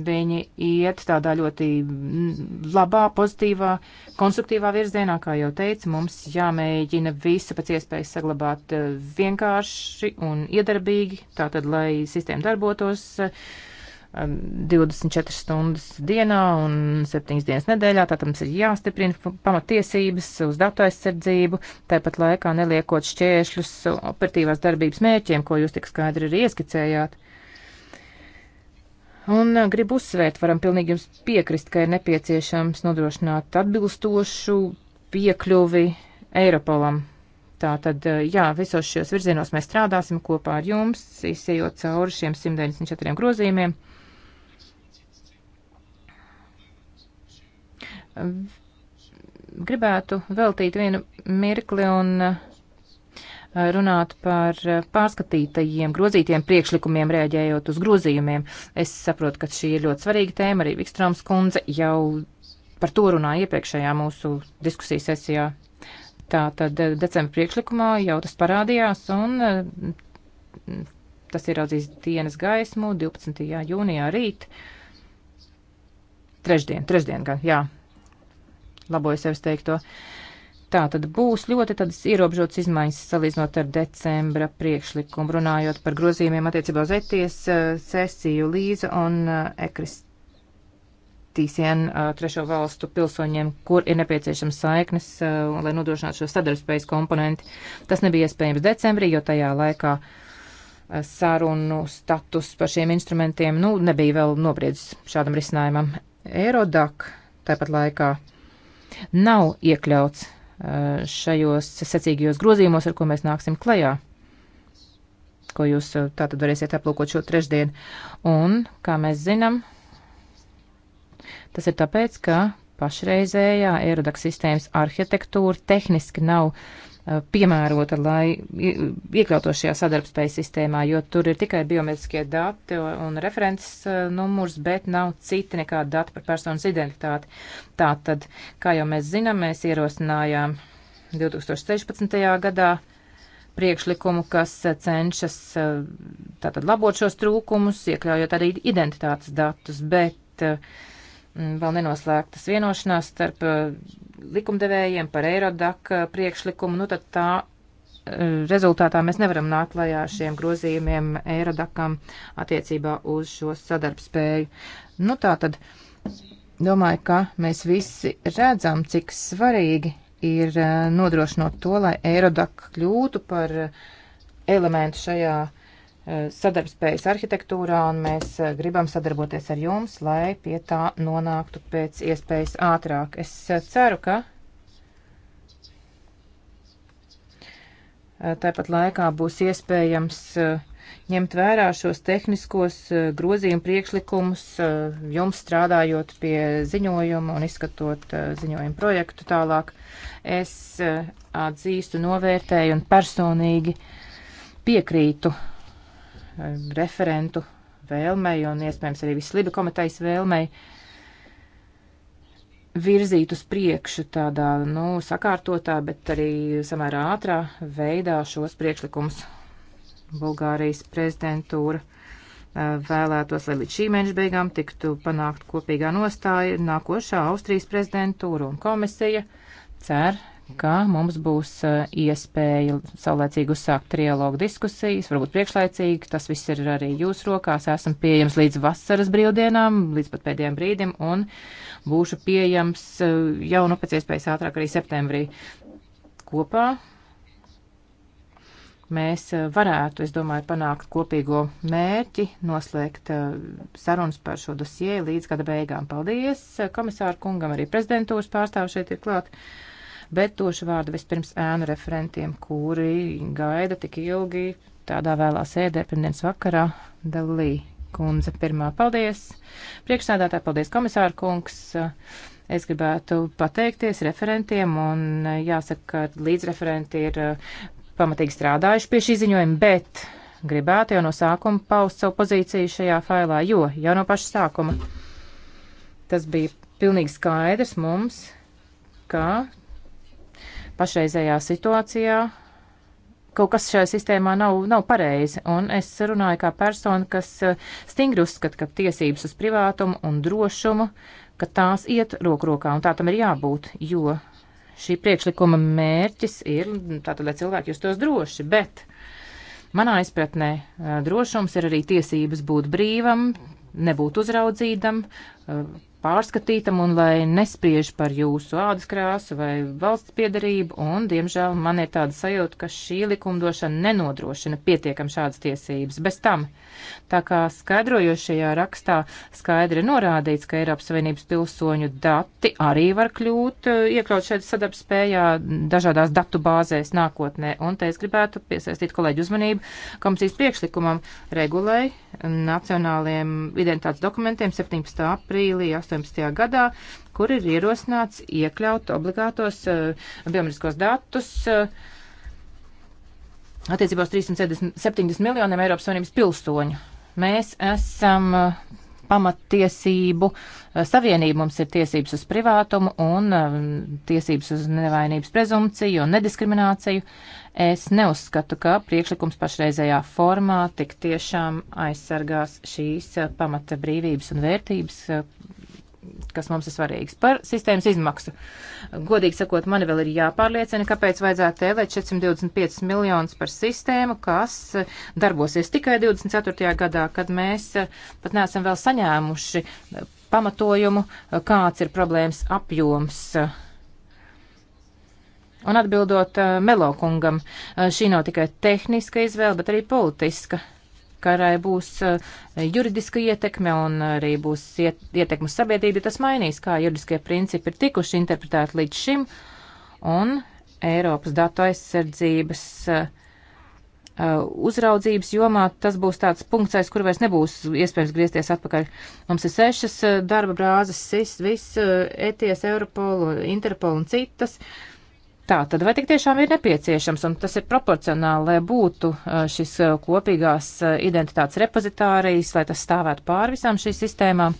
Viņi iet tādā ļoti mm, labā, pozitīvā, konstruktīvā virzienā, kā jau teicu. Mums jāmēģina visu pēc iespējas saglabāt eh, vienkārši un iedarbīgi, tātad, lai sistēma darbotos. Uh, 24 stundas dienā un 7 dienas nedēļā. Tātad mums ir jāstiprina pamatiesības uz datu aizsardzību, tāpat laikā neliekot šķēršļus operatīvās darbības mērķiem, ko jūs tik skaidri arī ieskicējāt. Un eh, gribu uzsvērt, varam pilnīgi jums piekrist, ka ir nepieciešams nodrošināt atbilstošu piekļuvi Eiropolam. Tātad, eh, jā, visos šajos virzienos mēs strādāsim kopā ar jums, izsējot cauri šiem 194 grozījumiem. gribētu veltīt vienu mirkli un eh, runāt par pārskatītajiem grozītiem priekšlikumiem, rēģējot uz grozījumiem. Es saprotu, ka šī ir ļoti svarīga tēma. Arī Vikstrāms kundze jau par to runāja iepriekšējā mūsu diskusijas sesijā. Tā tad eh, decembra priekšlikumā jau tas parādījās un eh, tas ieraudzīs dienas gaismu 12. jūnijā rīt. Trešdien, trešdien gan, jā, laboju sevis teikto. Tā tad būs ļoti tādas ierobežotas izmaiņas salīdzinot ar decembra priekšlikumu, runājot par grozījumiem attiecībā uz ETIES, Cēsiju, eh, Līza un eh, Ekrist attīstīsienu eh, trešo valstu pilsoņiem, kur ir nepieciešams saiknes, lai nodrošinātu šo sadarbspējas komponenti. Tas nebija iespējams decembrī, jo tajā laikā sarunu status par šiem instrumentiem nu, nebija vēl nobriedzis šādam risinājumam. Eirodak tāpat laikā nav iekļauts eh, šajos secīgajos grozījumos, ar ko mēs nāksim klajā, ko jūs eh, tātad varēsiet aplūkot šo trešdienu. Un, kā mēs zinām, tas ir tāpēc, ka pašreizējā Eirodak sistēmas arhitektūra tehniski nav uh, Uh, piemērota, lai iekļautos šajā sadarbspējas sistēmā, jo tur ir tikai biometriskie dati un references uh, numurs, bet nav citi nekādi dati par personas identitāti. Tātad, kā jau mēs zinām, mēs ierosinājām 2016. gadā priekšlikumu, kas uh, cenšas tātad labot šos trūkumus, iekļaujot arī identitātes datus, bet uh, Mm, vēl nenoslēgtas vienošanās starp uh, likumdevējiem par Eirodak uh, priekšlikumu, nu tad tā uh, rezultātā mēs nevaram nākt lajā šiem grozījumiem Eirodakam attiecībā uz šo sadarbspēju. Nu tā tad domāju, ka mēs visi redzam, cik svarīgi ir nodrošinot to, lai Eirodak kļūtu par elementu šajā Eh, sadarbspējas arhitektūrā, un mēs eh, gribam sadarboties ar jums, lai pie tā nonāktu pēc iespējas ātrāk. Es eh, ceru, ka tāpat laikā būs iespējams ņemt vērā šos tehniskos grozījumu priekšlikumus, jums strādājot pie ziņojuma un izskatot ziņojumu projektu tālāk. Es atzīstu, novērtēju un personīgi piekrītu uh, Um, referentu vēlmei un iespējams arī visliba komitejas vēlmei virzīt uz priekšu tādā, nu, sakārtotā, bet arī samērā ātrā veidā šos priekšlikumus. Bulgārijas prezidentūra uh, vēlētos, lai līdz šī mēneša beigām tiktu panākt kopīgā nostāja. Nākošā Austrijas prezidentūra un komisija cer, ka mums būs eh, iespēja saulēcīgi uzsākt trialogu diskusijas, varbūt priekšlaicīgi, tas viss ir arī jūsu rokās, esam pieejams līdz vasaras brīvdienām, līdz pat pēdējiem brīdim, un būšu pieejams eh, jau nu pēc iespējas ātrāk arī septembrī kopā. Mēs eh, varētu, es domāju, panākt kopīgo mērķi, noslēgt sarunas par šo dosie līdz gada beigām. Paldies komisāru kungam, arī prezidentūras pārstāvu šeit ir klāt. Uh, bet došu vārdu vispirms ēnu referentiem, kuri gaida tik ilgi tādā vēlā sēdē pirmdienas vakarā dalī kundze pirmā. Paldies! Priekšsēdētāji, paldies komisāra kungs! Es gribētu pateikties referentiem un jāsaka, ka līdzreferenti ir eh, pamatīgi strādājuši pie šī ziņojuma, bet gribētu jau no sākuma paust savu pozīciju šajā failā, jo jau no paša sākuma tas bija pilnīgi skaidrs mums, ka pašreizējā situācijā kaut kas šajā sistēmā nav, nav pareizi. Un es runāju kā persona, kas eh, stingri uzskata, ka tiesības uz privātumu un drošumu, ka tās iet rokrokā, un tā tam ir jābūt, jo šī priekšlikuma mērķis ir, tātad, lai cilvēki justos droši, bet manā izpratnē eh, drošums ir arī tiesības būt brīvam, nebūtu uzraudzītam, eh, pārskatītam un lai nespriež par jūsu ādas krāsu vai valsts piedarību, un, diemžēl, man ir tāda sajūta, ka šī likumdošana nenodrošina pietiekam šādas tiesības. Bez tam Tā kā skaidrojošajā rakstā skaidri norādīts, ka Eiropas Savienības pilsoņu dati arī var kļūt eh, iekļaut šeit sadarbspējā dažādās datu bāzēs nākotnē. Un te es gribētu piesaistīt kolēģi uzmanību komisijas priekšlikumam regulai nacionāliem identitātes dokumentiem 17. aprīlī 18. gadā, kur ir ierosināts iekļaut obligātos uh, biometriskos datus. Uh, attiecībā uz 370 miljoniem Eiropas Savienības pilsoņu. Mēs esam eh, pamattiesību eh, savienība. Mums ir tiesības uz privātumu un eh, tiesības uz nevainības prezumciju un nediskrimināciju. Es neuzskatu, ka priekšlikums pašreizējā formā tik tiešām aizsargās šīs pamata brīvības un vērtības, kas mums ir svarīgs. Par sistēmas izmaksu. Godīgi sakot, man vēl ir jāpārliecina, kāpēc vajadzētu tēlēt 425 miljonus par sistēmu, kas eh, darbosies tikai 24. gadā, kad mēs eh, pat neesam vēl saņēmuši eh, pamatojumu, kāds ir problēmas apjoms. Un atbildot Melokungam, šī nav tikai tehniska izvēle, bet arī politiska karai būs eh, juridiska ietekme un arī būs ietekme uz sabiedrību, tas mainīs, kā juridiskie principi ir tikuši interpretēti līdz šim, un Eiropas datu aizsardzības eh, eh, uzraudzības jomā tas būs tāds punkts, aiz kur vairs nebūs iespējams griezties atpakaļ. Mums ir sešas darba brāzes, SIS, viss e ETS, Europol, Interpol un citas. Uh, Tā tad vai tik tiešām ir nepieciešams, un tas ir proporcionāli, lai būtu šis kopīgās identitātes repozitārijas, lai tas stāvētu pār visām šīs sistēmām?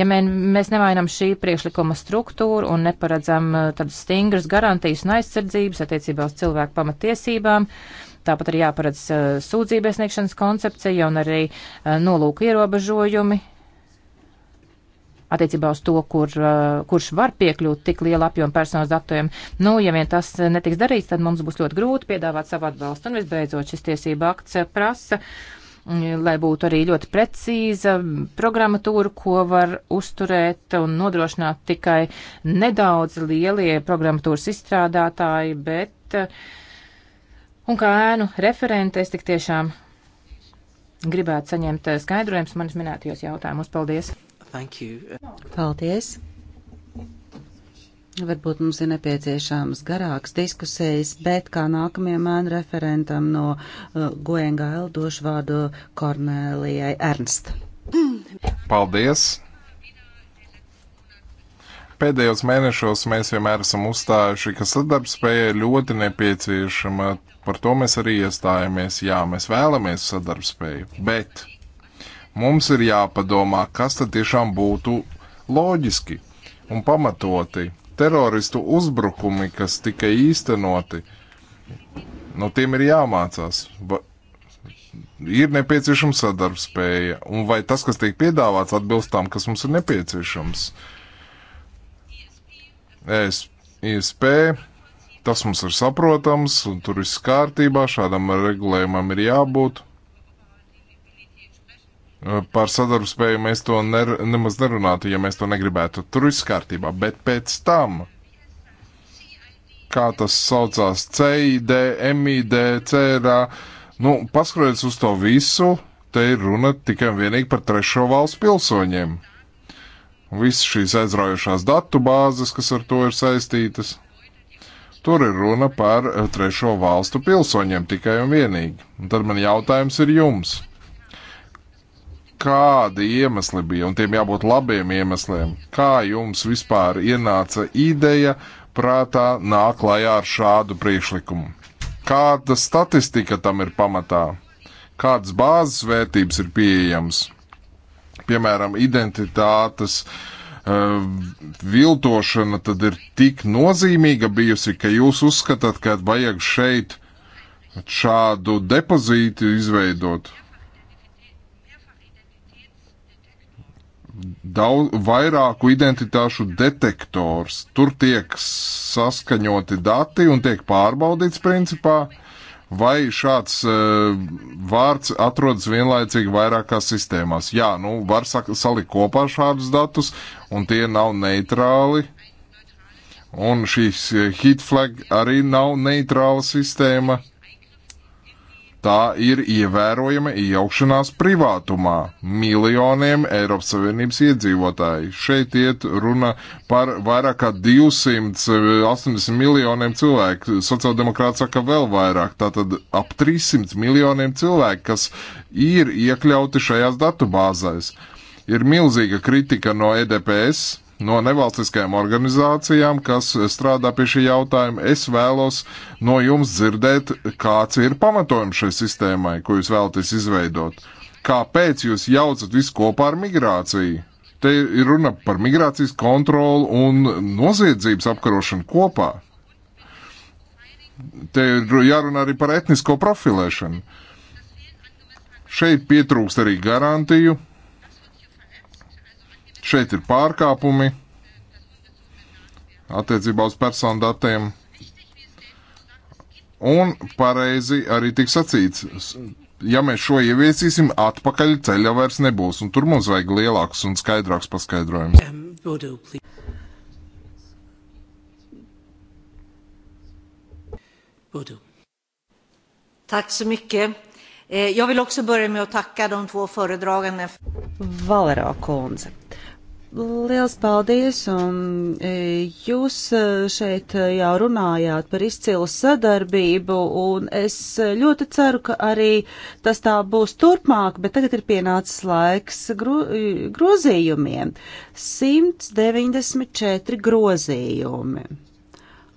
Ja mēs nemainam šī priekšlikuma struktūru un neparedzam tādas stingras garantijas un aizsardzības attiecībā uz cilvēku pamatiesībām, tāpat arī jāparedz sūdzību iesniegšanas koncepcija un arī nolūku ierobežojumi, attiecībā uz to, kur, uh, kurš var piekļūt tik lielu apjomu personas datiem. Nu, ja vien tas netiks darīts, tad mums būs ļoti grūti piedāvāt savu atbalstu. Un visbeidzot, šis tiesība akts uh, prasa mm, lai būtu arī ļoti precīza programmatūra, ko var uzturēt un nodrošināt tikai nedaudz lielie programmatūras izstrādātāji, bet uh, un kā ēnu referente es tik tiešām gribētu saņemt skaidrojums manis minētajos jautājumus. Paldies! Thank you. Paldies. Varbūt mums ir nepieciešams garāks diskusijas, bet kā nākamajam mēnu referentam no uh, Goengail došu vārdu Kornēlijai Ernst. Paldies! Pēdējos mēnešos mēs vienmēr esam uzstājuši, ka sadarbspēja ir ļoti nepieciešama. Par to mēs arī iestājamies. Jā, mēs vēlamies sadarbspēju, bet Mums ir jāpadomā, kas tad tiešām būtu loģiski un pamatoti. Teroristu uzbrukumi, kas tika īstenoti, no tiem ir jāmācās. Ba ir nepieciešama sadarbspēja, un vai tas, kas tiek piedāvāts, atbilst tam, kas mums ir nepieciešams. Es, ISP, tas mums ir saprotams, un tur viss kārtībā, šādam regulējumam ir jābūt. Eh, par sadarbspēju mēs to ner, nemaz nerunātu, ja mēs to negribētu. Tur viss kārtībā, bet pēc tam, kā tas saucās, CID, MID, CRA, nu, paskatieties uz to visu, te ir runa tikai un vienīgi par trešo valstu pilsoņiem. Visas šīs aizraujošās datu bāzes, kas ar to ir saistītas, tur ir runa par eh, trešo valstu pilsoņiem tikai un vienīgi. Un tad man jautājums ir jums kādi iemesli bija, un tiem jābūt labiem iemesliem. Kā jums vispār ienāca ideja prātā nāk klajā ar šādu priekšlikumu? Kāda statistika tam ir pamatā? Kādas bāzes vērtības ir pieejamas? Piemēram, identitātes uh, viltošana tad ir tik nozīmīga bijusi, ka jūs uzskatāt, ka vajag šeit šādu depozītu izveidot. daudz vairāku identitāšu detektors. Tur tiek saskaņoti dati un tiek pārbaudīts principā, vai šāds uh, vārds atrodas vienlaicīgi vairākās sistēmās. Jā, nu var salikt kopā šādus datus un tie nav neitrāli. Un šīs e, hitflag arī nav neitrāla sistēma. Uh, Tā ir ievērojama iejaukšanās privātumā miljoniem Eiropas Savienības iedzīvotāju. Šeit iet runa par vairāk kā 280 eh, miljoniem cilvēku. Sociāldemokrāti saka vēl vairāk, tātad ap 300 miljoniem cilvēku, kas ir iekļauti šajās datubāzēs. Ir milzīga kritika no EDPS, no nevalstiskajām organizācijām, kas strādā pie šī jautājuma. Es vēlos no jums dzirdēt, kāds ir pamatojums šai sistēmai, ko jūs vēlaties izveidot. Kāpēc jūs jaucat visu kopā ar migrāciju? Te ir runa par migrācijas kontroli un noziedzības apkarošanu kopā. Te ir jārunā arī par etnisko profilēšanu. Šeit pietrūkst arī garantiju, Šeit ir pārkāpumi attiecībā uz personu datiem. Un pareizi arī tik sacīts, ja mēs šo ieviesīsim, atpakaļ ceļa vairs nebūs, un tur mums vajag lielāks un skaidrāks paskaidrojums. Um, Tack så mycket. Eh, jag vill också börja med att tacka de två föredragande. Valera Konzept. Liels paldies, un e, jūs e, šeit e, jau runājāt par izcilu sadarbību, un es ļoti ceru, ka arī tas tā būs turpmāk, bet tagad ir pienācis laiks gro grozījumiem. 194 grozījumi.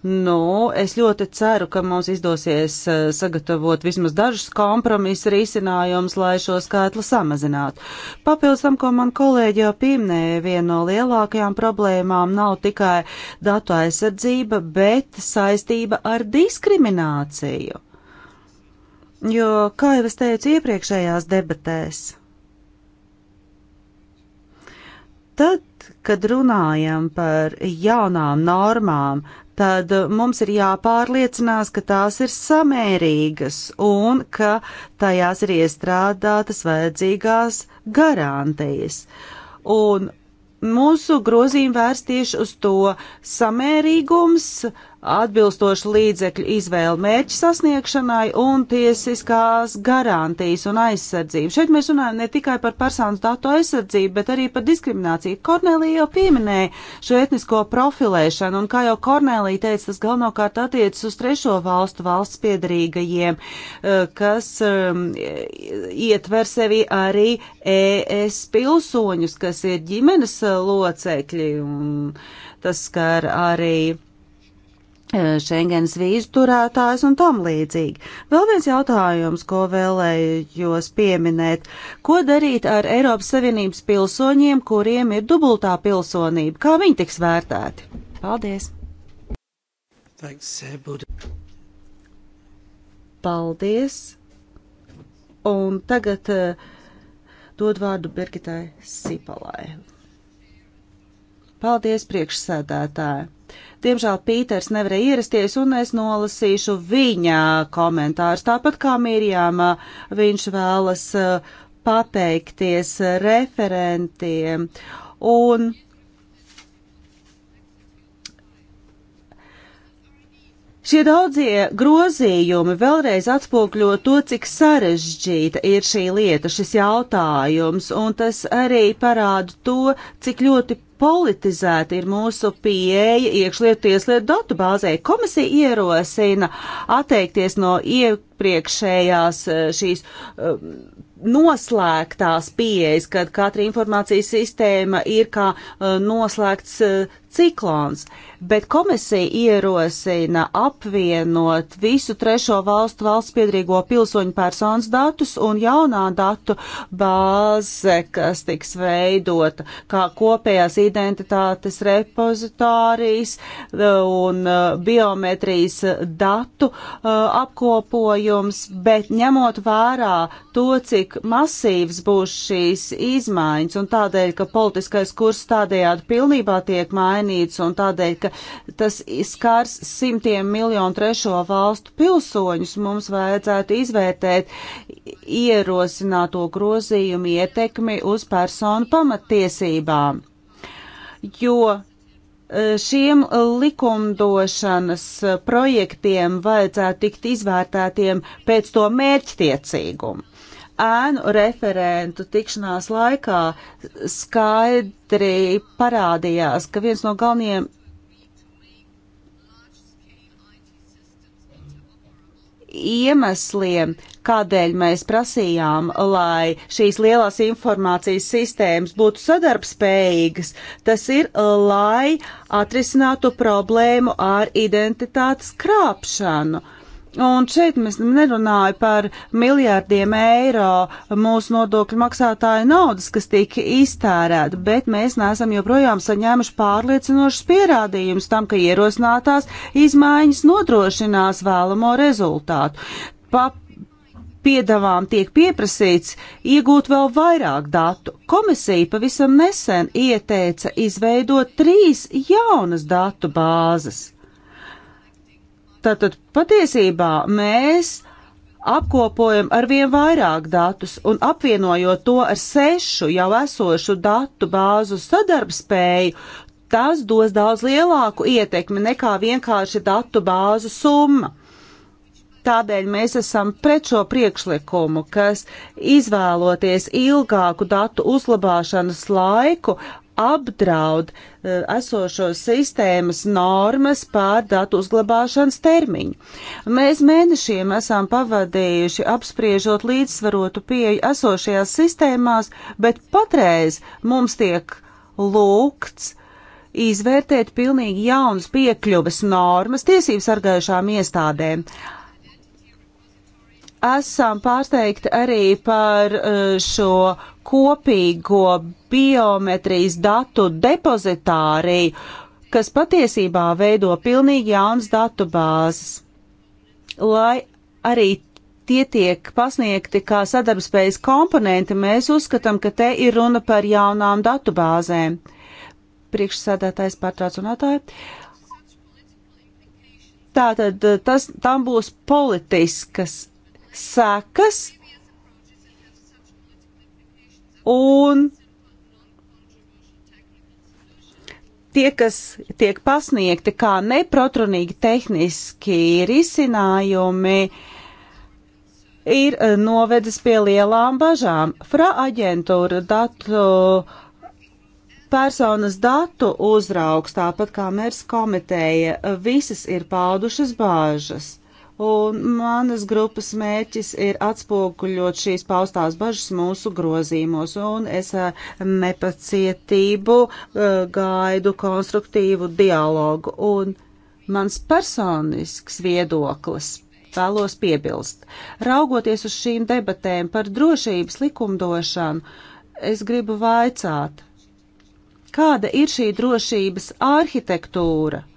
Nu, es ļoti ceru, ka mums izdosies eh, sagatavot vismaz dažus kompromisu risinājumus, lai šo skaitli samazinātu. Papildus tam, ko man kolēģi jau pieminēja, viena no lielākajām problēmām nav tikai datu aizsardzība, bet saistība ar diskrimināciju. Jo, kā jau es teicu iepriekšējās debatēs, tad, kad runājam par jaunām normām, tad mums ir jāpārliecinās, ka tās ir samērīgas un ka tajās ir iestrādātas vajadzīgās garantijas. Un mūsu grozījumi vērst tieši uz to samērīgums, uh, atbilstoši līdzekļu izvēle mērķu sasniegšanai un tiesiskās garantijas un aizsardzību. Šeit mēs runājam ne tikai par personas datu aizsardzību, bet arī par diskrimināciju. Kornelija jau pieminēja šo etnisko profilēšanu, un kā jau Kornelija teica, tas galvenokārt attiecas uz trešo valstu valsts piedarīgajiem, eh, kas um, ietver sevi arī ES pilsoņus, kas ir ģimenes eh, locekļi, un tas skar arī E, Schengens vīzu turētājs un tam līdzīgi. Vēl viens jautājums, ko vēlējos pieminēt. Ko darīt ar Eiropas Savienības pilsoņiem, kuriem ir dubultā pilsonība? Kā viņi tiks vērtēti? Paldies! Thanks, Paldies! Un tagad uh, dod vārdu Birgitai Sipalai. Paldies, priekšsēdētāji! Diemžēl Pīters nevarēja ierasties, un es nolasīšu viņa komentārus. Tāpat kā Mirjāma, viņš vēlas uh, pateikties referentiem. Un Šie daudzie grozījumi vēlreiz atspūkļo to, cik sarežģīta ir šī lieta, šis jautājums, un tas arī parāda to, cik ļoti politizēta ir mūsu pieeja iekšlietu tieslietu datu bāzē. Komisija ierosina atteikties no iepriekšējās eh, šīs eh, noslēgtās pieejas, kad katra informācijas sistēma ir kā eh, noslēgts ciklons, bet komisija ierosina apvienot visu trešo valstu valsts piedrīgo pilsoņu personas datus un jaunā datu bāze, kas tiks veidota kā kopējās identitātes repozitārijas un uh, biometrijas datu uh, apkopojums, bet ņemot vērā to, cik masīvs būs šīs izmaiņas un tādēļ, ka politiskais kurs tādējādi pilnībā tiek mainīts, mainīts un tādēļ, ka tas skars simtiem miljonu trešo valstu pilsoņus, mums vajadzētu izvērtēt ierosināto grozījumu ietekmi uz personu pamatiesībām. Jo e, šiem likumdošanas projektiem vajadzētu tikt izvērtētiem pēc to mērķtiecīgumu ēnu referentu tikšanās laikā skaidri parādījās, ka viens no galvenajiem iemesliem, kādēļ mēs prasījām, lai šīs lielās informācijas sistēmas būtu sadarbspējīgas, tas ir, lai atrisinātu problēmu ar identitātes krāpšanu. Uh, Un šeit mēs nerunāju par miljārdiem eiro mūsu nodokļu maksātāju naudas, kas tika iztērēta, bet mēs neesam joprojām saņēmuši pārliecinošas pierādījumus tam, ka ierosinātās izmaiņas nodrošinās vēlamo rezultātu. Pa piedāvām tiek pieprasīts iegūt vēl vairāk datu. Komisija pavisam nesen ieteica izveidot trīs jaunas datu bāzes. Tātad patiesībā mēs apkopojam arvien vairāk datus un apvienojot to ar sešu jau esošu datu bāzu sadarbspēju, tas dos daudz lielāku ietekmi nekā vienkārši datu bāzu summa. Tādēļ mēs esam pret šo priekšlikumu, kas izvēloties ilgāku datu uzlabāšanas laiku, apdraud eh, esošo sistēmas normas pār datu uzglabāšanas termiņu. Mēs mēnešiem esam pavadījuši apspriežot līdzsvarotu pieeju esošajās sistēmās, bet patreiz mums tiek lūgts izvērtēt pilnīgi jaunas piekļuves normas tiesību sargājušām iestādēm. Esam pārsteigti arī par eh, šo uh, kopīgo biometrijas datu depozitāriju, kas patiesībā veido pilnīgi jaunas datu bāzes, lai arī tie tiek pasniegti kā sadarbspējas komponenti, mēs uzskatām, ka te ir runa par jaunām datu bāzēm. Priekšsēdētājs pārtrauc runātāju. Tātad tas, tam būs politiskas sekas, un tie, kas tiek pasniegti kā neprotrunīgi tehniski risinājumi, ir eh, novedis pie lielām bažām. Fra aģentūra datu personas datu uzraugs, tāpat kā mērs komiteja, visas ir paudušas bāžas. Un manas grupas mērķis ir atspoguļot šīs paustās bažas mūsu grozīmos, un es ar eh, nepacietību eh, gaidu konstruktīvu dialogu. Un mans personisks viedoklis vēlos piebilst. Raugoties uz šīm debatēm par drošības likumdošanu, es gribu vaicāt, kāda ir šī drošības arhitektūra?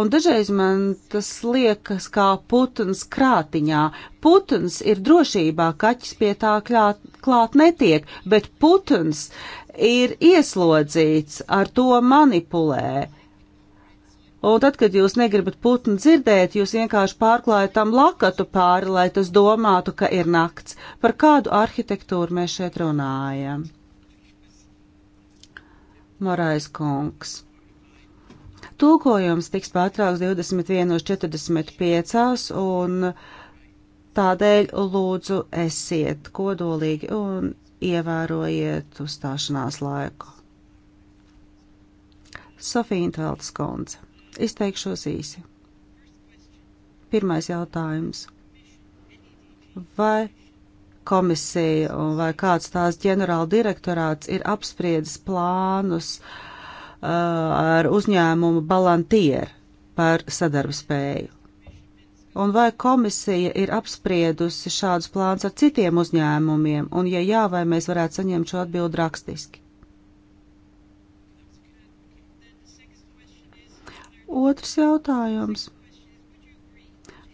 un dažreiz man tas liekas kā putns krātiņā. Putns ir drošībā, kaķis pie tā klāt, klāt netiek, bet putns ir ieslodzīts, ar to manipulē. Un tad, kad jūs negribat putnu dzirdēt, jūs vienkārši pārklājat tam lakatu pāri, lai tas domātu, ka ir nakts. Par kādu arhitektūru mēs šeit runājam? Morais kungs. Tulkojums tiks pārtraukts 21.45 un tādēļ lūdzu esiet kodolīgi un ievērojiet uzstāšanās laiku. Sofija Intveltas kundze. Izteikšos īsi. Pirmais jautājums. Vai komisija vai kāds tās ģenerāla direktorāts ir apspriedis plānus uh, Uh, ar uzņēmumu Balantier par sadarbspēju. Un vai komisija ir apspriedusi šādus plāns ar citiem uzņēmumiem, un ja jā, vai mēs varētu saņemt šo atbildu rakstiski? Otrs jautājums.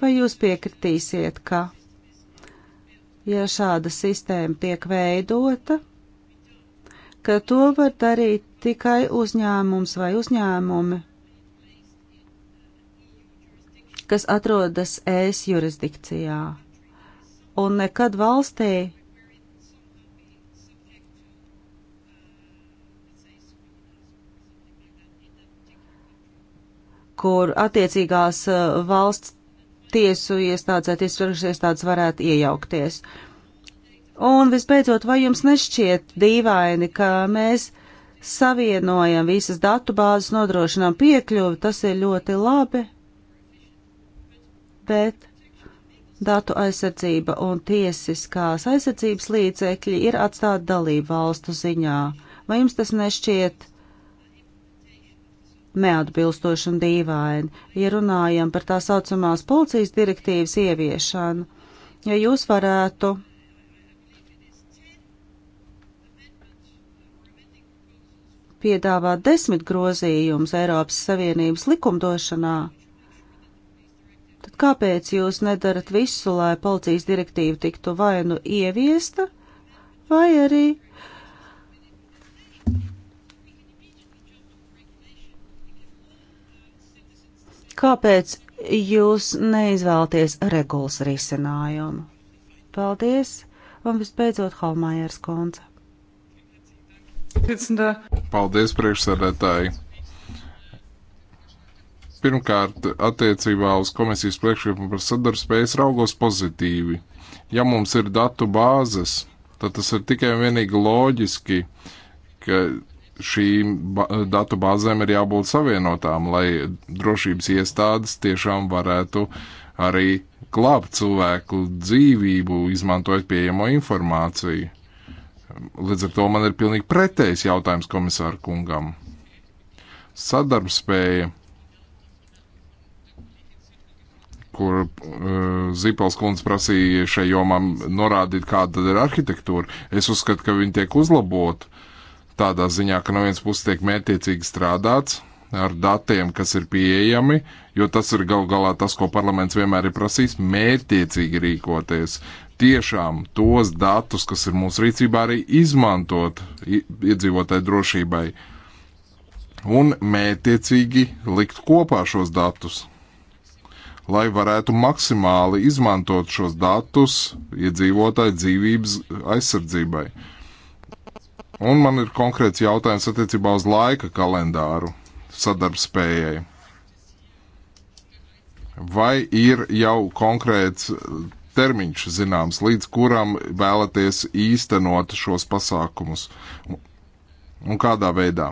Vai jūs piekritīsiet, ka, ja šāda sistēma tiek veidota, ka to var darīt tikai uzņēmums vai uzņēmumi, kas atrodas ēs jurisdikcijā, un nekad valstī, kur attiecīgās uh, valsts tiesu iestādes vai tiesvaras iestādes varētu iejaukties. Un visbeidzot, vai jums nešķiet dīvaini, ka mēs savienojam visas datubāzes, nodrošinām piekļuvi, tas ir ļoti labi, bet datu aizsardzība un tiesiskās aizsardzības līdzekļi ir atstāti dalību valstu ziņā. Vai jums tas nešķiet neatbilstoši un dīvaini, ja runājam par tā saucamās policijas direktīvas ieviešanu? Ja jūs varētu piedāvā desmit grozījumus Eiropas Savienības likumdošanā, tad kāpēc jūs nedarat visu, lai policijas direktīva tiktu vai nu ieviesta, vai arī kāpēc jūs neizvēlaties regulas risinājumu? Paldies, un visbeidzot Halmājers konca. Paldies, priekšsēdētāji! Pirmkārt, attiecībā uz komisijas priekšlikumu par sadarbspējas raugos pozitīvi. Ja mums ir datu bāzes, tad tas ir tikai un vienīgi loģiski, ka šīm datu bāzēm ir jābūt savienotām, lai drošības iestādes tiešām varētu arī glābt cilvēku dzīvību, izmantojot pieejamo informāciju. Līdz ar to man ir pilnīgi pretējs jautājums komisāru kungam. Sadarbspēja, kur uh, Zipels kundze prasīja šai jomā norādīt, kāda tad ir arhitektūra, es uzskatu, ka viņi tiek uzlabot tādā ziņā, ka no vienas puses tiek mētiecīgi strādāts, ar datiem, kas ir pieejami, jo tas ir gal galā tas, ko parlaments vienmēr ir prasījis, mērķiecīgi rīkoties tiešām tos datus, kas ir mūsu rīcībā, arī izmantot iedzīvotāju drošībai un mētiecīgi likt kopā šos datus, lai varētu maksimāli izmantot šos datus iedzīvotāju dzīvības aizsardzībai. Un man ir konkrēts jautājums attiecībā uz laika kalendāru sadarbspējai. Vai ir jau konkrēts termiņš zināms, līdz kuram vēlaties īstenot šos pasākumus un kādā veidā.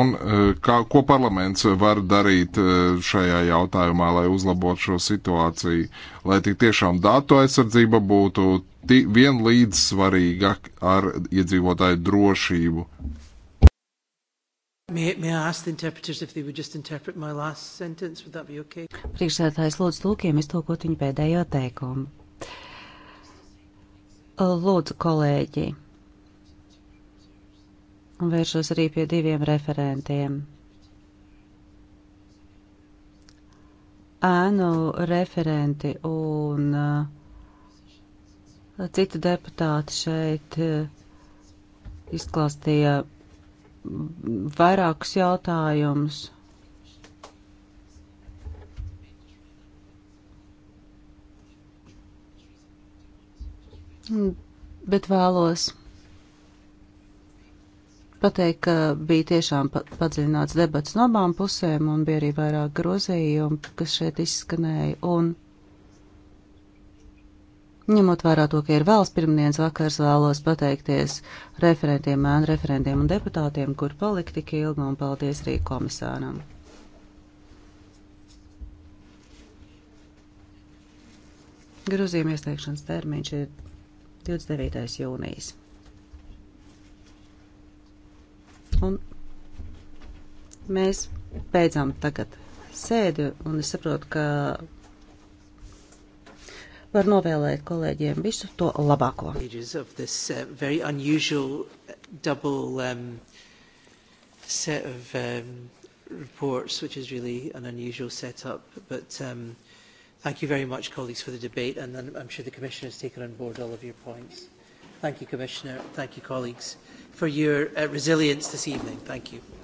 Un e, kā, ko parlaments var darīt e, šajā jautājumā, lai uzlabotu šo situāciju, lai tik tiešām datu aizsardzība būtu vienlīdz svarīga ar iedzīvotāju drošību May, may I ask the interpreters if they would just interpret my last sentence? Would that be okay? Priekšsētājs lūdz tūkiem iztūkot viņu pēdējo teikumu. Lūdzu, kolēģi, un vēršos arī pie diviem referentiem. Ēnu referenti un uh, citu deputāti šeit uh, izklāstīja vairākus jautājumus. Bet vēlos pateikt, ka bija tiešām padziļināts debats no abām pusēm un bija arī vairāk grozījumi, kas šeit izskanēja. Un Ņemot vērā to, ka ir vēls pirmdienas vakars, vēlos pateikties referentiem, mēnu referentiem un deputātiem, kur palika tik ilgi, un paldies arī komisāram. Grozījuma iesniegšanas termiņš ir 29. jūnijas. Un mēs beidzam tagad sēdi, un es saprotu, ka var novēlēt kolēģiem visu to labāko. This, uh, uh, double, um, set of um, reports, which is really an unusual setup. But um, thank you very much, colleagues, for the debate, and I'm, I'm sure the Commissioner has taken on board all of your points. Thank you, Commissioner. Thank you, colleagues, for your uh, resilience this evening. Thank you.